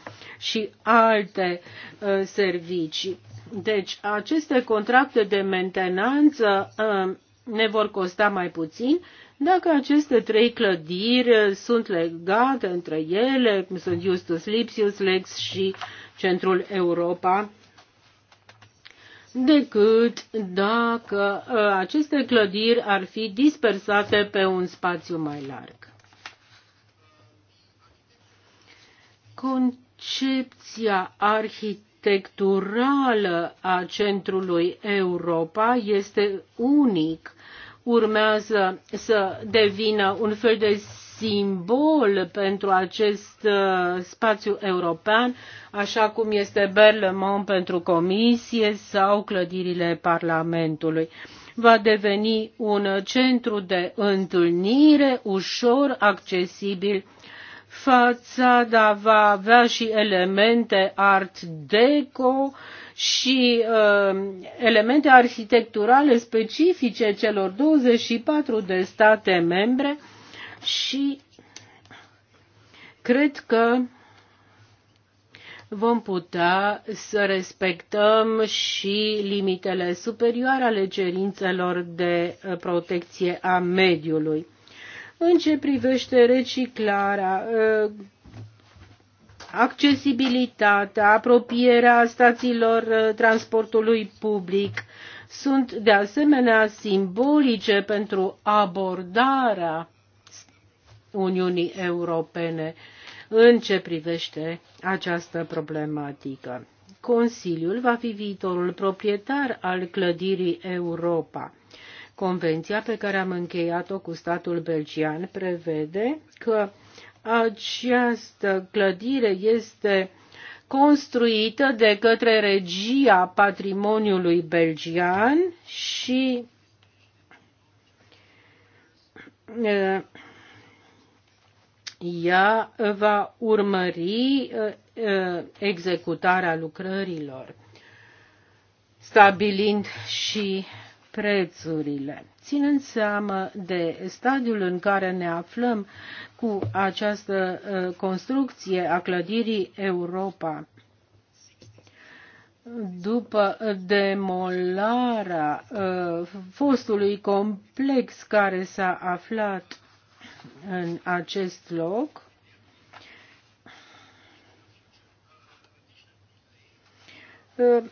și alte uh, servicii. Deci, aceste contracte de mentenanță uh, ne vor costa mai puțin dacă aceste trei clădiri uh, sunt legate între ele, cum sunt Justus Lipsius, Lex și Centrul Europa, decât dacă uh, aceste clădiri ar fi dispersate pe un spațiu mai larg. Cont concepția arhitecturală a centrului Europa este unic. Urmează să devină un fel de simbol pentru acest uh, spațiu european, așa cum este Berlemont pentru Comisie sau clădirile Parlamentului. Va deveni un centru de întâlnire ușor accesibil Fațada va avea și elemente art deco și uh, elemente arhitecturale specifice celor 24 de state membre și cred că vom putea să respectăm și limitele superioare ale cerințelor de uh, protecție a mediului. În ce privește reciclarea, ă, accesibilitatea, apropierea stațiilor ă, transportului public sunt de asemenea simbolice pentru abordarea Uniunii Europene în ce privește această problematică. Consiliul va fi viitorul proprietar al clădirii Europa Convenția pe care am încheiat-o cu statul belgian prevede că această clădire este construită de către regia patrimoniului belgian și ea va urmări executarea lucrărilor, stabilind și prețurile. Ținând seama de stadiul în care ne aflăm cu această uh, construcție a clădirii Europa, după demolarea uh, fostului complex care s-a aflat în acest loc, uh,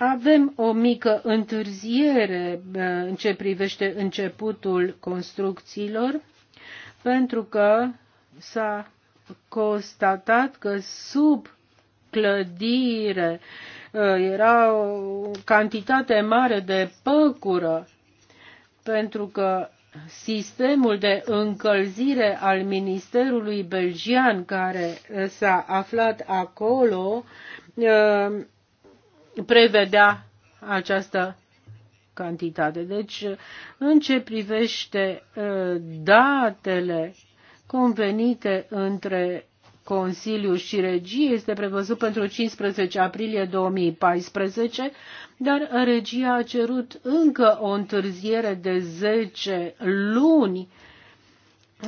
avem o mică întârziere uh, în ce privește începutul construcțiilor, pentru că s-a constatat că sub clădire uh, era o cantitate mare de păcură, pentru că sistemul de încălzire al Ministerului Belgian care s-a aflat acolo uh, prevedea această cantitate. Deci, în ce privește uh, datele convenite între Consiliu și regie este prevăzut pentru 15 aprilie 2014, dar regia a cerut încă o întârziere de 10 luni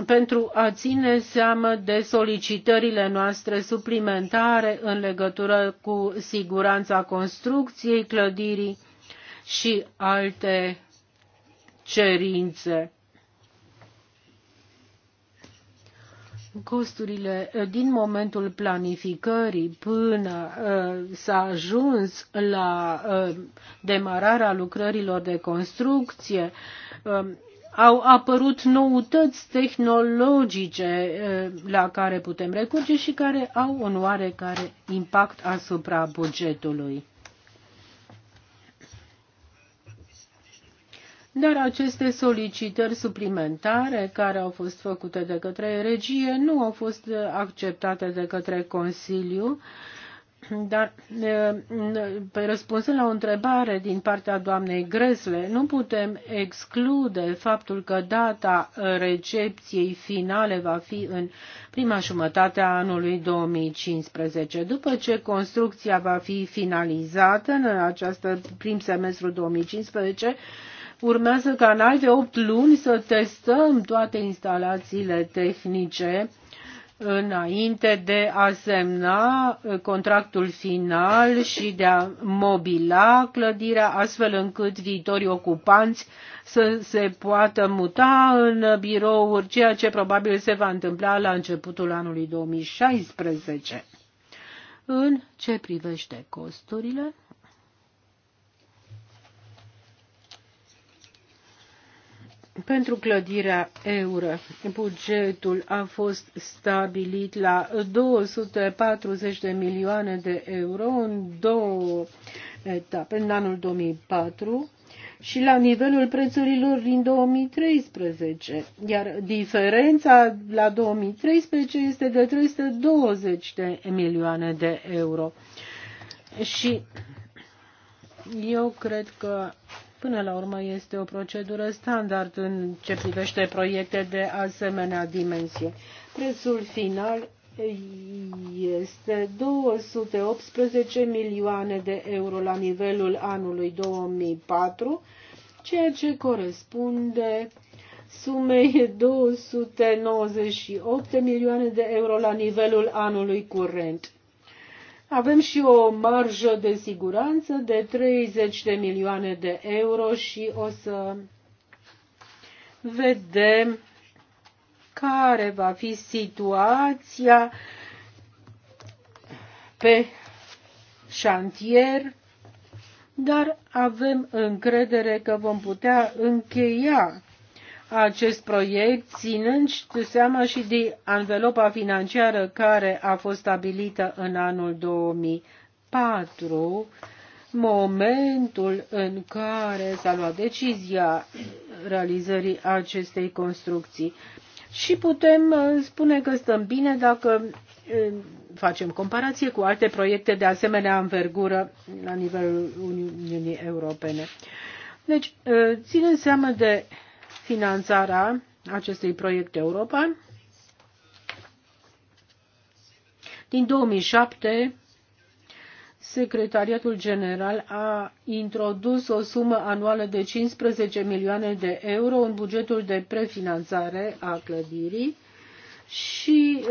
pentru a ține seamă de solicitările noastre suplimentare în legătură cu siguranța construcției clădirii și alte cerințe. Costurile eh, din momentul planificării până uh, s-a ajuns la uh, demararea lucrărilor de construcție uh, au apărut noutăți tehnologice eh, la care putem recurge și care au un oarecare impact asupra bugetului. Dar aceste solicitări suplimentare care au fost făcute de către regie nu au fost eh, acceptate de către Consiliu dar răspunsând la o întrebare din partea doamnei Gresle, nu putem exclude faptul că data recepției finale va fi în prima jumătate a anului 2015. După ce construcția va fi finalizată în această prim semestru 2015, urmează ca în alte 8 luni să testăm toate instalațiile tehnice înainte de a semna uh, contractul final și de a mobila clădirea astfel încât viitorii ocupanți să se poată muta în birouri, ceea ce probabil se va întâmpla la începutul anului 2016. În ce privește costurile? pentru clădirea euro. Bugetul a fost stabilit la 240 de milioane de euro în două etape, în anul 2004 și la nivelul prețurilor din 2013, iar diferența la 2013 este de 320 de milioane de euro. Și eu cred că Până la urmă este o procedură standard în ce privește proiecte de asemenea dimensiuni. Prețul final este 218 milioane de euro la nivelul anului 2004, ceea ce corespunde sumei 298 milioane de euro la nivelul anului curent. Avem și o marjă de siguranță de 30 de milioane de euro și o să vedem care va fi situația pe șantier, dar avem încredere că vom putea încheia acest proiect, ținând seama și de anvelopa financiară care a fost stabilită în anul 2004, momentul în care s-a luat decizia realizării acestei construcții. Și putem uh, spune că stăm bine dacă uh, facem comparație cu alte proiecte de asemenea învergură la nivelul Uniunii Europene. Deci, uh, ținând seama de finanțarea acestui proiect european. Din 2007, Secretariatul General a introdus o sumă anuală de 15 milioane de euro în bugetul de prefinanțare a clădirii și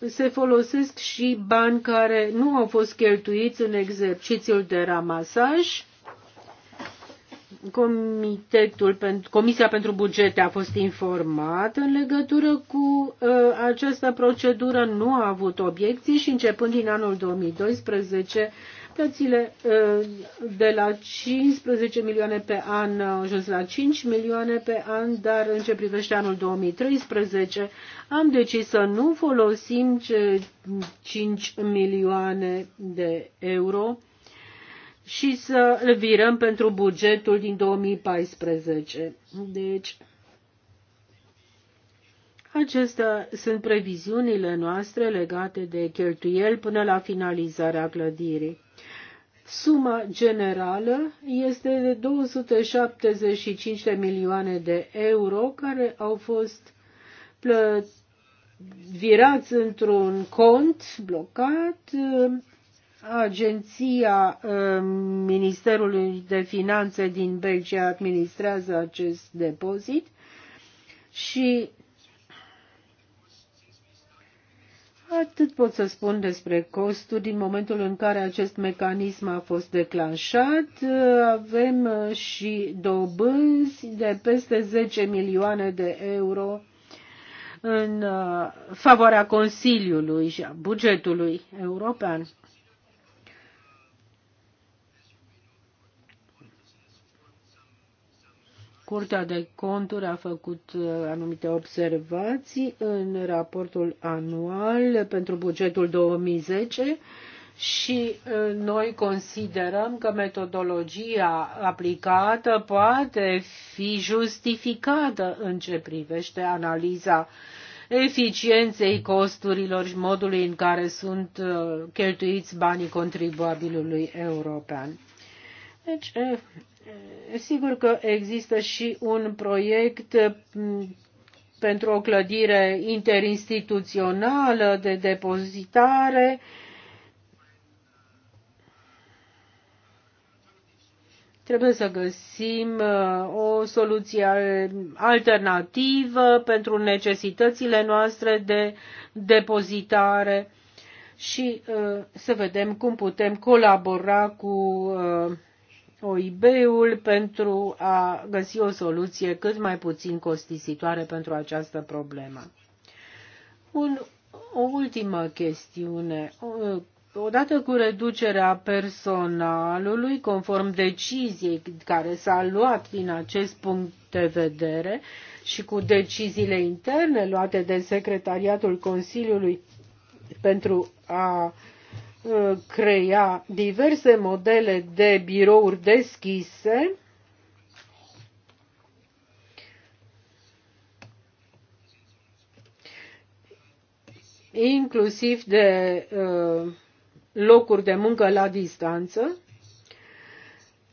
uh, se folosesc și bani care nu au fost cheltuiți în exercițiul de ramasaj Comitetul pentru, Comisia pentru Bugete a fost informat în legătură cu uh, această procedură, nu a avut obiecții și începând din anul 2012, plățile uh, de la 15 milioane pe an au ajuns la 5 milioane pe an, dar în ce privește anul 2013 am decis să nu folosim 5 milioane de euro și să îl virăm pentru bugetul din 2014. Deci, Acestea sunt previziunile noastre legate de cheltuieli până la finalizarea clădirii. Suma generală este de 275 de milioane de euro care au fost virați într-un cont blocat Agenția ehm, Ministerului de Finanțe din Belgia administrează acest depozit și Atât pot să spun despre costuri. Din momentul în care acest mecanism a fost declanșat, avem și dobânzi de peste 10 milioane de euro în uh, favoarea Consiliului și a bugetului european. Curtea de conturi a făcut uh, anumite observații în raportul anual pentru bugetul 2010 și uh, noi considerăm că metodologia aplicată poate fi justificată în ce privește analiza eficienței costurilor și modului în care sunt uh, cheltuiți banii contribuabilului european. Deci, Sigur că există și un proiect mm, pentru o clădire interinstituțională de depozitare. Trebuie să găsim uh, o soluție uh, alternativă pentru necesitățile noastre de depozitare și uh, să vedem cum putem colabora cu OIB-ul pentru a găsi o soluție cât mai puțin costisitoare pentru această problemă. Un, o ultimă chestiune. Odată cu reducerea personalului, conform deciziei care s-a luat din acest punct de vedere și cu deciziile interne luate de Secretariatul Consiliului pentru a uh, crea diverse modele de birouri deschise inclusiv de uh, locuri de muncă la distanță.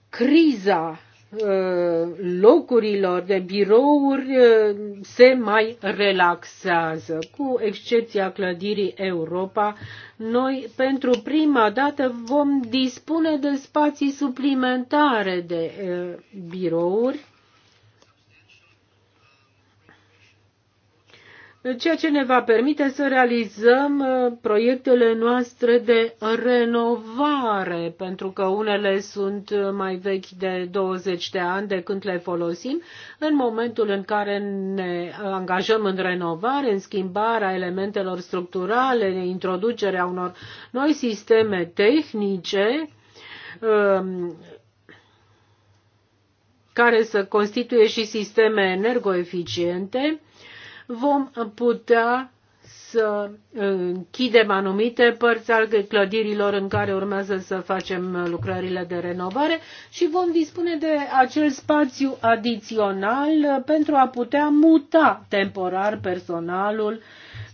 Criza Uh, locurilor de birouri uh, se mai relaxează. Cu excepția clădirii Europa, noi pentru prima dată vom dispune de spații suplimentare de uh, birouri ceea ce ne va permite să realizăm uh, proiectele noastre de renovare, pentru că unele sunt uh, mai vechi de 20 de ani de când le folosim. În momentul în care ne uh, angajăm în renovare, în schimbarea elementelor structurale, în introducerea unor noi sisteme tehnice, um, care să constituie și sisteme energoeficiente, vom putea să închidem anumite părți al clădirilor în care urmează să facem lucrările de renovare și vom dispune de acel spațiu adițional pentru a putea muta temporar personalul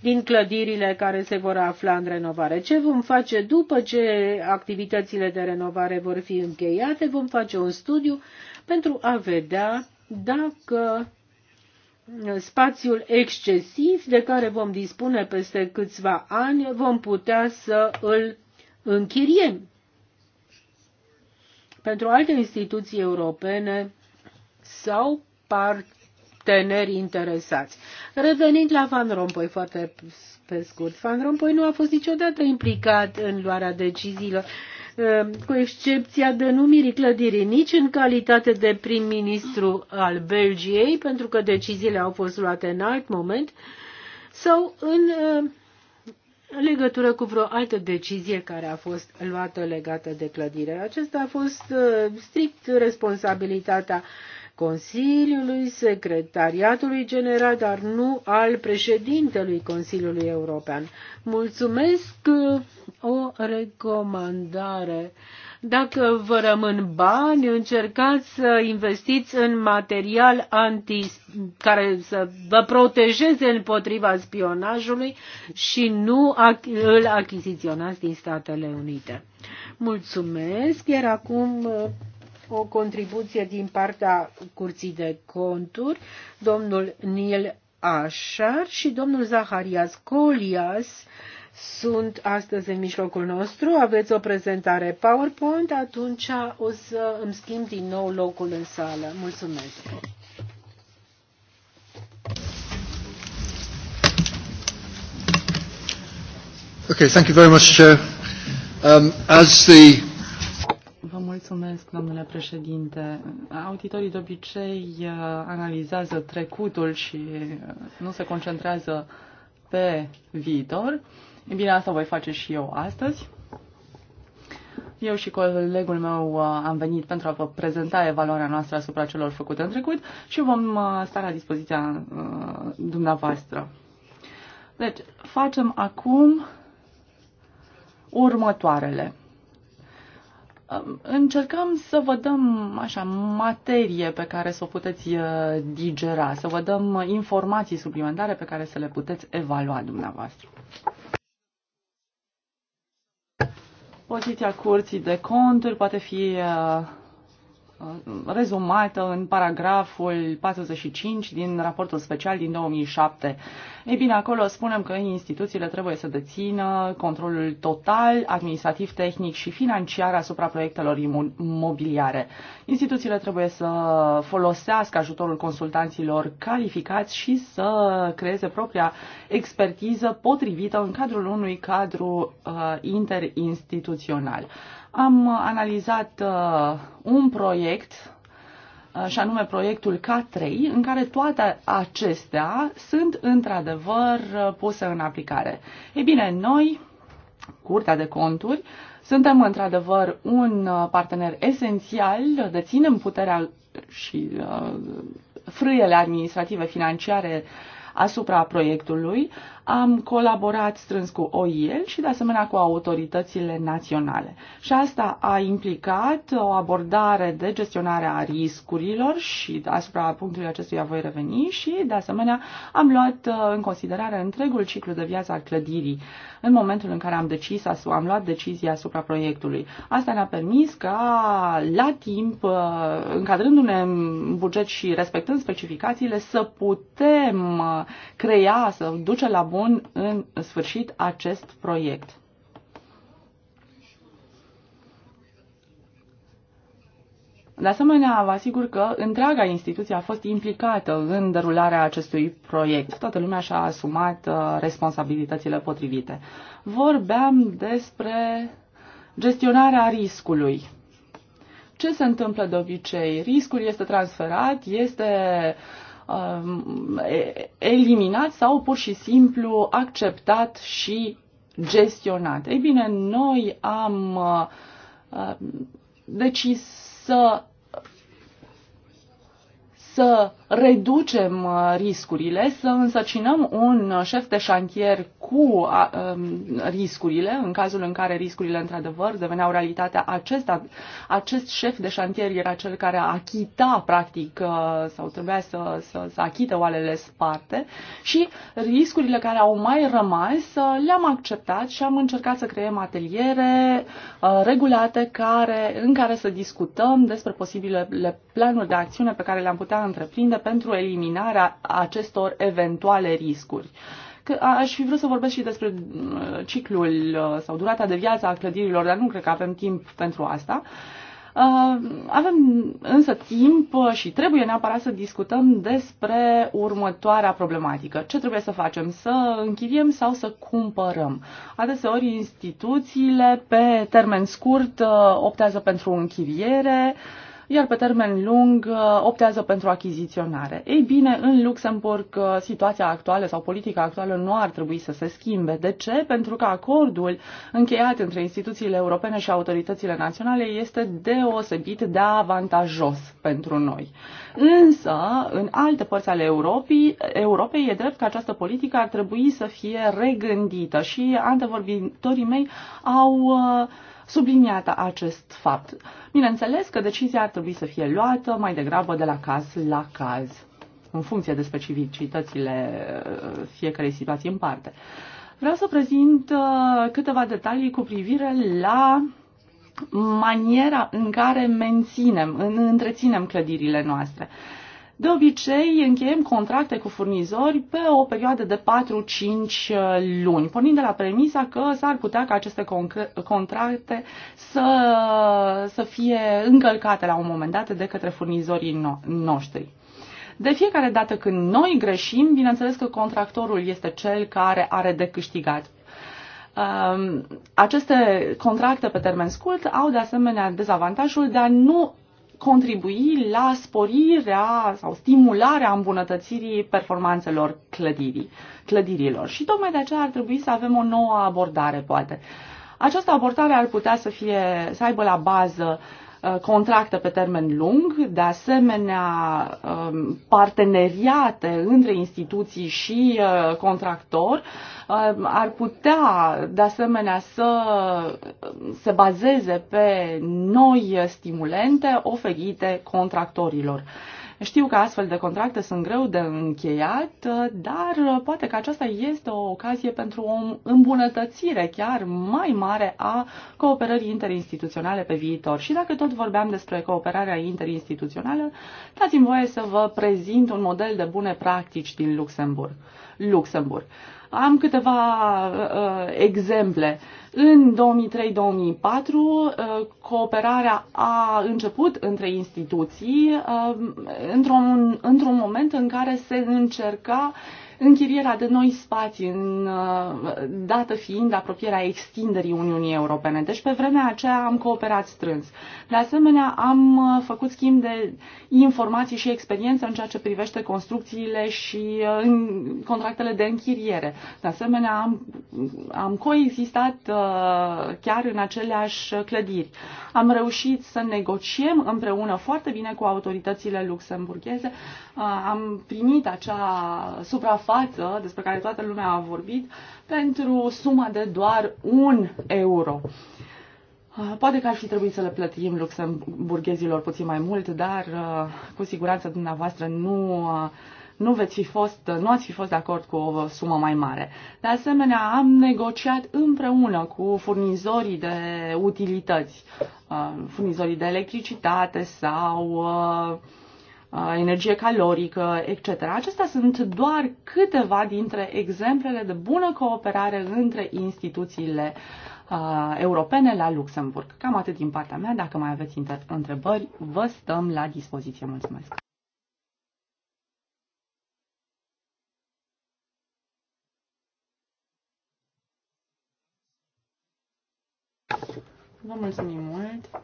din clădirile care se vor afla în renovare. Ce vom face după ce activitățile de renovare vor fi încheiate? Vom face un studiu pentru a vedea dacă spațiul excesiv de care vom dispune peste câțiva ani, vom putea să îl închiriem. Pentru alte instituții europene sau parteneri interesați. Revenind la Van Rompuy, foarte pe scurt, Van Rompuy nu a fost niciodată implicat în luarea deciziilor Uh, cu excepția denumirii clădirii, nici în calitate de prim-ministru al Belgiei, pentru că deciziile au fost luate în alt moment, sau în uh, legătură cu vreo altă decizie care a fost luată legată de clădire. Acesta a fost uh, strict responsabilitatea uh, Consiliului, Secretariatului General, dar nu al președintelui Consiliului European. Mulțumesc o recomandare. Dacă vă rămân bani, încercați să investiți în material anti, care să vă protejeze împotriva spionajului și nu îl achiziționați din Statele Unite. Mulțumesc, iar acum o contribuție din partea Curții de Conturi, domnul Neil Așar și domnul Zaharias Colias sunt astăzi în mijlocul nostru. Aveți o prezentare PowerPoint, atunci o să îmi schimb din nou locul în sală. Mulțumesc! Okay, thank you very much, Chair. Um, as the Vă mulțumesc, domnule președinte. Auditorii de obicei uh, analizează trecutul și uh, nu se concentrează pe viitor. E bine, asta voi face și eu astăzi. Eu și colegul meu uh, am venit pentru a vă prezenta evaluarea noastră asupra celor făcute în trecut și vom sta la dispoziția dumneavoastră. Deci, facem acum următoarele încercăm să vă dăm așa materie pe care să o puteți uh, digera, să vă dăm informații suplimentare pe care să le puteți evalua dumneavoastră. Poziția curții de conturi poate fi uh, rezumată în paragraful 45 din raportul special din 2007. Ei bine, acolo spunem că instituțiile trebuie să dețină controlul total, administrativ, tehnic și financiar asupra proiectelor imobiliare. Instituțiile trebuie să folosească ajutorul consultanților calificați și să creeze propria expertiză potrivită în cadrul unui cadru uh, interinstituțional. Am uh, analizat uh, un proiect uh, și anume proiectul K3, în care toate acestea sunt într-adevăr puse în aplicare. Ei bine, noi, Curtea de Conturi, suntem într-adevăr un partener esențial, deținem puterea și frâiele administrative financiare asupra proiectului. Am colaborat strâns cu OIL și de asemenea cu autoritățile naționale. Și asta a implicat o abordare de gestionare a riscurilor și asupra punctului acestuia voi reveni și de asemenea am luat uh, în considerare întregul ciclu de viață al clădirii în momentul în care am decis, am luat decizia asupra proiectului. Asta ne-a permis ca la timp, uh, încadrându-ne în buget și respectând specificațiile, să putem uh, crea, să duce la bun bun în sfârșit acest proiect. De asemenea, vă asigur că întreaga instituție a fost implicată în derularea acestui proiect. Toată lumea și-a asumat uh, responsabilitățile potrivite. Vorbeam despre gestionarea riscului. Ce se întâmplă de obicei? Riscul este transferat, este uh, Um, eliminat sau pur și simplu acceptat și gestionat. Ei bine, noi am uh, um, decis să, să reducem uh, riscurile, să însăcinăm un șef de șantier cu um, riscurile, în cazul în care riscurile într-adevăr deveneau realitatea, acesta, acest șef de șantier era cel care achita practic uh, sau trebuia să, să, să achite oalele sparte și riscurile care au mai rămas uh, le-am acceptat și am încercat să creăm ateliere regulate care, în care să discutăm despre posibilele planuri de acțiune pe care le-am putea întreprinde pentru eliminarea acestor eventuale riscuri. Că aș fi vrut să vorbesc și despre uh, ciclul uh, sau durata de viață a clădirilor, dar nu cred că avem timp pentru asta. Uh, avem însă timp și trebuie neapărat să discutăm despre următoarea problematică. Ce trebuie să facem? Să închiriem sau să cumpărăm? Adeseori instituțiile pe termen scurt optează pentru închiriere, iar pe termen lung uh, optează pentru achiziționare. Ei bine, în Luxemburg uh, situația actuală sau politica actuală nu ar trebui să se schimbe. De ce? Pentru că acordul încheiat între instituțiile europene și autoritățile naționale este deosebit de avantajos pentru noi. Însă, în alte părți ale Europei, Europei e drept că această politică ar trebui să fie regândită și antevorbitorii mei au uh, subliniat acest fapt. Bineînțeles că decizia ar trebui să fie luată mai degrabă de la caz la caz, în funcție de specificitățile uh, fiecarei situații în parte. Vreau să prezint uh, câteva detalii cu privire la maniera în care menținem, întreținem clădirile noastre. De obicei, încheiem contracte cu furnizori pe o perioadă de 4-5 uh, luni, pornind de la premisa că s-ar putea ca aceste contracte să, să fie încălcate la un moment dat de către furnizorii no- noștri. De fiecare dată când noi greșim, bineînțeles că contractorul este cel care are de câștigat. Um, aceste contracte pe termen scurt au de asemenea dezavantajul de a nu contribui la sporirea sau stimularea îmbunătățirii performanțelor clădirii, clădirilor. Și tocmai de aceea ar trebui să avem o nouă abordare, poate. Această abordare ar putea să, fie, să aibă la bază uh, Uh, contracte pe termen lung, de asemenea um, parteneriate între instituții și uh, contractor uh, ar putea de asemenea să se bazeze pe noi stimulente oferite contractorilor. Știu că astfel de contracte sunt greu de încheiat, dar poate că aceasta este o ocazie pentru o îmbunătățire chiar mai mare a cooperării interinstituționale pe viitor. Și dacă tot vorbeam despre cooperarea interinstituțională, dați-mi voie să vă prezint un model de bune practici din Luxemburg. Luxemburg. Am câteva uh, uh exemple uh, în 2003-2004, uh, cooperarea a început între instituții uh, într-un, într-un moment în care se încerca închirierea de noi spații, în, uh, dată fiind apropierea extinderii Uniunii Europene. Deci pe vremea aceea am cooperat strâns. De asemenea, am uh, făcut schimb de informații și experiență în ceea ce privește construcțiile și uh, în contractele de închiriere. De asemenea, am, am coexistat chiar în aceleași clădiri. Am reușit să negociem împreună foarte bine cu autoritățile luxemburgheze. Am primit acea suprafață față, despre care toată lumea a vorbit, pentru suma de doar un euro. Ah, poate că ar fi trebuit să le plătim luxemburghezilor puțin mai mult, dar ah, cu siguranță dumneavoastră nu ah, nu, veți fi fost, nu ați fi fost de acord cu o sumă mai mare. De asemenea, am negociat împreună cu furnizorii de utilități, furnizorii de electricitate sau uh, Uh, energie calorică, etc. Acestea sunt doar câteva dintre exemplele de bună cooperare între instituțiile uh, europene la Luxemburg. Cam atât din partea mea. Dacă mai aveți întrebări, vă stăm la dispoziție. Mulțumesc! Vă mulțumim mult!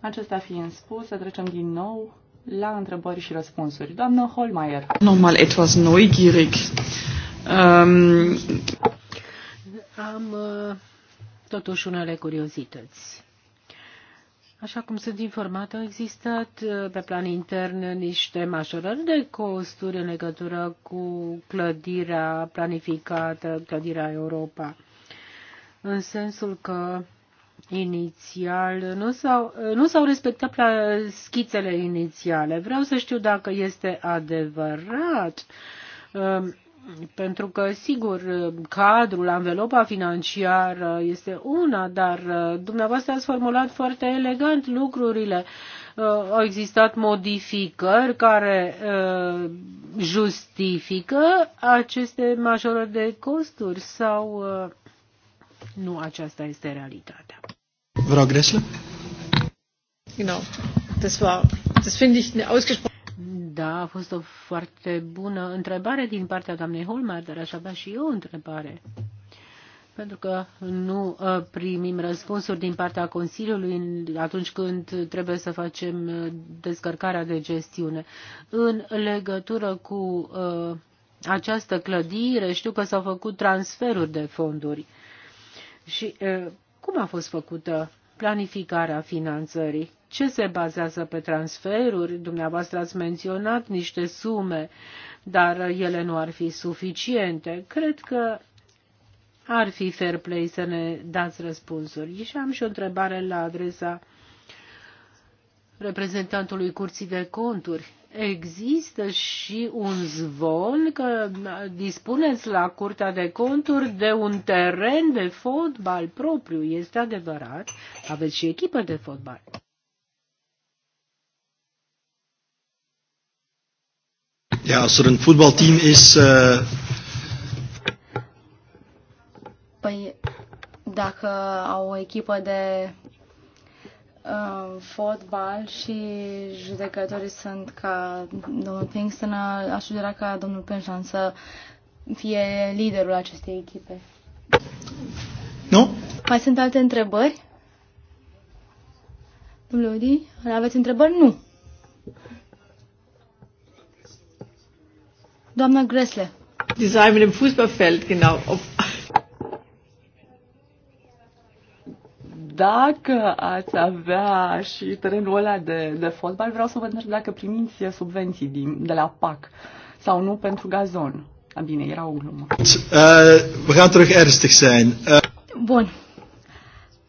Acesta fiind să trecem din nou la întrebări și răspunsuri. Doamnă Holmeier. Normal etwas neugierig. Um... Am uh, totuși unele curiozități. Așa cum sunt informată, au existat uh, pe plan intern niște majorări de costuri în legătură cu clădirea planificată, clădirea Europa, în sensul că inițial, nu s-au, nu s-au respectat schițele inițiale. Vreau să știu dacă este adevărat um, pentru că, sigur, cadrul, anvelopa financiară este una, dar uh, dumneavoastră ați formulat foarte elegant lucrurile. Uh, au existat modificări care uh, justifică aceste majorări de costuri sau nu aceasta este realitatea? Frau Gressler? Genau, das war, das finde ich eine ausgesprochen. Da, a fost o foarte bună întrebare din partea doamnei Holmer, dar aș avea și eu o întrebare. Pentru că nu uh, primim răspunsuri din partea Consiliului atunci când trebuie să facem uh, descărcarea de gestiune. În legătură cu uh, această clădire, știu că s-au făcut transferuri de fonduri. Și cum a fost făcută planificarea finanțării. Ce se bazează pe transferuri? Dumneavoastră ați menționat niște sume, dar ele nu ar fi suficiente. Cred că ar fi fair play să ne dați răspunsuri. Și am și o întrebare la adresa reprezentantului Curții de Conturi există și un zvon că dispuneți la Curtea de Conturi de un teren de fotbal propriu. Este adevărat? Aveți și echipă de fotbal. Ja, als er een voetbalteam is. Uh... Păi, dacă au o echipă de Uh, fotbal și judecătorii sunt ca domnul Pinkston, aș sugera ca domnul Pinkston să fie liderul acestei echipe. Nu? Mai sunt alte întrebări? Domnul Udi, aveți întrebări? Nu. Doamna Gresle. Die sei mit dem Fußballfeld, genau. Ob dacă ați avea și terenul ăla de, de fotbal, vreau să vă întreb dacă primiți subvenții din, de la PAC sau nu pentru gazon. A, bine, era o glumă. Uh, gaan terug ernstig zijn. Uh... Bun.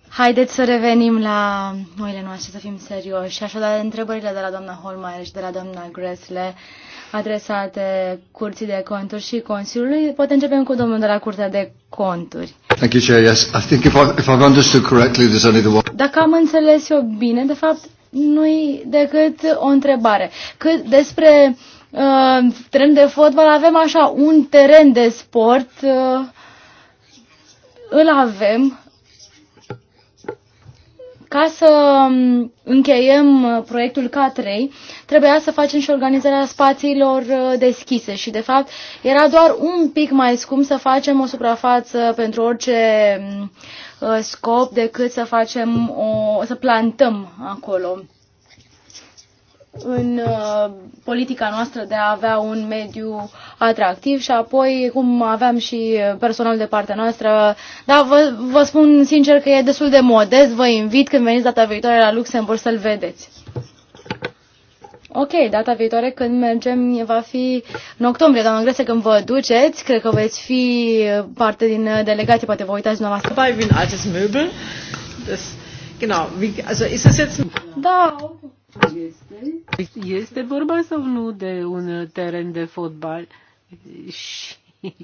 Haideți să revenim la noile noastre, să fim serioși. Și Așadar, întrebările de la doamna Holmeier și de la doamna Gresle adresate Curții de Conturi și Consiliului. Poate începem cu domnul de la Curtea de Conturi. Thank you, Chair. Yes, I think if, I, if I've understood correctly, there's only the one. Dacă am înțeles eu bine, de fapt, nu-i decât o întrebare. Cât despre uh, tren de fotbal, avem așa un teren de sport, uh, îl avem, ca să um, încheiem uh, proiectul K3, trebuia să facem și organizarea spațiilor uh, deschise și, de fapt, era doar un pic mai scump să facem o suprafață pentru orice um, uh, scop decât să facem o, să plantăm acolo în uh, politica noastră de a avea un mediu atractiv și apoi cum aveam și personal de partea noastră. Dar vă, vă spun sincer că e destul de modest. Vă invit când veniți data viitoare la Luxemburg să-l vedeți. Ok, data viitoare când mergem va fi în octombrie, doamnă Grese, când vă duceți, cred că veți fi parte din delegație, poate vă uitați dumneavoastră. Dabei wie ein Möbel. Das, genau, wie, also ist das jetzt... Da, este, este vorba sau nu de un teren de fotbal și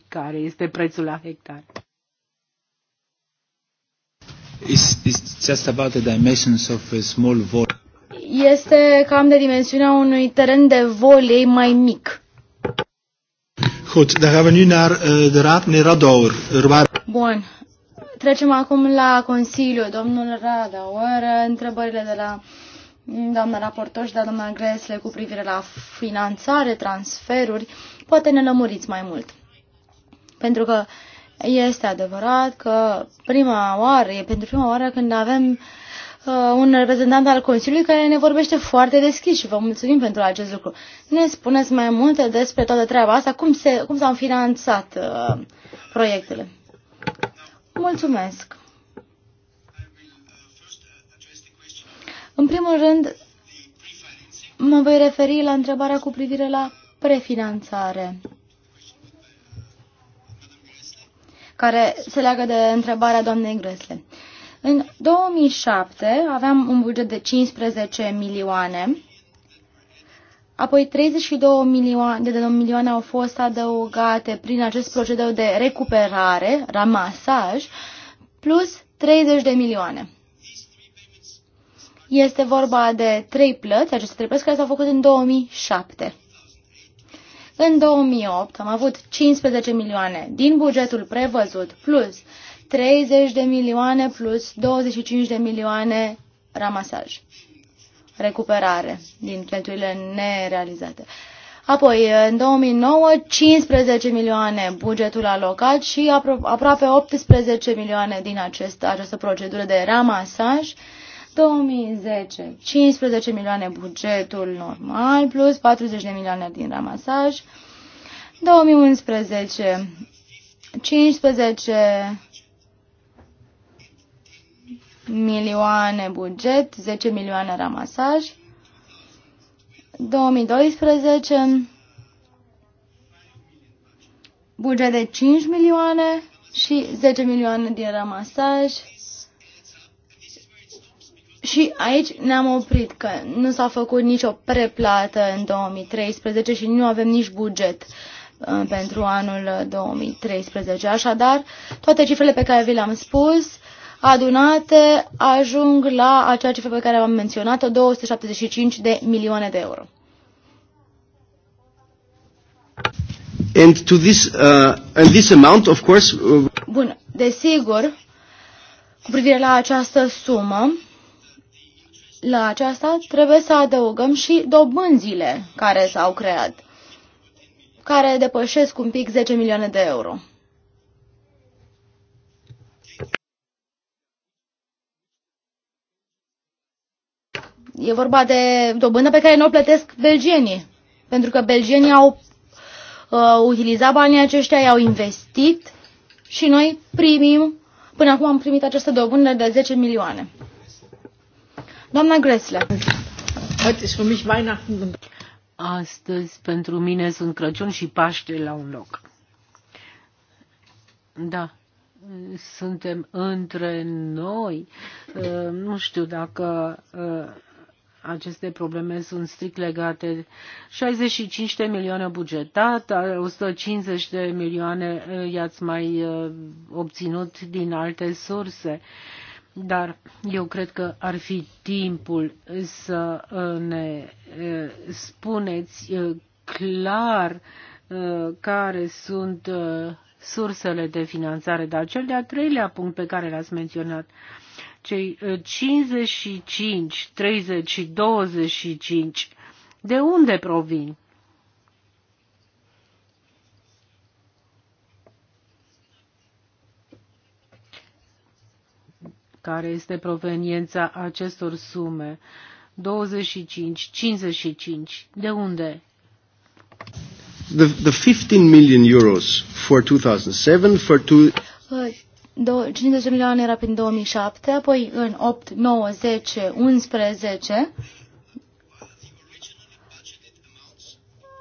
care este prețul la hectar? It's, it's just about the dimensions of a small volley. Este cam de dimensiunea unui teren de volei mai mic. Eh, Bun. Trecem acum la Consiliu, domnul Radauer, întrebările de la doamnă raportor și de doamna Gresle cu privire la finanțare, transferuri, poate ne lămuriți mai mult. Pentru că este adevărat că prima oară, e pentru prima oară când avem uh, un reprezentant al Consiliului care ne vorbește foarte deschis și vă mulțumim pentru acest lucru. Ne spuneți mai multe despre toată treaba asta, cum, se, cum s-au finanțat uh, proiectele. Mulțumesc! În primul rând, mă voi referi la întrebarea cu privire la prefinanțare, care se leagă de întrebarea doamnei Gresle. În 2007 aveam un buget de 15 milioane, apoi 32 milioane, de milioane au fost adăugate prin acest procedeu de recuperare, ramasaj, plus 30 de milioane. Este vorba de trei plăți, aceste trei plăți care s-au făcut în 2007. În 2008 am avut 15 milioane din bugetul prevăzut plus 30 de milioane plus 25 de milioane ramasaj, recuperare din cheltuielile nerealizate. Apoi, în 2009, 15 milioane bugetul alocat și apro aproape 18 milioane din acest, această procedură de ramasaj 2010, 15 milioane bugetul normal, plus 40 de milioane din ramasaj. 2011, 15 milioane buget, 10 milioane ramasaj. 2012, buget de 5 milioane și 10 milioane din ramasaj. Și aici ne-am oprit că nu s-a făcut nicio preplată în 2013 și nu avem nici buget uh, pentru anul 2013. Așadar, toate cifrele pe care vi le-am spus adunate ajung la acea cifră pe care am menționat-o, 275 de milioane de euro. And to this, uh, and this amount, of course, uh... Bun, desigur, cu privire la această sumă, la aceasta trebuie să adăugăm și dobânzile care s-au creat, care depășesc un pic 10 milioane de euro. E vorba de dobândă pe care nu o plătesc belgenii, pentru că belgienii au uh, utilizat banii aceștia, i-au investit și noi primim, până acum am primit această dobândă de 10 milioane. Doamna Gresle. Astăzi, pentru mine, sunt Crăciun și Paște la un loc. Da, suntem între noi. Uh, nu știu dacă uh, aceste probleme sunt strict legate. 65 de milioane bugetat, 150 de milioane uh, i-ați mai obținut din alte surse. Dar eu cred că ar fi timpul să uh, ne uh, spuneți uh, clar care sunt sursele de finanțare. Dar cel de-al treilea punct pe care l-ați menționat, cei 55, 30 și 25, de unde provin? care este proveniența acestor sume. 25, 55. De unde? The, the 15 million euros for 2007 for two... 50 păi, milioane era prin 2007, apoi în 8, 9, 10, 11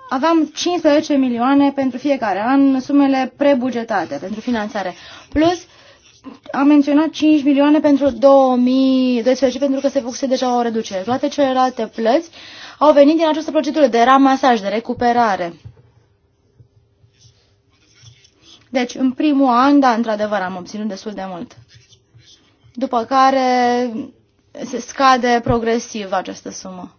aveam 15 milioane pentru fiecare an sumele prebugetate pentru finanțare, plus am menționat 5 milioane pentru 2012 pentru că se făcuse deja o reducere. Toate celelalte plăți au venit din această procedură de ramasaj, de recuperare. Deci, în primul an, da, într-adevăr, am obținut destul de mult. După care se scade progresiv această sumă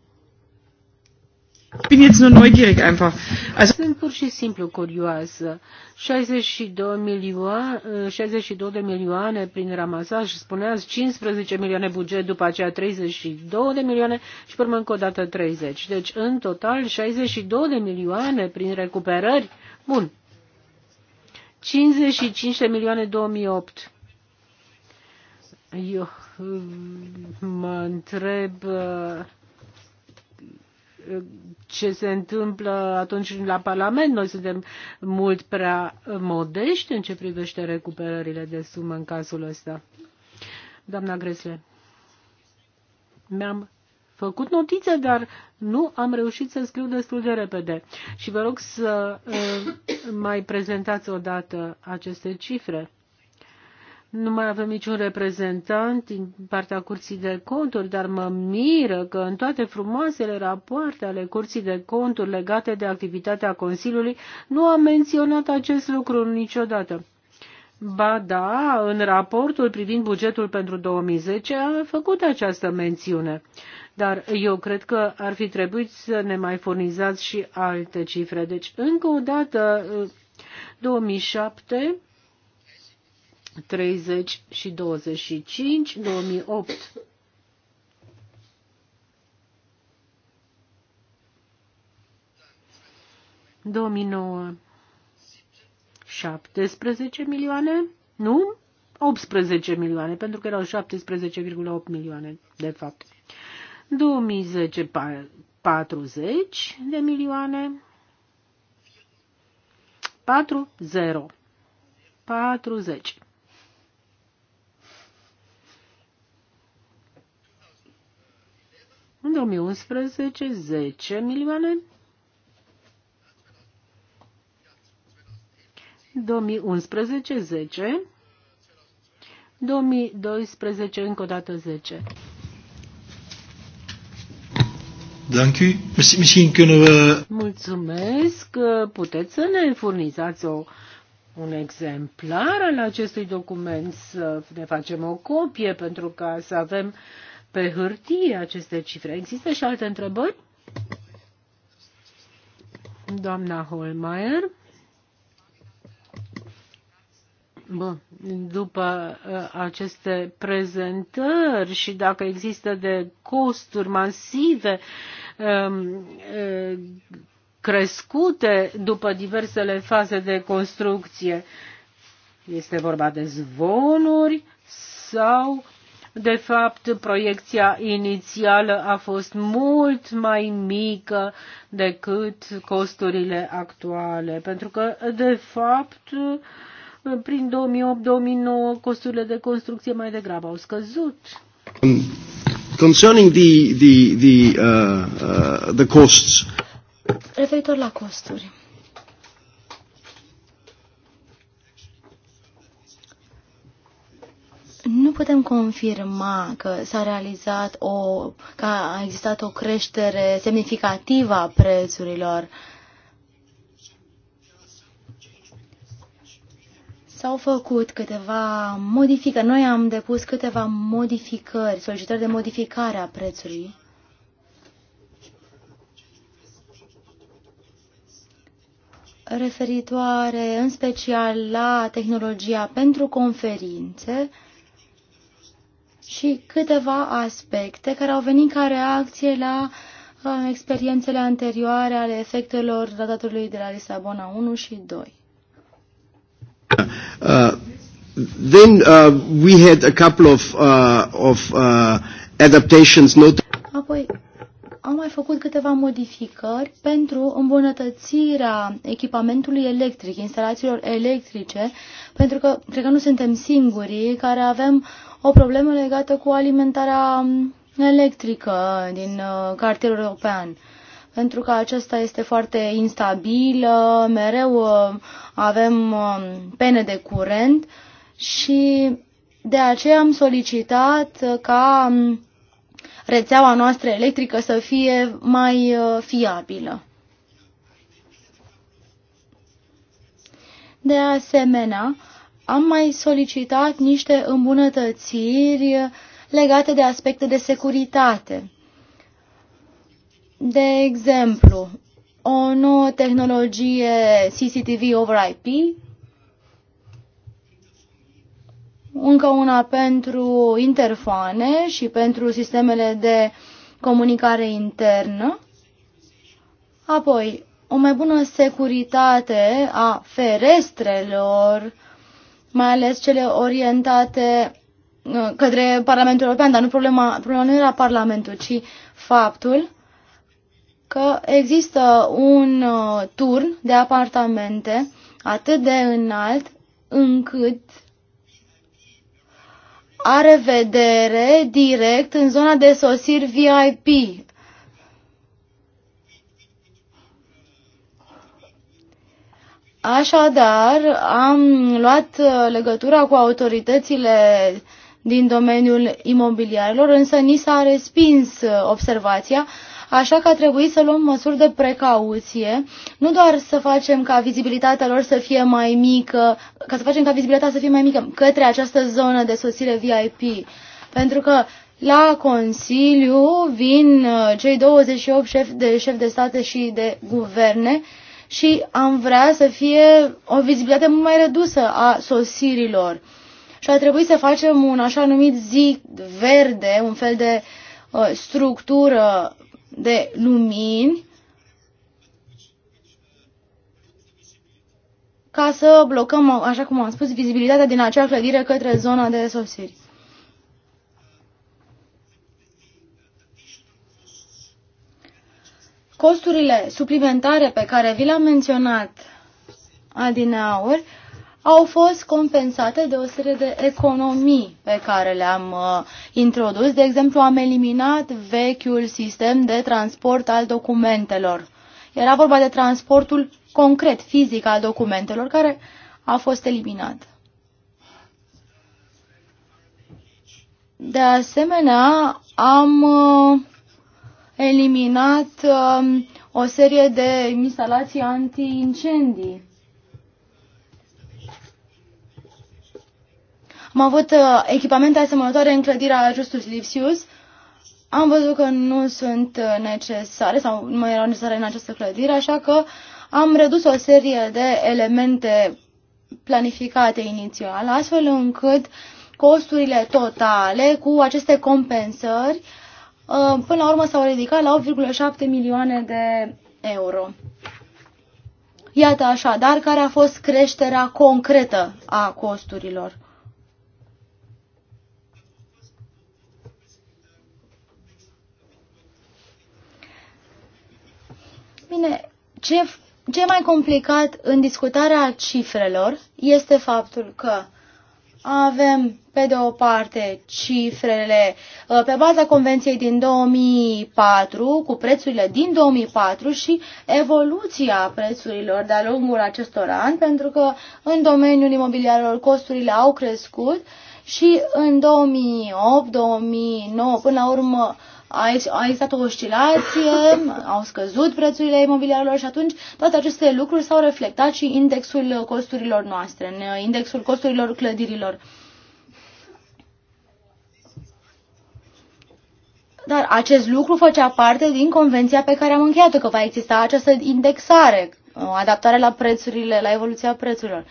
bin jetzt nur neugierig einfach. Also Sunt pur și simplu curioasă. 62, milioane, 62 de milioane prin ramasaj, spuneați 15 milioane buget, după aceea 32 de milioane și până încă o dată 30. Deci în total 62 de milioane prin recuperări. Bun. 55 de milioane 2008. Eu mă întreb eh, ce se întâmplă atunci la Parlament. Noi suntem mult prea modești în ce privește recuperările de sumă în cazul ăsta. Doamna Gresle, mi-am făcut notițe, dar nu am reușit să scriu destul de repede. Și vă rog să eh, mai prezentați odată aceste cifre. Nu mai avem niciun reprezentant din partea Curții de Conturi, dar mă miră că în toate frumoasele rapoarte ale Curții de Conturi legate de activitatea Consiliului nu am menționat acest lucru niciodată. Ba da, în raportul privind bugetul pentru 2010 a făcut această mențiune, dar eu cred că ar fi trebuit să ne mai furnizați și alte cifre. Deci, încă o dată, 2007 30 și 25, 2008. Domino ...17 milioane? Nu? 18 milioane, pentru că erau 17,8 milioane, de fapt. 2010 40 de milioane. 4 0 40. În 2011, 10 milioane. 2011, 10. 2012, încă o dată 10. Mulțumesc. Puteți să ne furnizați o, un exemplar al acestui document, să ne facem o copie pentru ca să avem uh, pe hârtie aceste cifre. Există și alte întrebări? Doamna Holmeier. Bun. După ă, aceste prezentări și dacă există de costuri masive ă, ă, crescute după diversele faze de construcție, este vorba de zvonuri sau de fapt, proiecția inițială a fost mult mai mică decât costurile actuale, pentru că, de fapt, prin 2008-2009 costurile de construcție mai degrabă au scăzut. Um, concerning the, the, the, uh, uh, the costs. Referitor la costuri. nu putem confirma că s-a realizat o, că a existat o creștere semnificativă a prețurilor. S-au făcut câteva modificări. Noi am depus câteva modificări, solicitări de modificare a prețului. referitoare în special la tehnologia pentru conferințe, și câteva aspecte care au venit ca reacție la uh, experiențele anterioare ale efectelor datatului de la Lisabona 1 și 2. Uh, then uh, we had a couple of, uh, of uh, adaptations not Apoi am mai făcut câteva modificări pentru îmbunătățirea echipamentului electric, instalațiilor electrice, pentru că cred că nu suntem singurii care avem o problemă legată cu alimentarea um, electrică din uh, cartierul european. Pentru că aceasta este foarte instabilă, mereu uh, avem um, pene de curent și de aceea am solicitat uh, ca um, rețeaua noastră electrică să fie mai uh, fiabilă. De asemenea, am mai solicitat niște îmbunătățiri legate de aspecte de securitate. De exemplu, o nouă tehnologie CCTV over IP încă una pentru interfoane și pentru sistemele de comunicare internă, apoi o mai bună securitate a ferestrelor, mai ales cele orientate uh, către Parlamentul European, dar nu problema, problema nu era Parlamentul, ci faptul că există un uh, turn de apartamente atât de înalt încât are vedere direct în zona de sosiri VIP. Așadar, am luat uh, legătura cu autoritățile din domeniul imobiliarilor, însă ni s-a respins uh, observația așa că a trebuit să luăm măsuri de precauție, nu doar să facem ca vizibilitatea lor să fie mai mică, ca să facem ca vizibilitatea să fie mai mică către această zonă de sosire VIP, pentru că la Consiliu vin uh, cei 28 șefi de, șef de state și de guverne și am vrea să fie o vizibilitate mult mai redusă a sosirilor. Și a trebuit să facem un așa numit zi verde, un fel de uh, structură de lumini ca să blocăm, așa cum am spus, vizibilitatea din acea clădire către zona de sosiri. Costurile suplimentare pe care vi le-am menționat adineauri au fost compensate de o serie de economii pe care le-am uh, introdus. De exemplu, am eliminat vechiul sistem de transport al documentelor. Era vorba de transportul concret, fizic al documentelor, care a fost eliminat. De asemenea, am uh, eliminat um, o serie de instalații anti-incendii Am avut uh, echipamente asemănătoare în clădirea Justus Lipsius. Am văzut că nu sunt uh, necesare sau nu mai erau necesare în această clădire, așa că am redus o serie de elemente planificate inițial, astfel încât costurile totale cu aceste compensări uh, până la urmă s-au ridicat la 8,7 milioane de euro. Iată așa. Dar care a fost creșterea concretă a costurilor. Bine, ce, ce mai complicat în discutarea cifrelor este faptul că avem, pe de o parte, cifrele uh, pe baza convenției din 2004, cu prețurile din 2004 și evoluția prețurilor de-a lungul acestor ani, pentru că în domeniul imobiliarilor costurile au crescut și în 2008-2009, până la urmă, a existat o oscilație, au scăzut prețurile imobiliarilor și atunci toate aceste lucruri s-au reflectat și indexul costurilor noastre, în indexul costurilor clădirilor. Dar acest lucru făcea parte din convenția pe care am încheiat-o, că va exista această indexare, adaptare la prețurile, la evoluția prețurilor.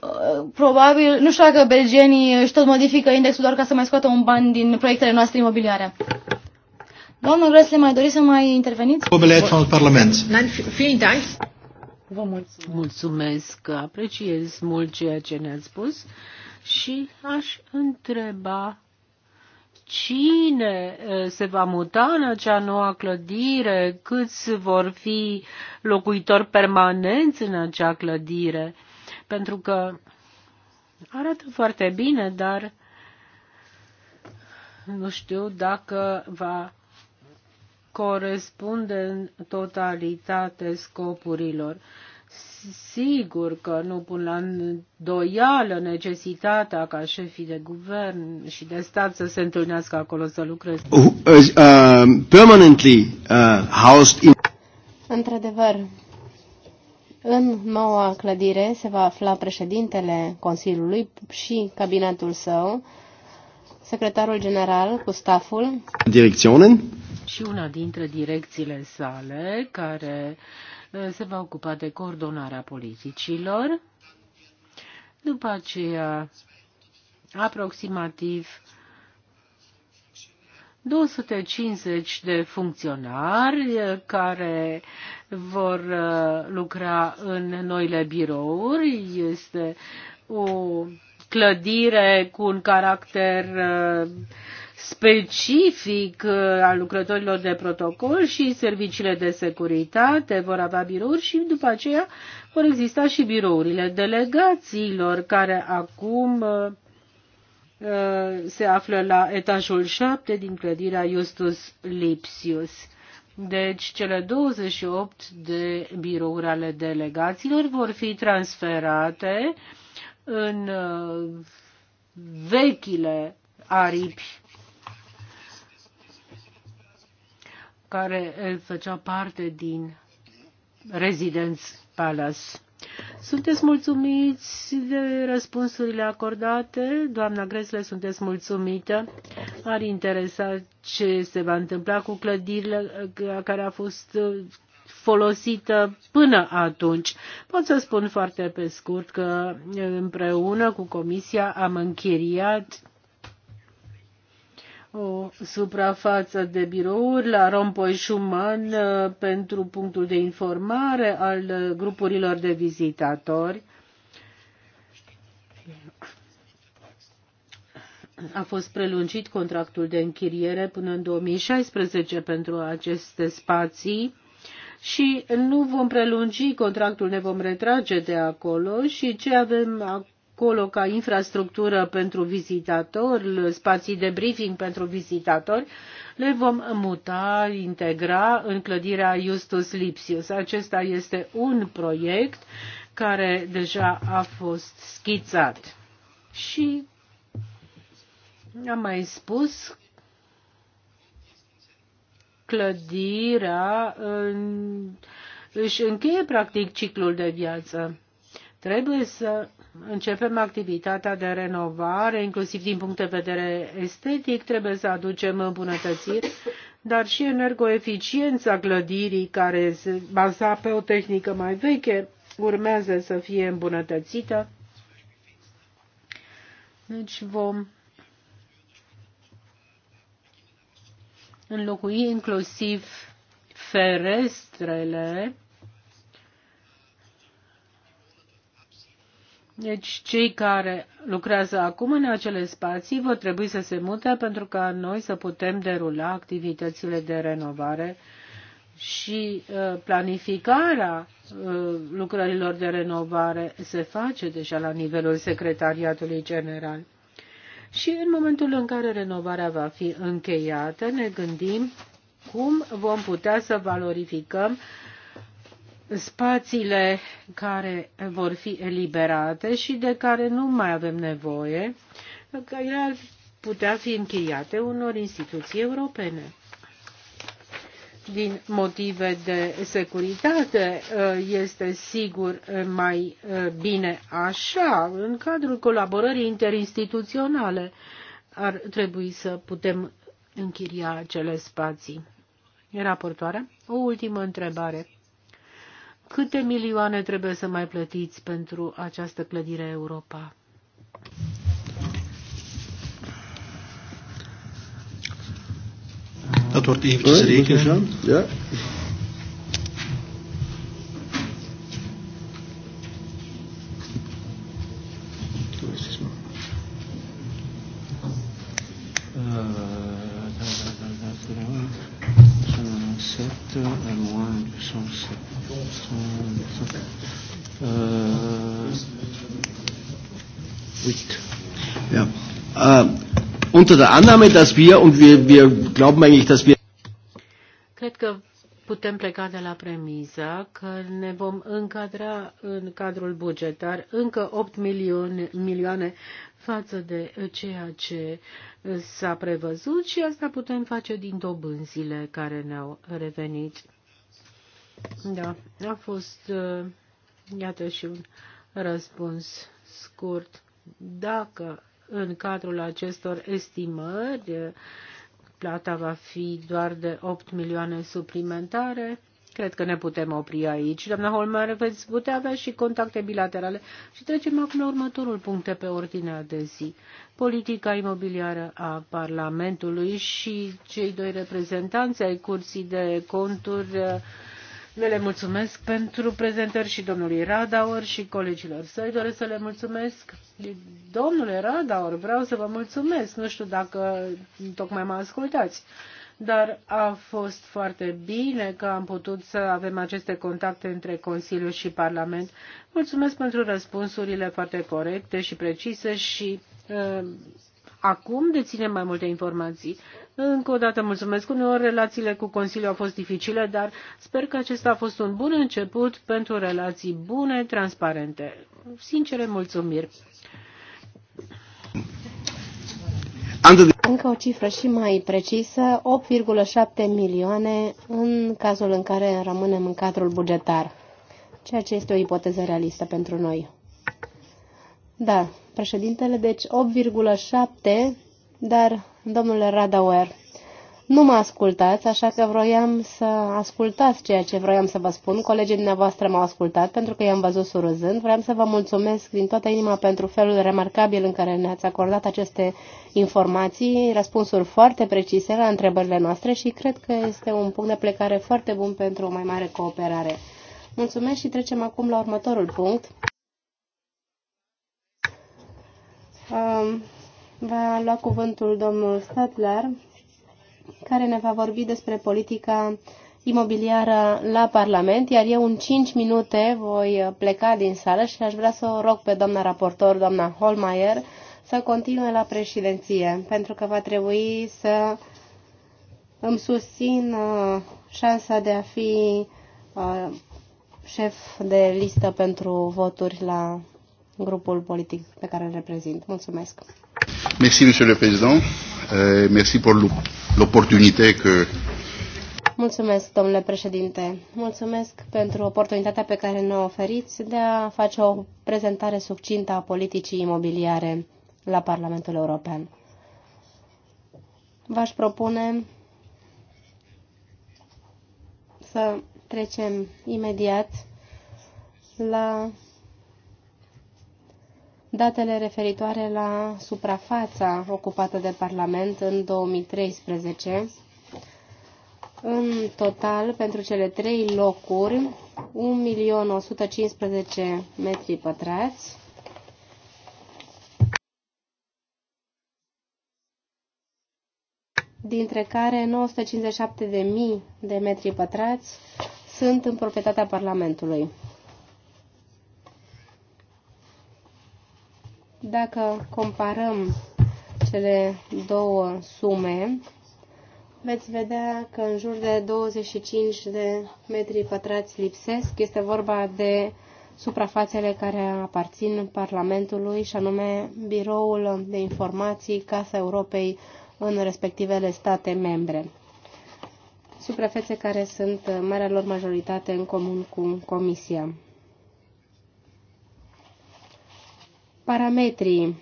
Uh, probabil, nu știu dacă belgenii își tot modifică indexul doar ca să mai scoată un ban din proiectele noastre imobiliare. Doamnă Gresle, mai doriți să mai interveniți? Parlament. Vă mulțumesc. mulțumesc, apreciez mult ceea ce ne-ați spus și aș întreba cine uh, se va muta în acea nouă clădire, câți vor fi locuitori permanenți în acea clădire pentru că arată foarte bine, dar nu știu dacă va corespunde în totalitate scopurilor. Sigur că nu pun la îndoială necesitatea ca șefii de guvern și de stat să se întâlnească acolo să lucreze. Uh, uh, permanently uh, housed in... Într-adevăr, în noua clădire se va afla președintele Consiliului și cabinetul său, secretarul general cu staful Direcționen. și una dintre direcțiile sale care uh, se va ocupa de coordonarea politicilor. După aceea, aproximativ 250 de funcționari eh, care vor eh, lucra în noile birouri. Este o clădire cu un caracter eh, specific al lucrătorilor de protocol și serviciile de securitate vor avea birouri și după aceea vor exista și birourile delegațiilor care acum Uh, se află la etajul 7 din clădirea Justus Lipsius. Deci, cele 28 de birouri ale delegaților vor fi transferate în uh, vechile aripi care uh, făcea parte din Residence Palace. Sunteți mulțumiți de răspunsurile acordate? Doamna Gresle, sunteți mulțumită? Ar interesa ce se va întâmpla cu clădirile uh, care a fost uh, folosită până atunci. Pot să spun foarte pe scurt că uh, împreună cu Comisia am închiriat o suprafață de birouri la Rompoi Schumann uh, pentru punctul de informare al uh, grupurilor de vizitatori. A fost prelungit contractul de închiriere până în 2016 pentru aceste spații și nu vom prelungi contractul, ne vom retrage de acolo și ce avem acum acolo ca infrastructură pentru vizitatori, spații de briefing pentru vizitatori, le vom muta, integra în clădirea Justus Lipsius. Acesta este un proiect care deja a fost schițat. Și am mai spus clădirea își încheie practic ciclul de viață. Trebuie să începem activitatea de renovare, inclusiv din punct de vedere estetic, trebuie să aducem îmbunătățiri, dar și energoeficiența clădirii, care se baza pe o tehnică mai veche, urmează să fie îmbunătățită. Deci vom înlocui inclusiv ferestrele Deci cei care lucrează acum în acele spații vor trebui să se mute pentru ca noi să putem derula activitățile de renovare și uh, planificarea uh, lucrărilor de renovare se face deja la nivelul secretariatului general. Și în momentul în care renovarea va fi încheiată, ne gândim cum vom putea să valorificăm uh, spațiile care vor fi eliberate și de care nu mai avem nevoie, că ele ar putea fi închiriate unor instituții europene. Din motive de securitate ă, este sigur mai ă, bine așa, în cadrul colaborării interinstituționale ar trebui să putem închiria acele spații. Raportoarea, o ultimă întrebare Câte milioane trebuie să mai plătiți pentru această clădire Europa? Dat wordt eventjes rekenen. Ja. Nicht. Ja. Äh, unter der Annahme, dass wir, und wir, wir glauben eigentlich, dass wir. Cred că putem pleca de la premiza că ne vom încadra în cadrul bugetar încă 8 milioane, milioane față de ceea ce s-a prevăzut și asta putem face din dobânzile care ne-au revenit. Da, a fost, uh, iată și un răspuns scurt. Dacă în cadrul acestor estimări plata va fi doar de 8 milioane suplimentare, Cred că ne putem opri aici. Doamna Holmer, veți putea avea și contacte bilaterale. Și trecem acum la următorul punct de pe ordinea de zi. Politica imobiliară a Parlamentului și cei doi reprezentanți ai Curții de Conturi le mulțumesc pentru prezentări și domnului Radaur și colegilor săi. Doresc să le mulțumesc. Domnule Radaur, vreau să vă mulțumesc. Nu știu dacă tocmai mă ascultați, dar a fost foarte bine că am putut să avem aceste contacte între Consiliu și Parlament. Mulțumesc pentru răspunsurile foarte corecte și precise și uh, Acum deținem mai multe informații. Încă o dată mulțumesc. Uneori relațiile cu Consiliul au fost dificile, dar sper că acesta a fost un bun început pentru relații bune, transparente. Sincere mulțumiri. Încă o cifră și mai precisă, 8,7 milioane în cazul în care rămânem în cadrul bugetar, ceea ce este o ipoteză realistă pentru noi. Da, președintele, deci 8,7, dar domnule Radauer, nu mă ascultați, așa că vroiam să ascultați ceea ce vroiam să vă spun. Colegii dumneavoastră m-au ascultat pentru că i-am văzut surâzând. Vreau să vă mulțumesc din toată inima pentru felul remarcabil în care ne-ați acordat aceste informații, răspunsuri foarte precise la întrebările noastre și cred că este un punct de plecare foarte bun pentru o mai mare cooperare. Mulțumesc și trecem acum la următorul punct. Um, va lua cuvântul domnul Stadler, care ne va vorbi despre politica imobiliară la Parlament, iar eu în 5 minute voi pleca din sală și aș vrea să o rog pe doamna raportor, doamna Holmeier, să continue la președinție, pentru că va trebui să îmi susțin uh, șansa de a fi uh, șef de listă pentru voturi la grupul politic pe care îl reprezint. Mulțumesc! Merci, Monsieur le Président. merci pour l'opportunité que... Mulțumesc, domnule președinte. Mulțumesc pentru oportunitatea pe care ne-o oferiți de a face o prezentare succintă a politicii imobiliare la Parlamentul European. V-aș propune să trecem imediat la datele referitoare la suprafața ocupată de Parlament în 2013. În total, pentru cele trei locuri, 1.115 metri pătrați, dintre care 957.000 de metri pătrați sunt în proprietatea Parlamentului. Dacă comparăm cele două sume, veți vedea că în jur de 25 de metri pătrați lipsesc. Este vorba de suprafațele care aparțin Parlamentului și anume Biroul de Informații Casa Europei în respectivele state membre. Suprafețe care sunt marea lor majoritate în comun cu Comisia. parametrii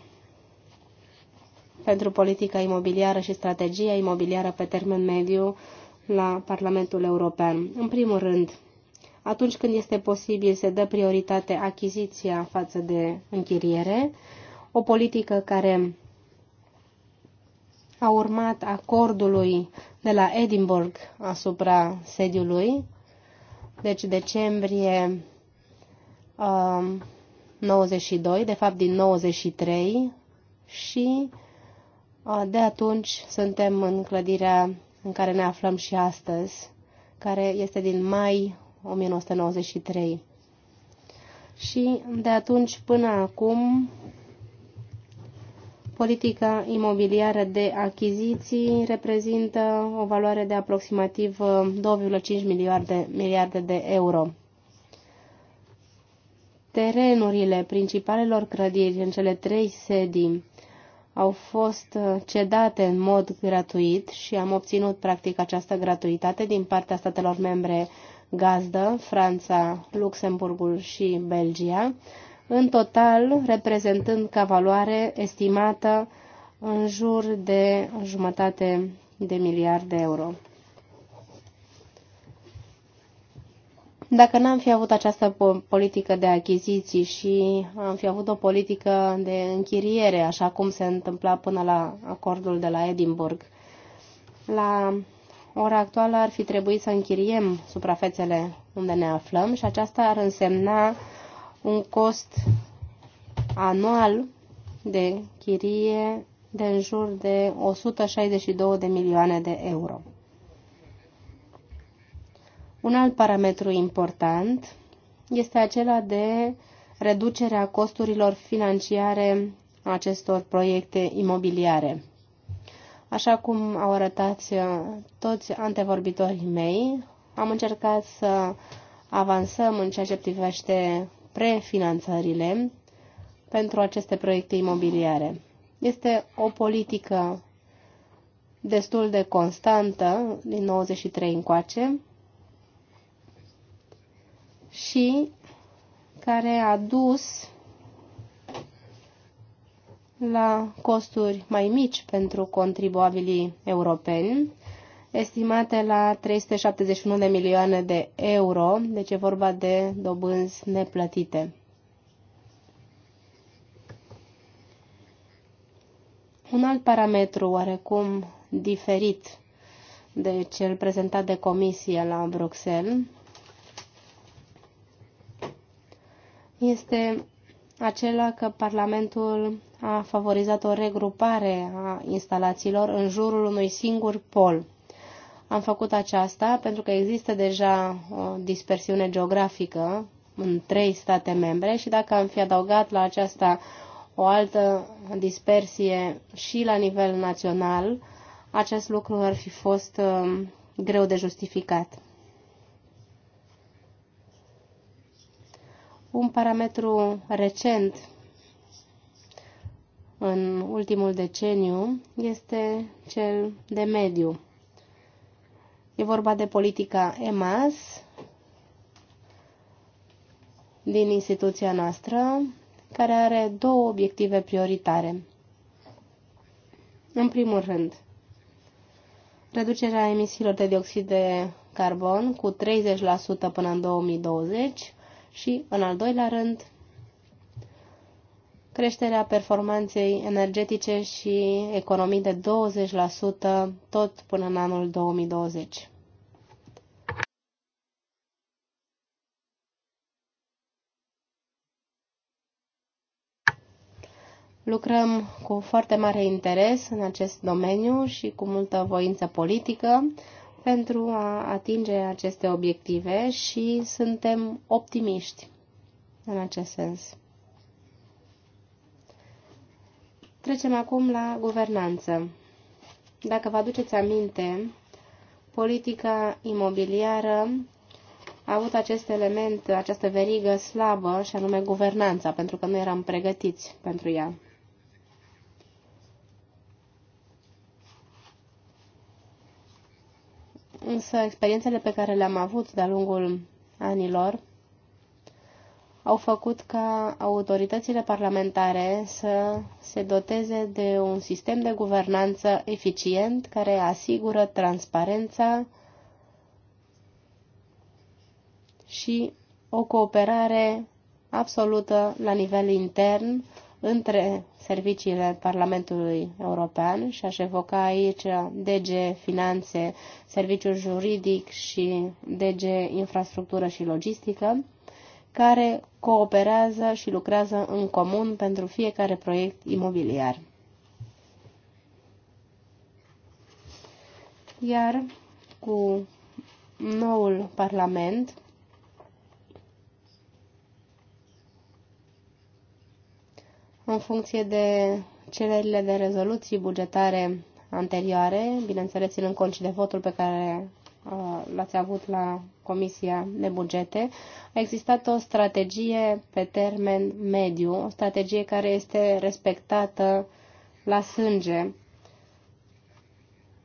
pentru politica imobiliară și strategia imobiliară pe termen mediu la Parlamentul European. În primul rând, atunci când este posibil, se dă prioritate achiziția față de închiriere, o politică care a urmat acordului de la Edinburgh asupra sediului, deci decembrie um, 92, de fapt din 93 și de atunci suntem în clădirea în care ne aflăm și astăzi, care este din mai 1993. Și de atunci până acum, politica imobiliară de achiziții reprezintă o valoare de aproximativ 2,5 uh, miliarde, miliarde de euro terenurile principalelor clădiri în cele trei sedii au fost uh, cedate în mod gratuit și am obținut practic această gratuitate din partea statelor membre gazdă, Franța, Luxemburgul și Belgia, în total reprezentând ca valoare estimată în jur de jumătate de miliard de euro. Dacă n-am fi avut această politică de achiziții și am fi avut o politică de închiriere, așa cum se întâmpla până la acordul de la Edinburgh, la ora actuală ar fi trebuit să închiriem suprafețele unde ne aflăm și aceasta ar însemna un cost anual de chirie de în jur de 162 de milioane de euro. Un alt parametru important este acela de reducerea costurilor financiare acestor proiecte imobiliare. Așa cum au arătat toți antevorbitorii mei, am încercat să avansăm în ceea ce privește prefinanțările pentru aceste proiecte imobiliare. Este o politică destul de constantă din 93 încoace și care a dus la costuri mai mici pentru contribuabilii europeni, estimate la 371 de milioane de euro, deci e vorba de dobânzi neplătite. Un alt parametru oarecum diferit de cel prezentat de comisie la Bruxelles este acela că Parlamentul a favorizat o regrupare a instalațiilor în jurul unui singur pol. Am făcut aceasta pentru că există deja o dispersiune geografică în trei state membre și dacă am fi adăugat la aceasta o altă dispersie și la nivel național, acest lucru ar fi fost um, greu de justificat. Un parametru recent în ultimul deceniu este cel de mediu. E vorba de politica EMAS din instituția noastră, care are două obiective prioritare. În primul rând, reducerea emisiilor de dioxid de carbon cu 30% până în 2020 și, în al doilea rând, creșterea performanței energetice și economii de 20% tot până în anul 2020. Lucrăm cu foarte mare interes în acest domeniu și cu multă voință politică pentru a atinge aceste obiective și suntem optimiști în acest sens. Trecem acum la guvernanță. Dacă vă aduceți aminte, politica imobiliară a avut acest element, această verigă slabă, și anume guvernanța, pentru că nu eram pregătiți pentru ea. însă experiențele pe care le-am avut de-a lungul anilor au făcut ca autoritățile parlamentare să se doteze de un sistem de guvernanță eficient care asigură transparența și o cooperare absolută la nivel intern între serviciile Parlamentului European și aș evoca aici DG Finanțe, Serviciul Juridic și DG Infrastructură și Logistică, care cooperează și lucrează în comun pentru fiecare proiect imobiliar. Iar cu noul Parlament, în funcție de cererile de rezoluții bugetare anterioare, bineînțeles în colci de votul pe care uh, l-ați avut la Comisia de Bugete, a existat o strategie pe termen mediu, o strategie care este respectată la sânge.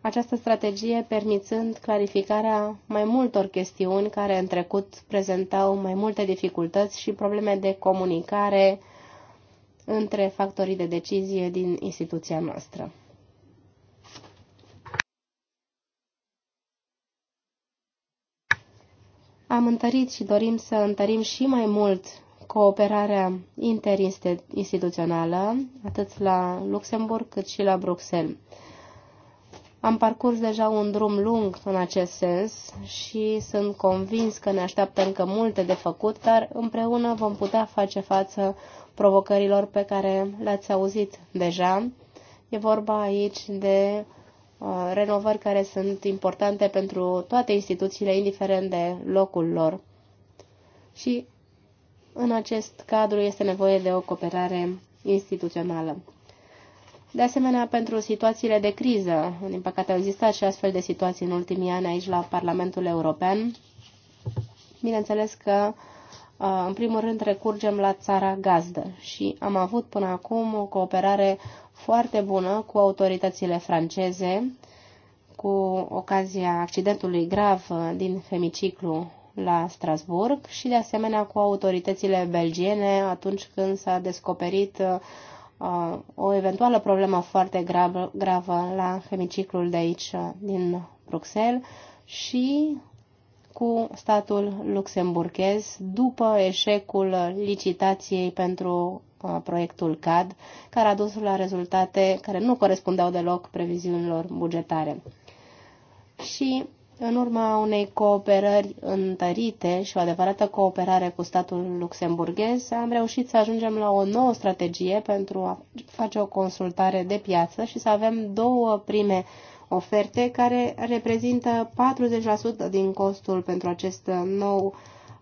Această strategie permițând clarificarea mai multor chestiuni care în trecut prezentau mai multe dificultăți și probleme de comunicare între factorii de decizie din instituția noastră. Am întărit și dorim să întărim și mai mult cooperarea interinstituțională, atât la Luxemburg cât și la Bruxelles. Am parcurs deja un drum lung în acest sens și sunt convins că ne așteaptă încă multe de făcut, dar împreună vom putea face față provocărilor pe care le-ați auzit deja. E vorba aici de uh, renovări care sunt importante pentru toate instituțiile, indiferent de locul lor. Și în acest cadru este nevoie de o cooperare instituțională. De asemenea, pentru situațiile de criză, din păcate au existat și astfel de situații în ultimii ani aici la Parlamentul European, bineînțeles că uh, Uh, în primul rând recurgem la țara gazdă și am avut până acum o cooperare foarte bună cu autoritățile franceze, cu ocazia accidentului grav uh, din femiciclu la Strasburg și de asemenea cu autoritățile belgiene atunci când s-a descoperit uh, o eventuală problemă foarte gravă la hemiciclul de aici din Bruxelles și cu statul luxemburghez după eșecul licitației pentru uh, proiectul CAD, care a dus la rezultate care nu corespundeau deloc previziunilor bugetare. Și în urma unei cooperări întărite și o adevărată cooperare cu statul luxemburghez, am reușit să ajungem la o nouă strategie pentru a face o consultare de piață și să avem două prime oferte, care reprezintă 40% din costul pentru acest nou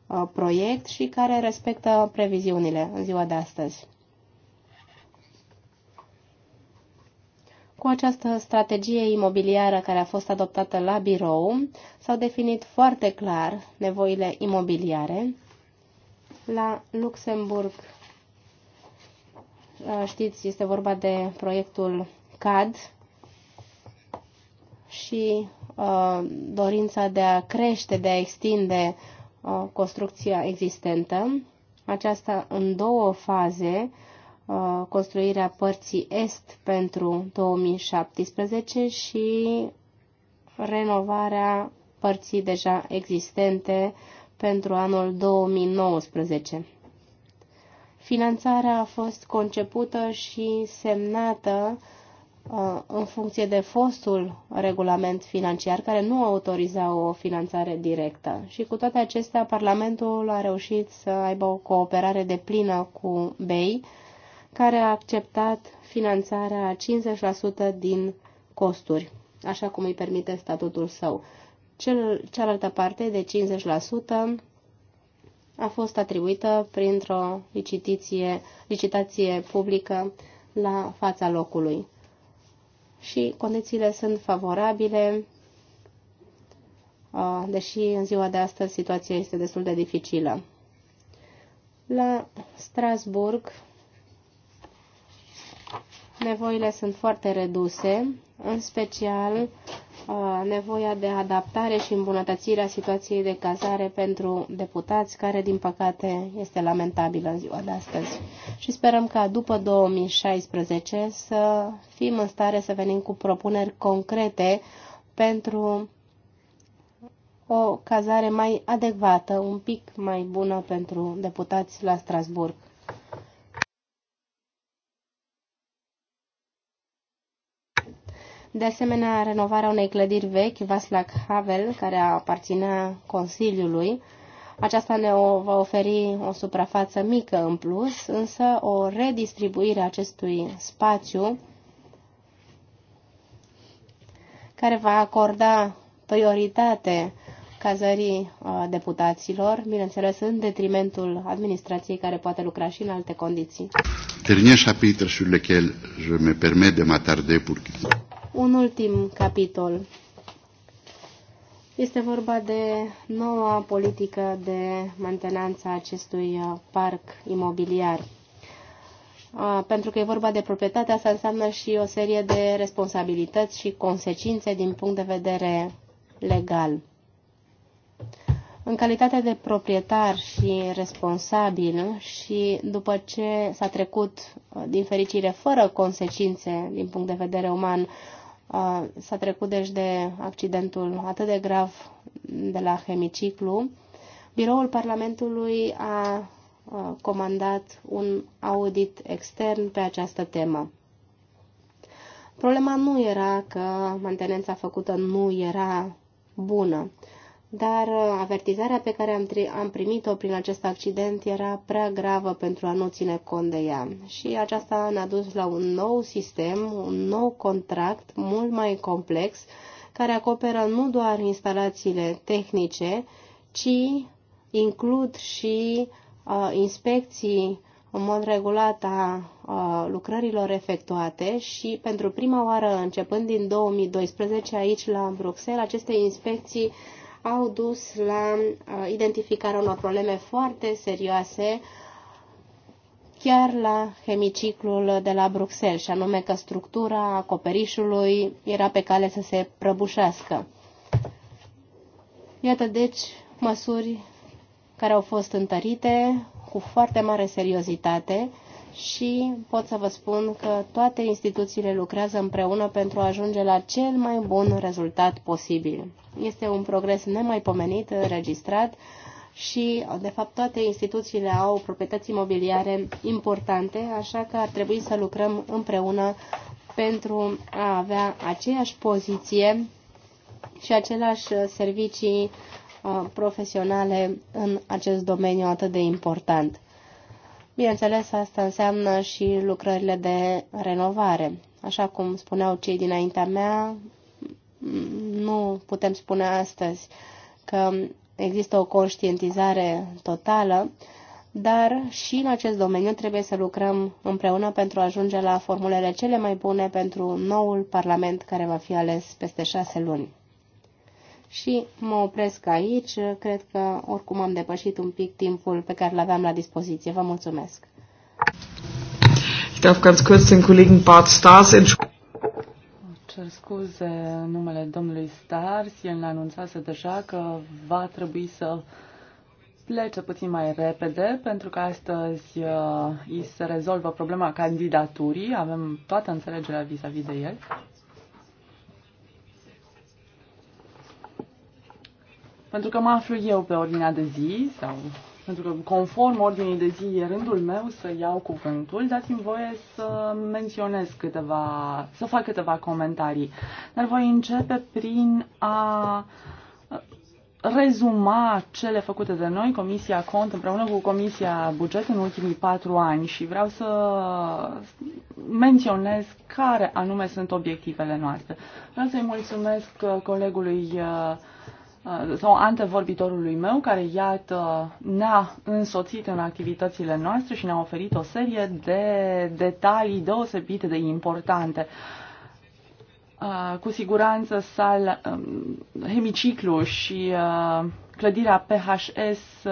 uh, proiect și care respectă previziunile în ziua de astăzi. Cu această strategie imobiliară care a fost adoptată la birou, s-au definit foarte clar nevoile imobiliare. La Luxemburg, uh, știți, este vorba de proiectul CAD, și uh, dorința de a crește, de a extinde uh, construcția existentă. Aceasta în două faze, uh, construirea părții est pentru 2017 și renovarea părții deja existente pentru anul 2019. Finanțarea a fost concepută și semnată uh, Uh, în funcție de fostul regulament financiar care nu autoriza o finanțare directă. Și cu toate acestea, Parlamentul a reușit să aibă o cooperare de plină cu BEI, care a acceptat finanțarea 50% din costuri, așa cum îi permite statutul său. Cel, cealaltă parte de 50% a fost atribuită printr-o licitație publică la fața locului și condițiile sunt favorabile, deși în ziua de astăzi situația este destul de dificilă. La Strasburg nevoile sunt foarte reduse, în special Uh, nevoia de adaptare și îmbunătățirea situației de cazare pentru deputați, care, din păcate, este lamentabilă în ziua de astăzi. Și sperăm ca după 2016 să fim în stare să venim cu propuneri concrete pentru o cazare mai adecvată, un pic mai bună pentru deputați la Strasburg. De asemenea, renovarea unei clădiri vechi, Vaslak Havel, care aparținea Consiliului. Aceasta ne o, va oferi o suprafață mică în plus, însă o redistribuire a acestui spațiu care va acorda prioritate cazării uh, deputaților, bineînțeles în detrimentul administrației care poate lucra și în alte condiții. Dernier chapitre sur lequel je me permets de m'attarder pour un ultim capitol. Este vorba de noua politică de mantenanță a acestui uh, parc imobiliar. Uh, pentru că e vorba de proprietate, asta înseamnă și o serie de responsabilități și consecințe din punct de vedere legal. În calitate de proprietar și responsabil și după ce s-a trecut, uh, din fericire, fără consecințe din punct de vedere uman, S-a trecut deci de accidentul atât de grav de la hemiciclu. Biroul Parlamentului a comandat un audit extern pe această temă. Problema nu era că mantenența făcută nu era bună dar uh, avertizarea pe care am, am primit-o prin acest accident era prea gravă pentru a nu ține cont de ea și aceasta ne-a dus la un nou sistem, un nou contract mult mai complex care acoperă nu doar instalațiile tehnice, ci includ și uh, inspecții în mod regulat a uh, lucrărilor efectuate și pentru prima oară începând din 2012 aici la Bruxelles aceste inspecții au dus la uh, identificarea unor probleme foarte serioase chiar la hemiciclul de la Bruxelles, și anume că structura acoperișului era pe cale să se prăbușească. Iată deci măsuri care au fost întărite cu foarte mare seriozitate și pot să vă spun că toate instituțiile lucrează împreună pentru a ajunge la cel mai bun rezultat posibil. Este un progres nemaipomenit înregistrat și, de fapt, toate instituțiile au proprietăți imobiliare importante, așa că ar trebui să lucrăm împreună pentru a avea aceeași poziție și aceleași servicii uh, profesionale în acest domeniu atât de important. Bineînțeles, asta înseamnă și lucrările de renovare. Așa cum spuneau cei dinaintea mea, nu putem spune astăzi că există o conștientizare totală, dar și în acest domeniu trebuie să lucrăm împreună pentru a ajunge la formulele cele mai bune pentru noul Parlament care va fi ales peste șase luni și mă opresc aici. Cred că oricum am depășit un pic timpul pe care l-aveam la dispoziție. Vă mulțumesc. Ich darf ganz kurz den Kollegen Bart Stars Cer scuze numele domnului Stars. El ne anunțase deja că va trebui să plece puțin mai repede, pentru că astăzi uh, îi se rezolvă problema candidaturii. Avem toată înțelegerea vis-a-vis -vis de el. Pentru că mă aflu eu pe ordinea de zi sau pentru că conform ordinii de zi e rândul meu să iau cuvântul, dați-mi voie să menționez câteva, să fac câteva comentarii. Dar voi începe prin a rezuma cele făcute de noi, Comisia Cont, împreună cu Comisia Buget în ultimii patru ani și vreau să menționez care anume sunt obiectivele noastre. Vreau să-i mulțumesc colegului uh, Uh, sau antevorbitorului meu, care, iată, ne-a însoțit în activitățile noastre și ne-a oferit o serie de detalii deosebite de importante. Uh, cu siguranță sal, um, hemiciclu și uh, clădirea PHS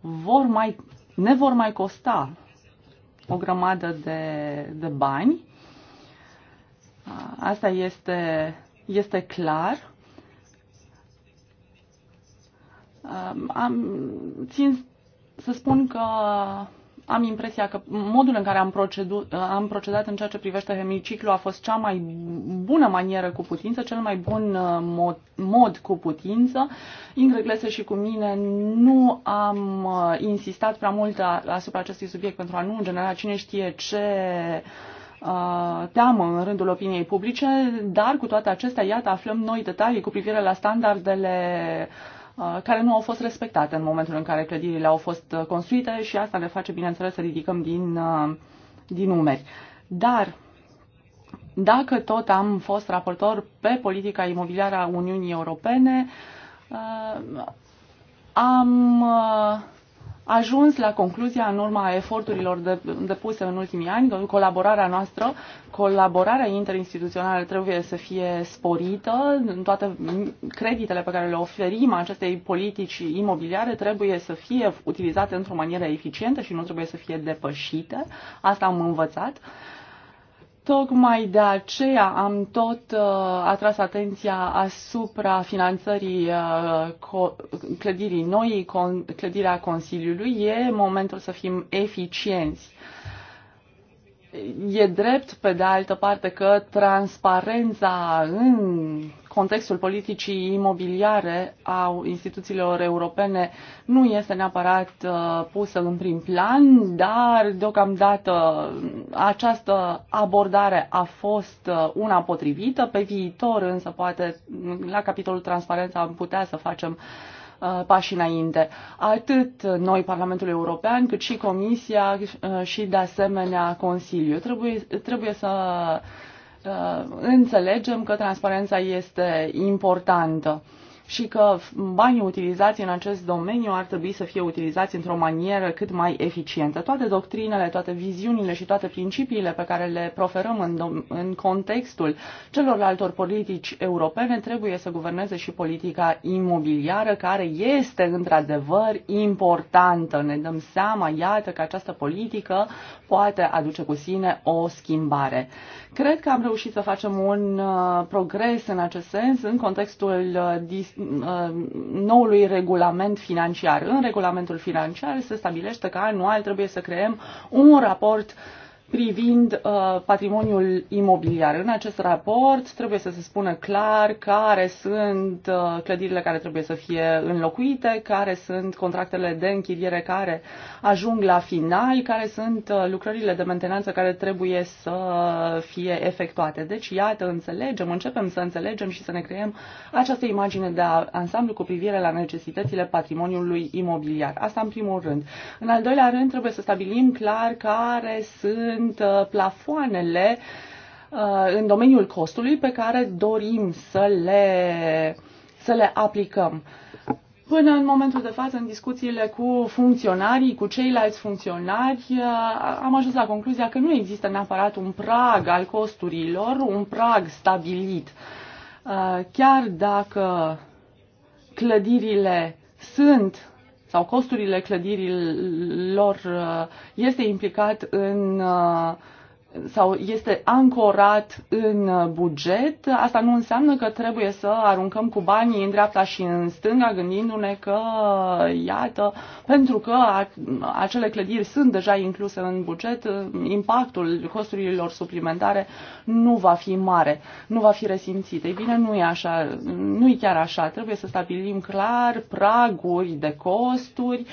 vor mai, ne vor mai costa o grămadă de, de bani. Asta este, este clar Um, am, țin să spun că am impresia că modul în care am, procedu- am procedat în ceea ce privește hemiciclu a fost cea mai bună manieră cu putință, cel mai bun uh, mod, mod cu putință. Ingrid Glese și cu mine nu am uh, insistat prea mult asupra acestui subiect pentru a nu genera cine știe ce uh, teamă în rândul opiniei publice, dar cu toate acestea, iată, aflăm noi detalii cu privire la standardele uh, Uh, care nu au fost respectate în momentul în care clădirile au fost uh, construite și asta ne face, bineînțeles, să ridicăm din, uh, din numeri. Dar dacă tot am fost raportor pe politica imobiliară a Uniunii Europene, am ajuns la concluzia în urma eforturilor de, depuse în ultimii ani, colaborarea noastră, colaborarea interinstituțională trebuie să fie sporită, toate creditele pe care le oferim acestei politici imobiliare trebuie să fie utilizate într-o manieră eficientă și nu trebuie să fie depășite. Asta am învățat. Uh, Tocmai de aceea am tot uh, atras atenția asupra finanțării uh, co- clădirii noi, con- clădirea Consiliului. E momentul să fim eficienți. Uh, E drept, pe de altă parte, că transparența în contextul politicii imobiliare a instituțiilor europene nu este neapărat uh, pusă în prim plan, dar deocamdată această abordare a fost uh, una potrivită. Pe viitor, însă, poate, la capitolul transparența am putea să facem uh, Uh, pași înainte. Atât noi, Parlamentul European, cât și Comisia uh, și, de asemenea, Consiliu. Trebuie, trebuie să uh, înțelegem că transparența este importantă și că banii utilizați în acest domeniu ar trebui să fie utilizați într-o manieră cât mai eficientă. Toate doctrinele, toate viziunile și toate principiile pe care le proferăm în, în contextul celorlaltor politici europene trebuie să guverneze și politica imobiliară, care este într-adevăr importantă. Ne dăm seama, iată, că această politică poate aduce cu sine o schimbare. Cred că am reușit să facem un uh, progres în acest sens în contextul uh, uh, noului regulament financiar. În regulamentul financiar se stabilește că anual trebuie să creăm un raport uh, privind uh, patrimoniul imobiliar. În acest raport trebuie să se spună clar care sunt uh, clădirile care trebuie să fie înlocuite, care sunt contractele de închiriere care ajung la final, care sunt uh, lucrările de mentenanță care trebuie să fie efectuate. Deci, iată, înțelegem, începem să înțelegem și să ne creăm această imagine de ansamblu cu privire la necesitățile patrimoniului imobiliar. Asta în primul rând. În al doilea rând, trebuie să stabilim clar care sunt sunt uh, plafoanele uh, în domeniul costului pe care dorim să le, să le aplicăm. Până în momentul de față, în discuțiile cu funcționarii, cu ceilalți funcționari, uh, am ajuns la concluzia că nu există neapărat un prag al costurilor, un prag stabilit. Chiar dacă clădirile sunt sau costurile clădirilor uh, este implicat în uh, sau este ancorat în buget, asta nu înseamnă că trebuie să aruncăm cu banii în dreapta și în stânga, gândindu-ne că, iată, pentru că acele clădiri sunt deja incluse în buget, impactul costurilor suplimentare nu va fi mare, nu va fi resimțit. Ei bine, nu e așa, nu e chiar așa. Trebuie să stabilim clar praguri de costuri,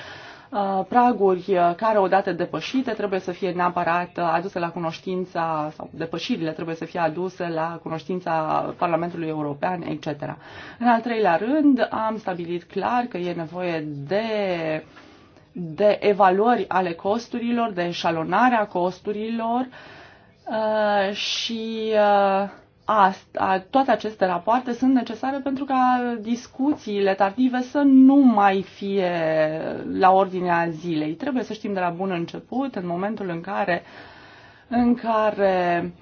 Uh, praguri uh, care odată depășite trebuie să fie neapărat uh, aduse la cunoștința sau depășirile trebuie să fie aduse la cunoștința Parlamentului European, etc. În al treilea rând, am stabilit clar că e nevoie de de evaluări ale costurilor, de eșalonarea costurilor uh, și uh, asta, toate aceste rapoarte sunt necesare pentru ca discuțiile tardive să nu mai fie la ordinea zilei. Trebuie să știm de la bun început, în momentul în care, în care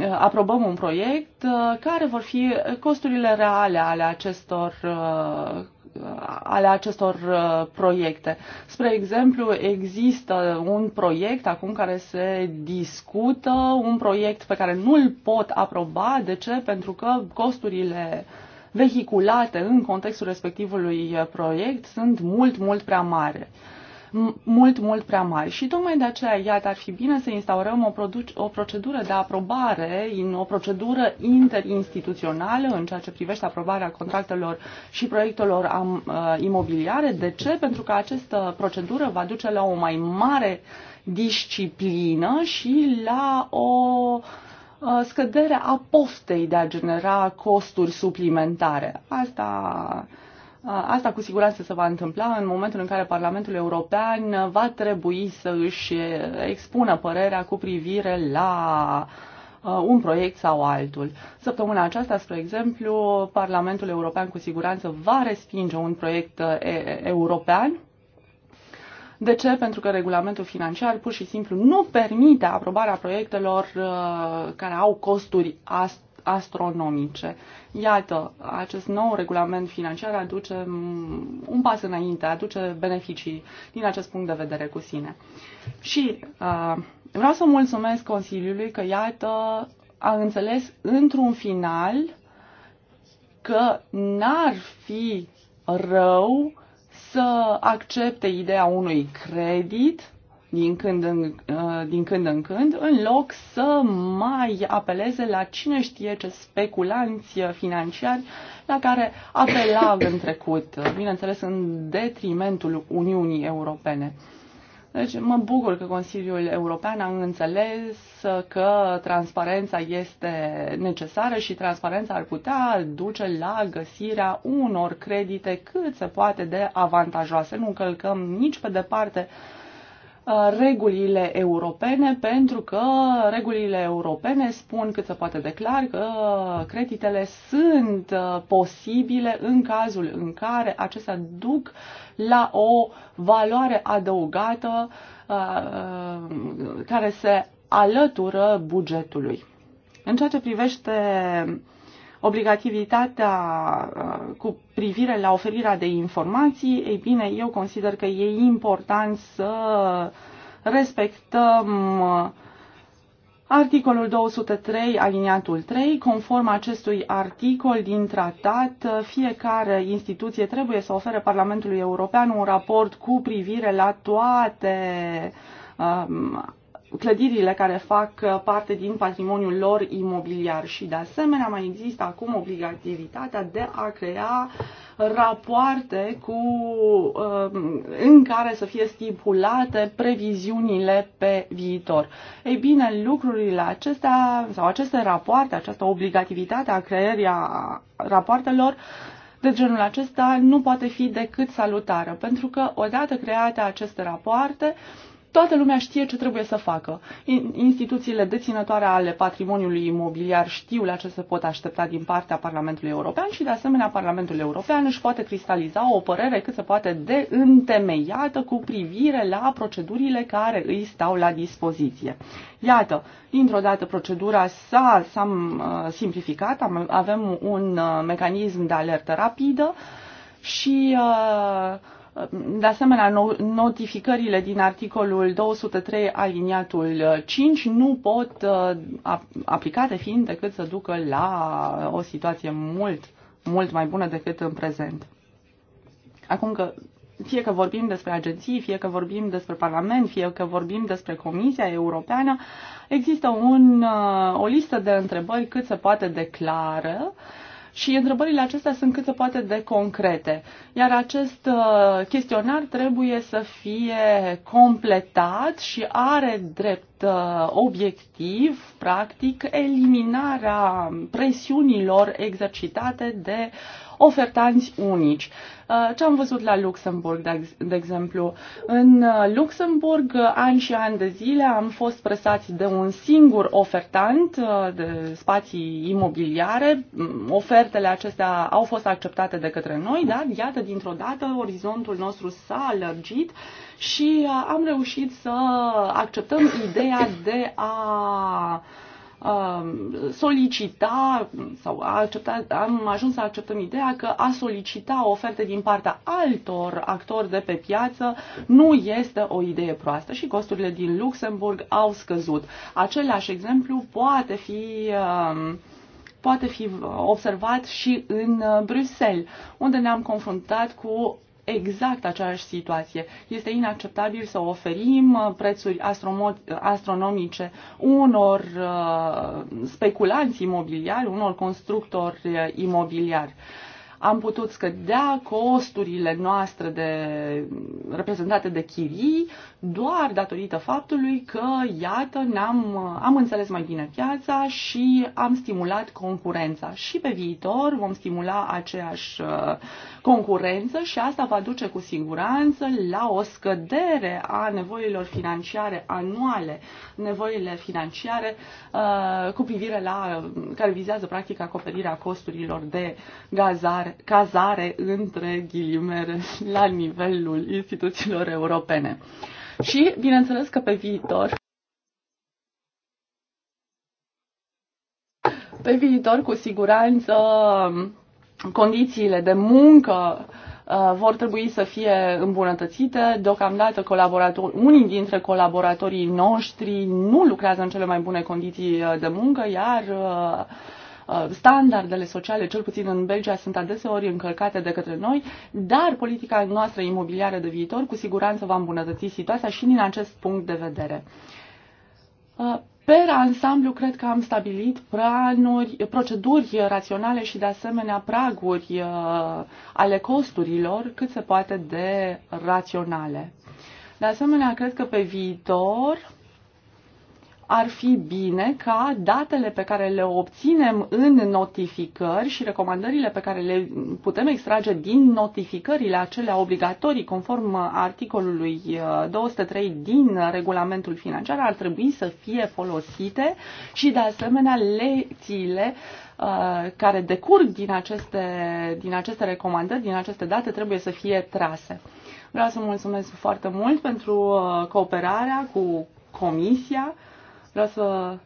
uh, aprobăm un proiect, uh, care vor fi costurile reale ale acestor uh, ale acestor uh, proiecte. Spre exemplu, există un proiect acum care se discută, un proiect pe care nu-l pot aproba. De ce? Pentru că costurile vehiculate în contextul respectivului uh, proiect sunt mult, mult prea mari. Uh, mult, mult prea mari. Și tocmai de aceea, iată, ar fi bine să instaurăm o, o procedură de aprobare, o procedură interinstituțională în ceea ce privește aprobarea contractelor și proiectelor am, uh, imobiliare. De ce? Pentru că această procedură va duce la o mai mare disciplină și la o uh, scăderea a poftei de a genera costuri suplimentare. Asta Asta cu siguranță se va întâmpla în momentul în care Parlamentul European va trebui să își expună părerea cu privire la un proiect sau altul. Săptămâna aceasta, spre exemplu, Parlamentul European cu siguranță va respinge un proiect european. De ce? Pentru că regulamentul financiar pur și simplu nu permite aprobarea proiectelor care au costuri ast astronomice. Iată, acest nou regulament financiar aduce un pas înainte, aduce beneficii din acest punct de vedere cu sine. Și uh, vreau să mulțumesc Consiliului că, iată, a înțeles într-un final că n-ar fi rău să accepte ideea unui credit din când în, uh, din când, în când, în loc să mai apeleze la cine știe ce speculanți financiari la care apelau în trecut, bineînțeles în detrimentul Uniunii Europene. Deci mă bucur că Consiliul European a înțeles că transparența este necesară și transparența ar putea duce la găsirea unor credite cât se poate de avantajoase. Nu încălcăm nici pe departe uh, Uh, regulile europene, pentru că regulile europene spun cât se poate de clar că creditele sunt uh, posibile în cazul în care acestea duc la o valoare adăugată uh, care se alătură bugetului. În ceea ce privește obligativitatea uh, cu privire la oferirea de informații, ei bine, eu consider că e important să respectăm uh, Articolul 203, aliniatul 3, conform acestui articol din tratat, uh, fiecare instituție trebuie să ofere Parlamentului European un raport cu privire la toate um, clădirile care fac uh, parte din patrimoniul lor imobiliar și de asemenea mai există acum obligativitatea de a crea rapoarte cu, uh, în care să fie stipulate previziunile pe viitor. Ei bine, lucrurile acestea sau aceste rapoarte, această obligativitate a creării a rapoartelor de genul acesta nu poate fi decât salutară, pentru că odată create aceste rapoarte, toată lumea știe ce trebuie să facă. Instituțiile deținătoare ale patrimoniului imobiliar știu la ce se pot aștepta din partea Parlamentului European și, de asemenea, Parlamentul European își poate cristaliza o părere cât se poate de întemeiată cu privire la procedurile care îi stau la dispoziție. Iată, dintr-o dată procedura s-a, uh, simplificat, avem un uh, mecanism de alertă rapidă și uh, de asemenea, notificările din articolul 203 aliniatul 5 uh, nu pot uh, aplicate fiind decât să ducă la o situație mult, mult mai bună decât în prezent. Acum că fie că vorbim despre agenții, fie că vorbim despre Parlament, fie că vorbim despre Comisia Europeană, există un, uh, o listă de întrebări cât se poate declară uh, și întrebările acestea sunt cât se poate de concrete. Iar acest uh, chestionar trebuie să fie completat și are drept uh, obiectiv, practic, eliminarea presiunilor exercitate de uh, ofertanți unici. Uh, ce am văzut la Luxemburg, de exemplu? În uh, Luxemburg, uh, ani și ani de zile, am fost presați de un singur ofertant de spații imobiliare. Mm, ofertele acestea au fost acceptate de către noi, dar iată, dintr-o dată, orizontul nostru s-a lărgit și am reușit să acceptăm ideea de a Um, solicita sau a accepta, am ajuns să acceptăm ideea că a solicita oferte din partea altor actori de pe piață nu este o idee proastă și costurile din Luxemburg au scăzut. Același exemplu poate fi um, poate fi observat și în uh, Bruxelles, unde ne-am confruntat cu exact aceeași situație. Este inacceptabil să oferim uh, prețuri uh, astronomice unor uh, speculanți imobiliari, unor constructori imobiliari am putut scădea costurile noastre de, reprezentate de chirii doar datorită faptului că, iată, ne-am, am înțeles mai bine piața și am stimulat concurența. Și pe viitor vom stimula aceeași uh, concurență și asta va duce cu siguranță la o scădere a nevoilor financiare anuale nevoile financiare uh, cu privire la, um, care vizează practic acoperirea costurilor de gazare, cazare între ghilimele la nivelul instituțiilor europene. Și, bineînțeles că pe viitor, pe viitor, cu siguranță, um, condițiile de muncă uh, Uh, vor trebui să fie îmbunătățite. Deocamdată colaborator, unii dintre colaboratorii noștri nu lucrează în cele mai bune condiții uh, de muncă, iar uh, standardele sociale, cel puțin în Belgia, sunt adeseori încălcate de către noi, dar politica noastră imobiliară de viitor cu siguranță va îmbunătăți situația și din acest punct de vedere. Per ansamblu, cred că am stabilit planuri, proceduri raționale și, de asemenea, praguri uh, ale costurilor cât se poate de raționale. De asemenea, cred că pe viitor ar fi bine ca datele pe care le obținem în notificări și recomandările pe care le putem extrage din notificările acelea obligatorii conform articolului 203 uh, din regulamentul financiar ar trebui să fie folosite și de asemenea lecțiile uh, care decurg din aceste, din aceste recomandări, din aceste date, trebuie să fie trase. Vreau să mulțumesc foarte mult pentru uh, cooperarea cu Comisia Vreau să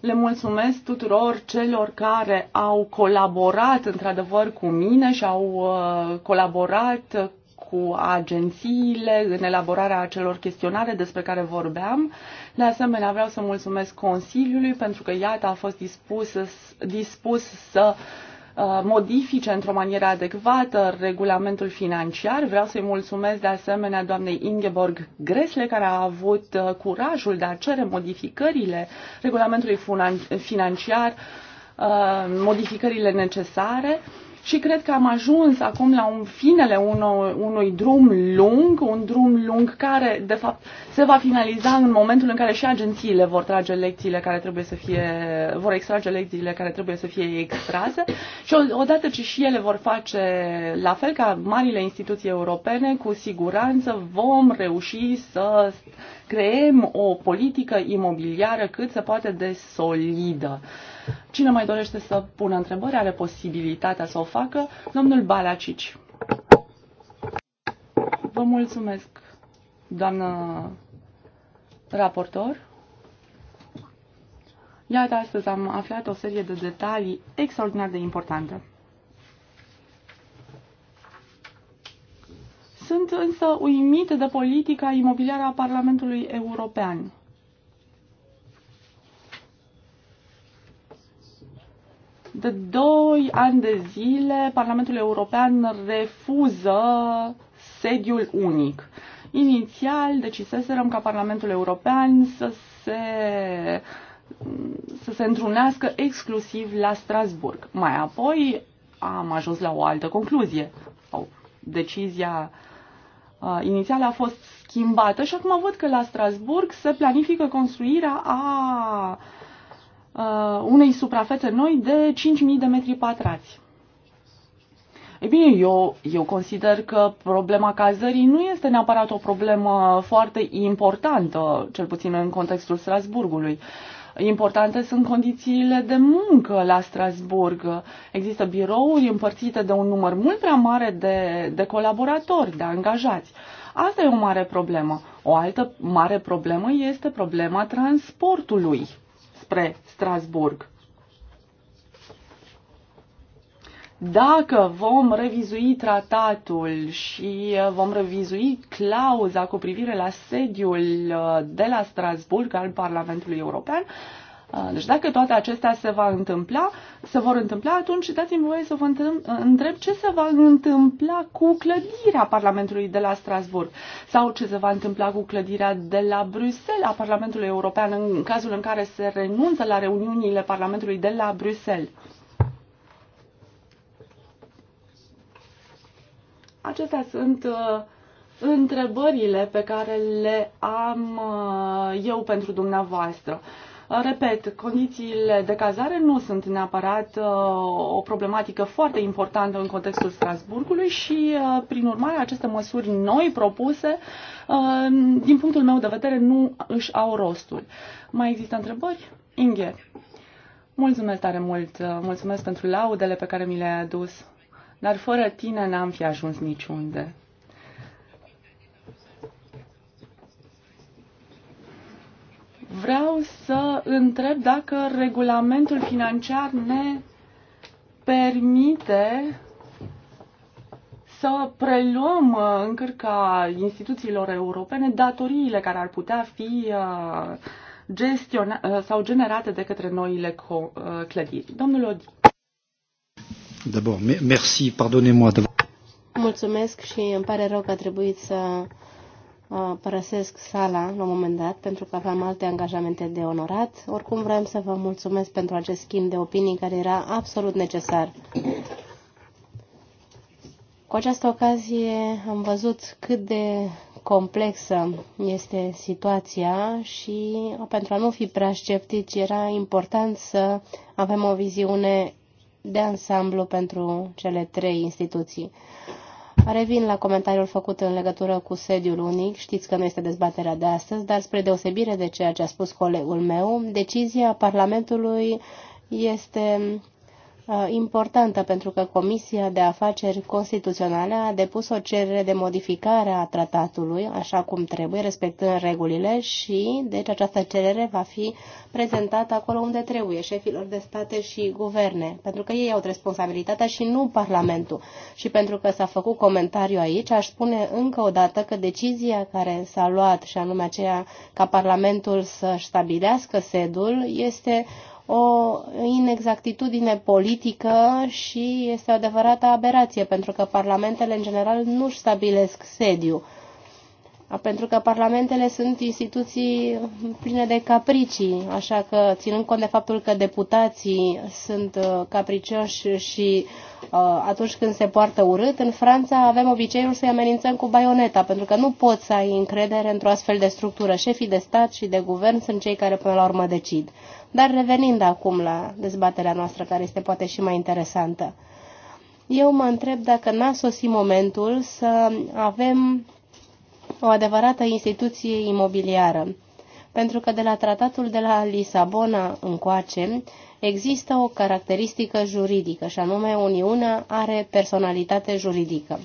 le mulțumesc tuturor celor care au colaborat într-adevăr cu mine și au uh, colaborat cu agențiile în elaborarea acelor chestionare despre care vorbeam. De asemenea, vreau să mulțumesc Consiliului pentru că, iată, a fost dispus, dispus să uh, Uh, modifice într-o manieră adecvată regulamentul financiar. Vreau să-i mulțumesc de asemenea doamnei Ingeborg Gresle, care a avut uh, curajul de a cere modificările regulamentului financiar, uh, modificările necesare și cred că am ajuns acum la un finele unui, unui drum lung, un drum lung care, de fapt, se va finaliza în momentul în care și agențiile vor trage lecțiile care trebuie să fie, vor extrage lecțiile care trebuie să fie extrase și odată ce și ele vor face la fel ca marile instituții europene, cu siguranță vom reuși să creăm o politică imobiliară cât se poate de solidă. Uh, Cine mai dorește să pună întrebări, are posibilitatea să o facă. Domnul Balacici. Vă mulțumesc, doamnă raportor. Iată, astăzi am aflat o serie de detalii extraordinar de importante. Sunt însă uimit de politica imobiliară a Parlamentului European. De doi ani de zile, Parlamentul European refuză sediul unic. Inițial deciseserăm ca Parlamentul European să se să se întrunească exclusiv la Strasburg. Mai apoi am ajuns la o altă concluzie. decizia uh, inițială a fost schimbată și acum văd că la Strasburg se planifică construirea a uh, Uh, unei suprafețe noi de 5.000 de metri pătrați. Ei bine, eu, eu consider că problema cazării nu este neapărat o problemă foarte importantă, cel puțin în contextul Strasburgului. Importante sunt condițiile de muncă la Strasburg. Există birouri împărțite de un număr mult prea mare de, de colaboratori, de angajați. Asta e o mare problemă. O altă mare problemă este problema transportului spre Strasburg. Dacă vom revizui tratatul și vom revizui clauza cu privire la sediul uh, de la Strasburg al Parlamentului European, deci dacă toate acestea se, va întâmpla, se vor întâmpla, atunci dați-mi voie să vă întreb ce se va întâmpla cu clădirea Parlamentului de la Strasburg sau ce se va întâmpla cu clădirea de la Bruxelles a Parlamentului European în cazul în care se renunță la reuniunile Parlamentului de la Bruxelles. Acestea sunt uh, întrebările pe care le am uh, eu pentru dumneavoastră. Uh, Repet, condițiile de cazare nu sunt neapărat uh, o problematică foarte importantă în contextul Strasburgului și, uh, prin urmare, aceste măsuri noi propuse, uh, din punctul meu de vedere, nu își au rostul. Mai există întrebări? Inge. Mulțumesc tare mult, mulțumesc pentru laudele pe care mi le-ai adus, dar fără tine n-am fi ajuns niciunde. Vreau să întreb dacă regulamentul financiar ne permite să preluăm uh, în cârca instituțiilor europene datoriile care ar putea fi uh, gestionate uh, sau generate de către noile clădiri. Domnul Odi. D'abord, merci, pardonnez-moi. Mulțumesc și îmi pare rău că a trebuit să Uh, părăsesc sala la un moment dat pentru că aveam alte angajamente de onorat. Oricum vreau să vă mulțumesc pentru acest schimb de opinii care era absolut necesar. Cu această ocazie am văzut cât de complexă este situația și pentru a nu fi prea sceptici era important să avem o viziune de ansamblu pentru cele trei instituții. Revin la comentariul făcut în legătură cu sediul unic. Știți că nu este dezbaterea de astăzi, dar spre deosebire de ceea ce a spus colegul meu, decizia Parlamentului este Uh, importantă pentru că Comisia de Afaceri Constituționale a depus o cerere de modificare a tratatului, așa cum trebuie, respectând regulile și, deci, această cerere va fi prezentată acolo unde trebuie, șefilor de state și guverne, pentru că ei au responsabilitatea și nu Parlamentul. Și pentru că s-a făcut comentariu aici, aș spune încă o dată că decizia care s-a luat, și anume aceea ca Parlamentul să stabilească sedul, este o inexactitudine politică și este o adevărată aberație, pentru că parlamentele în general nu își stabilesc sediu pentru că parlamentele sunt instituții pline de capricii, așa că ținând cont de faptul că deputații sunt uh, capricioși și uh, atunci când se poartă urât, în Franța avem obiceiul să-i amenințăm cu baioneta, pentru că nu poți să ai încredere într-o astfel de structură. Șefii de stat și de guvern sunt cei care până la urmă decid. Dar revenind acum la dezbaterea noastră, care este poate și mai interesantă, eu mă întreb dacă n-a sosit momentul să avem o adevărată instituție imobiliară, pentru că de la tratatul de la Lisabona încoace există o caracteristică juridică, și anume Uniunea are personalitate juridică.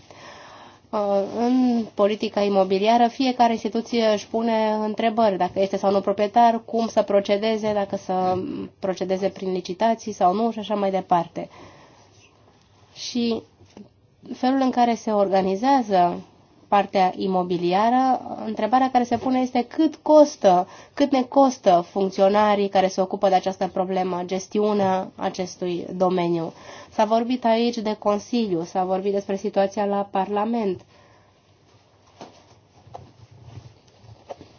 Uh, în politica imobiliară, fiecare instituție își pune întrebări dacă este sau nu proprietar, cum să procedeze, dacă să procedeze prin licitații sau nu și așa mai departe. Și felul în care se organizează partea imobiliară, întrebarea care se pune este cât costă, cât ne costă funcționarii care se ocupă de această problemă, gestiunea acestui domeniu. S-a vorbit aici de Consiliu, s-a vorbit despre situația la Parlament,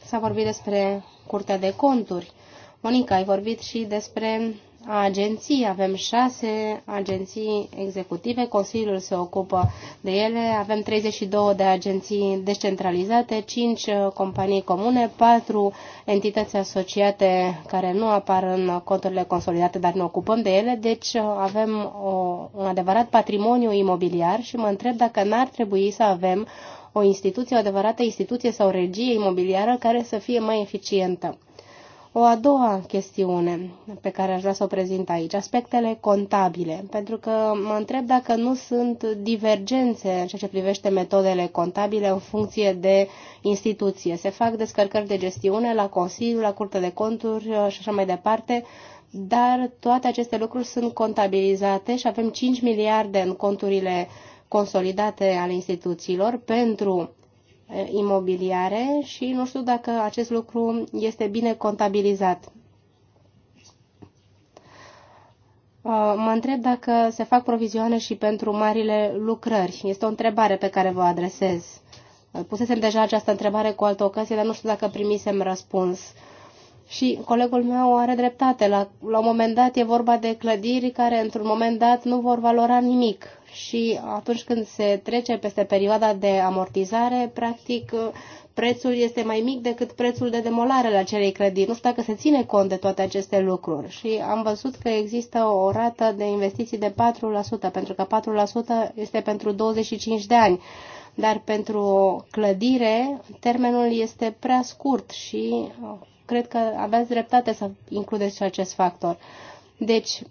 s-a vorbit despre Curtea de Conturi. Monica, ai vorbit și despre agenții. Avem șase agenții executive, Consiliul se ocupă de ele, avem 32 de agenții descentralizate, 5 uh, companii comune, 4 entități asociate care nu apar în conturile consolidate, dar ne ocupăm de ele, deci uh, avem o, un adevărat patrimoniu imobiliar și mă întreb dacă n-ar trebui să avem o instituție, o adevărată instituție sau regie imobiliară care să fie mai eficientă. O a doua chestiune pe care aș vrea să o prezint aici, aspectele contabile, pentru că mă întreb dacă nu sunt divergențe în ceea ce privește metodele contabile în funcție de instituție. Se fac descărcări de gestiune la Consiliu, la Curtea de Conturi și așa mai departe, dar toate aceste lucruri sunt contabilizate și avem 5 miliarde în conturile consolidate ale instituțiilor pentru Eh, imobiliare și nu știu dacă acest lucru este bine contabilizat. Uh, mă întreb dacă se fac provizioane și pentru marile lucrări. Este o întrebare pe care vă adresez. Uh, pusesem deja această întrebare cu altă ocazie, dar nu știu dacă primisem răspuns. Și colegul meu are dreptate. La, la un moment dat e vorba de clădiri care într-un moment dat nu vor valora nimic și atunci când se trece peste perioada de amortizare, practic prețul este mai mic decât prețul de demolare la acelei clădiri. Nu știu dacă se ține cont de toate aceste lucruri și am văzut că există o rată de investiții de 4%, pentru că 4% este pentru 25 de ani dar pentru o clădire termenul este prea scurt și cred că aveți dreptate să includeți și acest factor. Deci,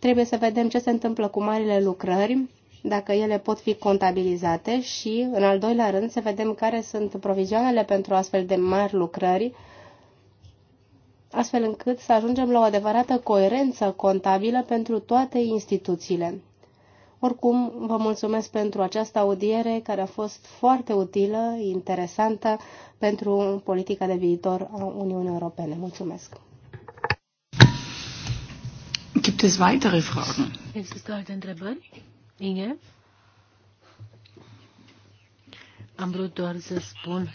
Trebuie să vedem ce se întâmplă cu marile lucrări, dacă ele pot fi contabilizate și, în al doilea rând, să vedem care sunt provizioanele pentru astfel de mari lucrări, astfel încât să ajungem la o adevărată coerență contabilă pentru toate instituțiile. Oricum, vă mulțumesc pentru această audiere care a fost foarte utilă, interesantă pentru politica de viitor a Uniunii Europene. Mulțumesc! Gibt es weitere Fragen? Inge? Am vrut doar să spun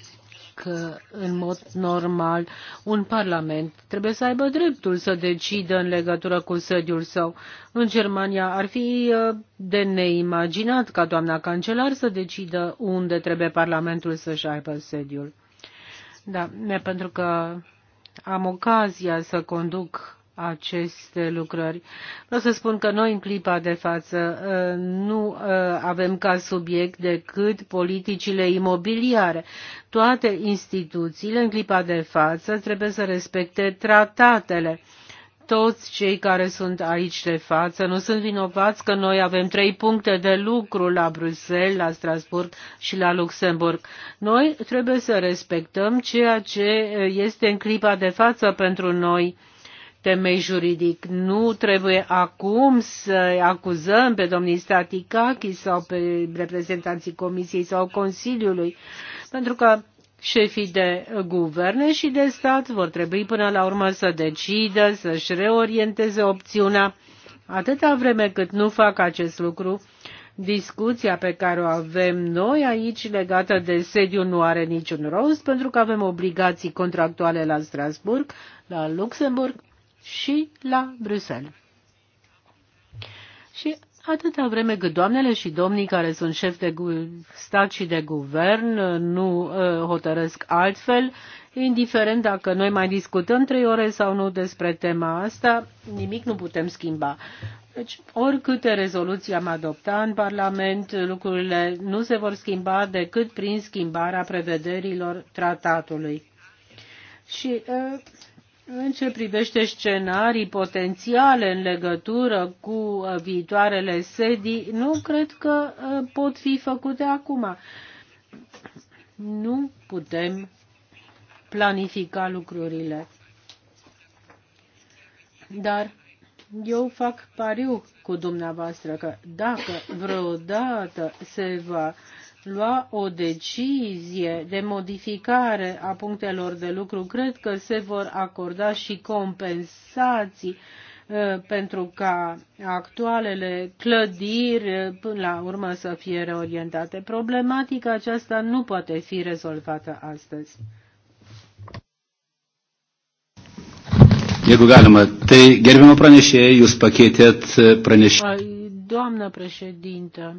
că, în mod normal, un parlament trebuie să aibă dreptul să decidă în legătură cu sediul său. În Germania ar fi uh, de neimaginat ca doamna cancelar să decidă unde trebuie parlamentul să-și aibă sediul. Da, pentru că am ocazia să conduc aceste lucrări. Vreau să spun că noi în clipa de față uh, nu uh, avem ca subiect decât politicile imobiliare. Toate instituțiile în clipa de față trebuie să respecte tratatele. Toți cei care sunt aici de față nu sunt vinovați că noi avem trei puncte de lucru la Bruxelles, la Strasburg și la Luxemburg. Noi trebuie să respectăm ceea ce este în clipa de față pentru noi temei juridic. Nu trebuie acum să acuzăm pe domnii Staticachi sau pe reprezentanții Comisiei sau Consiliului, pentru că șefii de guverne și de stat vor trebui până la urmă să decidă, să-și reorienteze opțiunea. Atâta vreme cât nu fac acest lucru, discuția pe care o avem noi aici legată de sediu nu are niciun rost, pentru că avem obligații contractuale la Strasburg, la Luxemburg și la Bruxelles. Și Atâta vreme cât doamnele și domnii care sunt șefi de stat și de guvern uh, nu uh, hotărăsc altfel, indiferent dacă noi mai discutăm trei ore sau nu despre tema asta, nimic nu putem schimba. Deci, oricâte rezoluții am adoptat în Parlament, lucrurile nu se vor schimba decât prin schimbarea prevederilor tratatului. Și uh, în ce privește scenarii potențiale în legătură cu uh, viitoarele sedii, nu cred că uh, pot fi făcute acum. Nu putem planifica lucrurile. Dar eu fac pariu cu dumneavoastră că dacă vreodată se va lua o decizie de modificare a punctelor de lucru, cred că se vor acorda și compensații uh, pentru ca actualele clădiri uh, până la urmă să fie reorientate. Problematica aceasta nu poate fi rezolvată astăzi. Jeigu galima, tai gerbimo pranešėjai, jūs pakeitėt uh, pranešimą. Doamna președintă,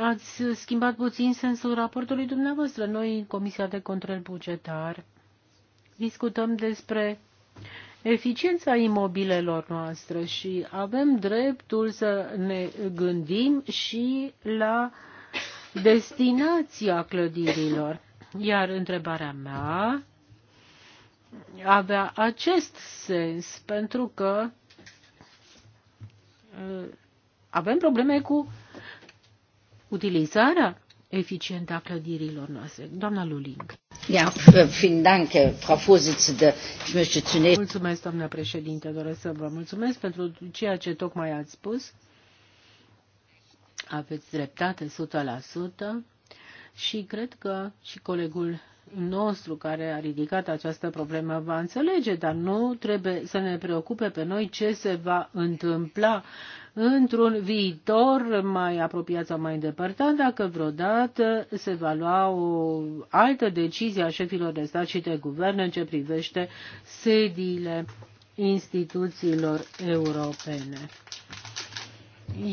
ați schimbat puțin sensul raportului dumneavoastră. Noi, în Comisia de Control Bugetar, discutăm despre eficiența imobilelor noastre și avem dreptul să ne gândim și la destinația clădirilor. Iar întrebarea mea avea acest sens, pentru că uh, avem probleme cu utilizarea eficientă a clădirilor noastre. Doamna Luling. Mulțumesc, doamna președinte, doresc să vă mulțumesc pentru ceea ce tocmai ați spus. Aveți dreptate 100% și cred că și colegul nostru care a ridicat această problemă va înțelege, dar nu trebuie să ne preocupe pe noi ce se va întâmpla într-un viitor mai apropiat sau mai îndepărtat, dacă vreodată se va lua o altă decizie a șefilor de stat și de guvern în ce privește sediile instituțiilor europene.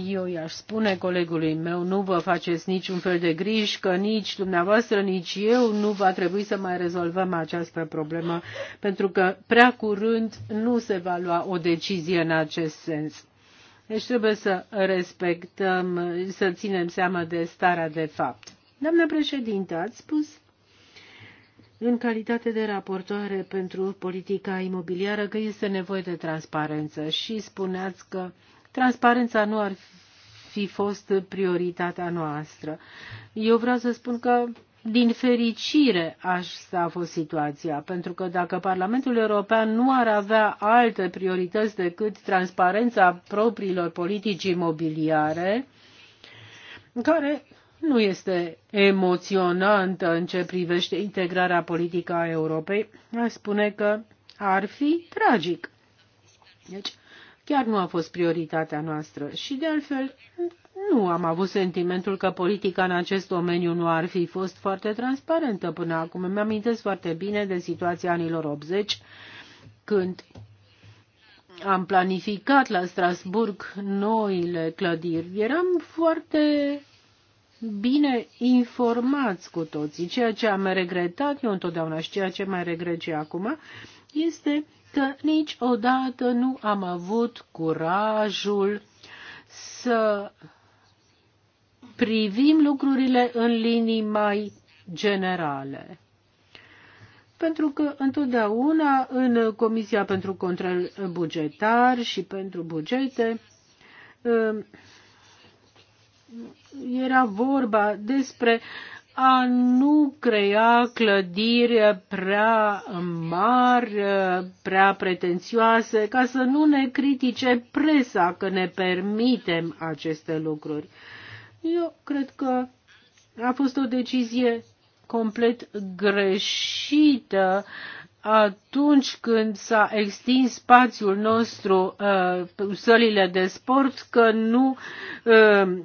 Eu i-aș spune colegului meu, nu vă faceți niciun fel de griji că nici dumneavoastră, nici eu nu va trebui să mai rezolvăm această problemă, pentru că prea curând nu se va lua o decizie în acest sens. Deci trebuie să respectăm, să ținem seama de starea de fapt. Doamna președintă, ați spus în calitate de raportoare pentru politica imobiliară că este nevoie de transparență și spuneați că uh, transparența nu ar fi fost prioritatea noastră. Eu vreau să spun că din fericire asta a fost situația, pentru că dacă Parlamentul European nu ar avea alte priorități decât transparența propriilor politici imobiliare, care nu este emoționantă în ce privește integrarea politică a Europei, aș spune că ar fi tragic. Deci, chiar nu a fost prioritatea noastră și, de altfel, nu am avut sentimentul că politica în acest domeniu nu ar fi fost foarte transparentă până acum. Îmi amintesc foarte bine de situația anilor 80, când am planificat la Strasburg noile clădiri. Eram foarte bine informați cu toții. Ceea ce am regretat eu întotdeauna și ceea ce mai regret și acum este că niciodată nu am avut curajul să privim lucrurile în linii mai generale. Pentru că întotdeauna în Comisia pentru Control Bugetar și pentru bugete ă, era vorba despre a nu crea clădiri prea mari, prea pretențioase, ca să nu ne critique presa că ne permitem aceste lucruri. Eu cred că a fost o decizie complet greșită atunci când s-a extins spațiul nostru, uh, sălile de sport, că nu uh,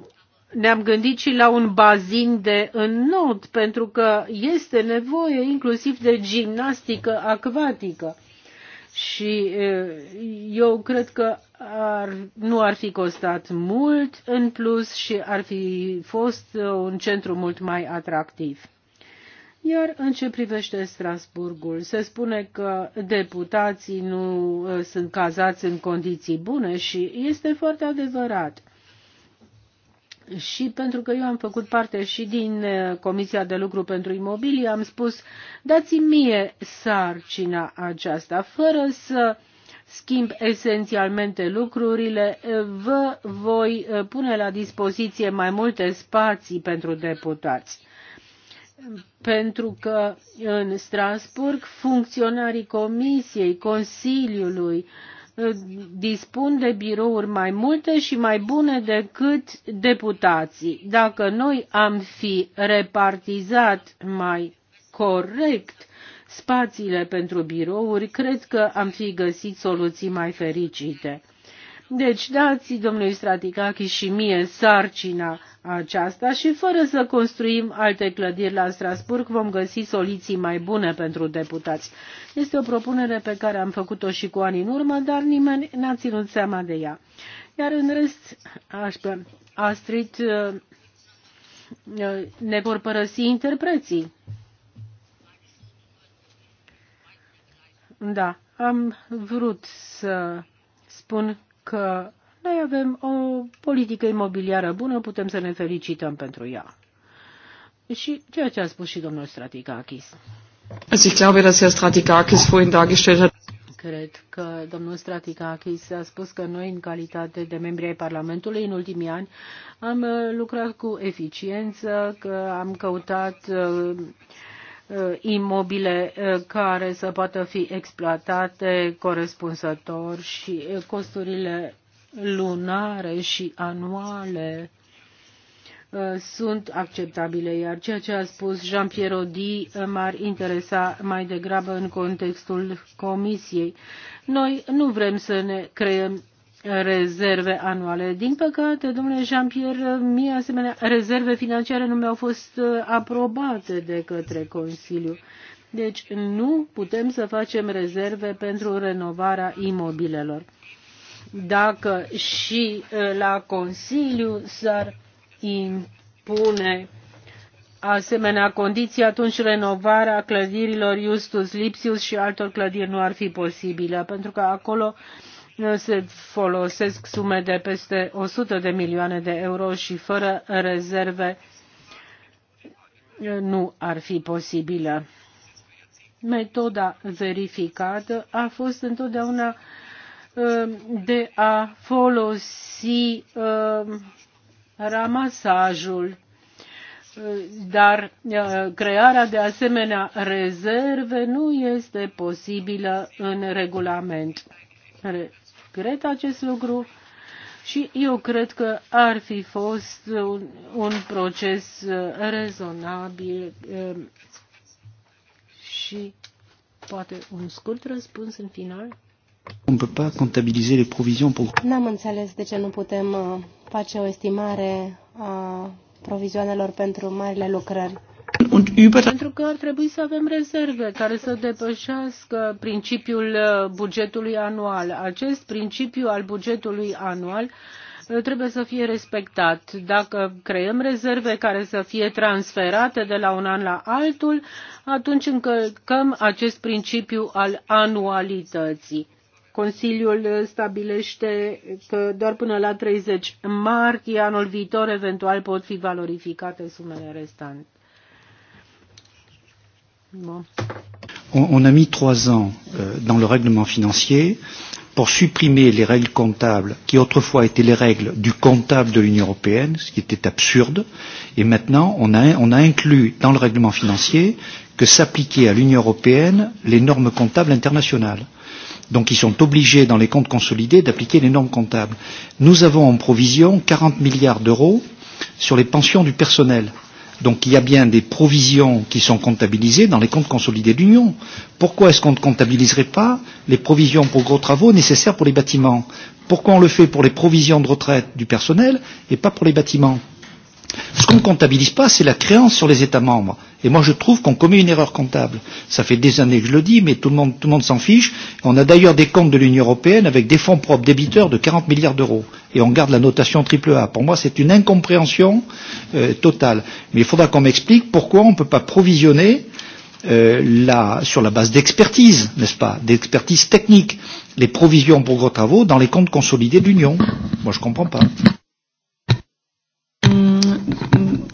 ne-am gândit și la un bazin de înnot, pentru că este nevoie inclusiv de gimnastică acvatică. Și eu cred că ar, nu ar fi costat mult în plus și ar fi fost un centru mult mai atractiv. Iar în ce privește Strasburgul, se spune că deputații nu sunt cazați în condiții bune și este foarte adevărat și pentru că eu am făcut parte și din uh, Comisia de Lucru pentru Imobilie, am spus, dați-mi mie sarcina aceasta, fără să schimb esențialmente lucrurile, uh, vă voi uh, pune la dispoziție mai multe spații pentru deputați. Pentru că în Strasburg funcționarii Comisiei, Consiliului, uh, dispun de birouri mai multe și mai bune decât deputații. Dacă noi am fi repartizat mai corect spațiile pentru birouri, cred că am fi găsit soluții mai fericite. Deci dați domnului Straticachi și mie sarcina aceasta și fără să construim alte clădiri la Strasburg vom găsi soluții mai bune pentru deputați. Este o propunere pe care am făcut-o și cu ani în urmă, dar nimeni n-a ținut seama de ea. Iar în rest, aș, Astrid, uh, uh, ne vor părăsi interpreții. Da, am vrut să spun că noi avem o politică imobiliară bună, putem să ne felicităm pentru ea. Și ceea ce a spus și domnul Stratikakis. ich glaube, dass Herr Stratikakis vorhin dargestellt hat. Cred că domnul Stratikakis a spus că noi, în calitate de membri ai Parlamentului, în ultimii ani am uh, lucrat cu eficiență, că am căutat uh, uh imobile uh, care să poată fi exploatate corespunzător și costurile lunare și anuale uh, sunt acceptabile, iar ceea ce a spus Jean-Pierre Odi uh, m-ar interesa mai degrabă în contextul Comisiei. Noi nu vrem să ne creăm rezerve anuale. Din păcate, domnule Jean-Pierre, uh, mie asemenea rezerve financiare nu mi-au fost aprobate de către Consiliu. Deci nu putem să facem rezerve pentru renovarea imobilelor dacă și la Consiliu s-ar impune asemenea condiții, atunci renovarea clădirilor Justus Lipsius și altor clădiri nu ar fi posibilă, pentru că acolo se folosesc sume de peste 100 de milioane de euro și fără rezerve nu ar fi posibilă. Metoda verificată a fost întotdeauna uh, Um, de a folosi um, ramasajul uh, dar uh, crearea de asemenea rezerve nu este posibilă în regulament. Regret acest lucru și eu cred că ar fi fost un, un proces uh, rezonabil um, și poate un scurt răspuns în final. N-am înțeles de ce nu putem uh, face o estimare a provizioanelor pentru marile lucrări. Pentru că ar trebui să avem rezerve care să depășească principiul uh, bugetului anual. Acest principiu al bugetului anual uh, trebuie să fie respectat. Dacă creăm rezerve care să fie transferate de la un an la altul, atunci încălcăm acest principiu al anualității. Consiliul stabilește că doar până la 30 martie anul viitor eventual pot fi valorificate sumele restante. Bon. On, a mis trois ans euh, dans le règlement financier pour supprimer les règles comptables qui autrefois étaient les règles du comptable de l'Union européenne, ce qui était absurde, et maintenant on a, on a inclus dans le règlement financier que s'appliquaient à l'Union européenne les normes comptables internationales. Donc ils sont obligés, dans les comptes consolidés, d'appliquer les normes comptables. Nous avons en provision 40 milliards d'euros sur les pensions du personnel. Donc il y a bien des provisions qui sont comptabilisées dans les comptes consolidés de l'Union. Pourquoi est-ce qu'on ne comptabiliserait pas les provisions pour gros travaux nécessaires pour les bâtiments Pourquoi on le fait pour les provisions de retraite du personnel et pas pour les bâtiments ce qu'on ne comptabilise pas, c'est la créance sur les États membres. Et moi, je trouve qu'on commet une erreur comptable. Ça fait des années que je le dis, mais tout le monde, tout le monde s'en fiche. On a d'ailleurs des comptes de l'Union européenne avec des fonds propres débiteurs de 40 milliards d'euros. Et on garde la notation triple A. Pour moi, c'est une incompréhension euh, totale. Mais il faudra qu'on m'explique pourquoi on ne peut pas provisionner euh, la, sur la base d'expertise, n'est-ce pas, d'expertise technique, les provisions pour gros travaux dans les comptes consolidés de l'Union. Moi, je ne comprends pas.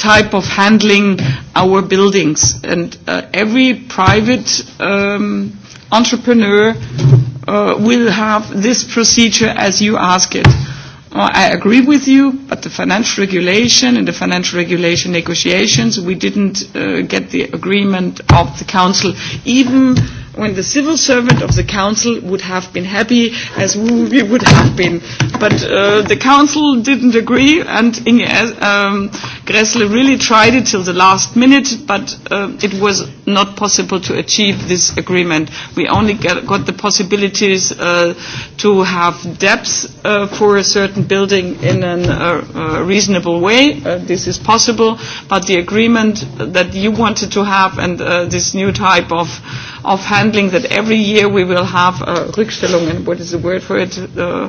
type of handling our buildings. And uh, every private um, entrepreneur uh, will have this procedure as you ask it. Well, I agree with you, but the financial regulation and the financial regulation negotiations, we didn't uh, get the agreement of the Council, even when the civil servant of the Council would have been happy, as we would have been. But uh, the Council didn't agree, and in, um, Gressle really tried it till the last minute, but uh, it was not possible to achieve this agreement. We only get, got the possibilities uh, to have depth uh, for a certain building in a uh, uh, reasonable way. Uh, this is possible, but the agreement that you wanted to have and uh, this new type of, of handling that every year we will have uh, Rückstellungen, what is the word for it? Uh,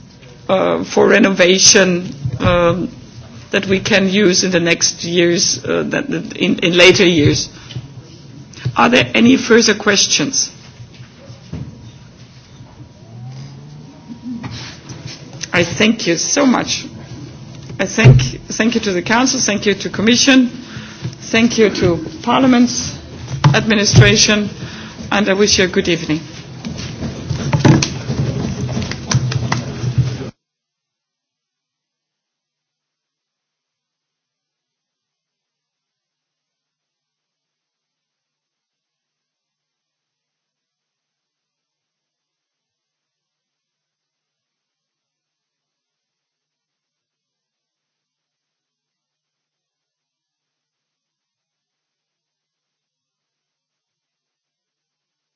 Uh, for renovation um, that we can use in the next years, uh, that, in, in later years. Are there any further questions? I thank you so much. I thank, thank you to the Council, thank you to Commission, thank you to Parliament's administration, and I wish you a good evening.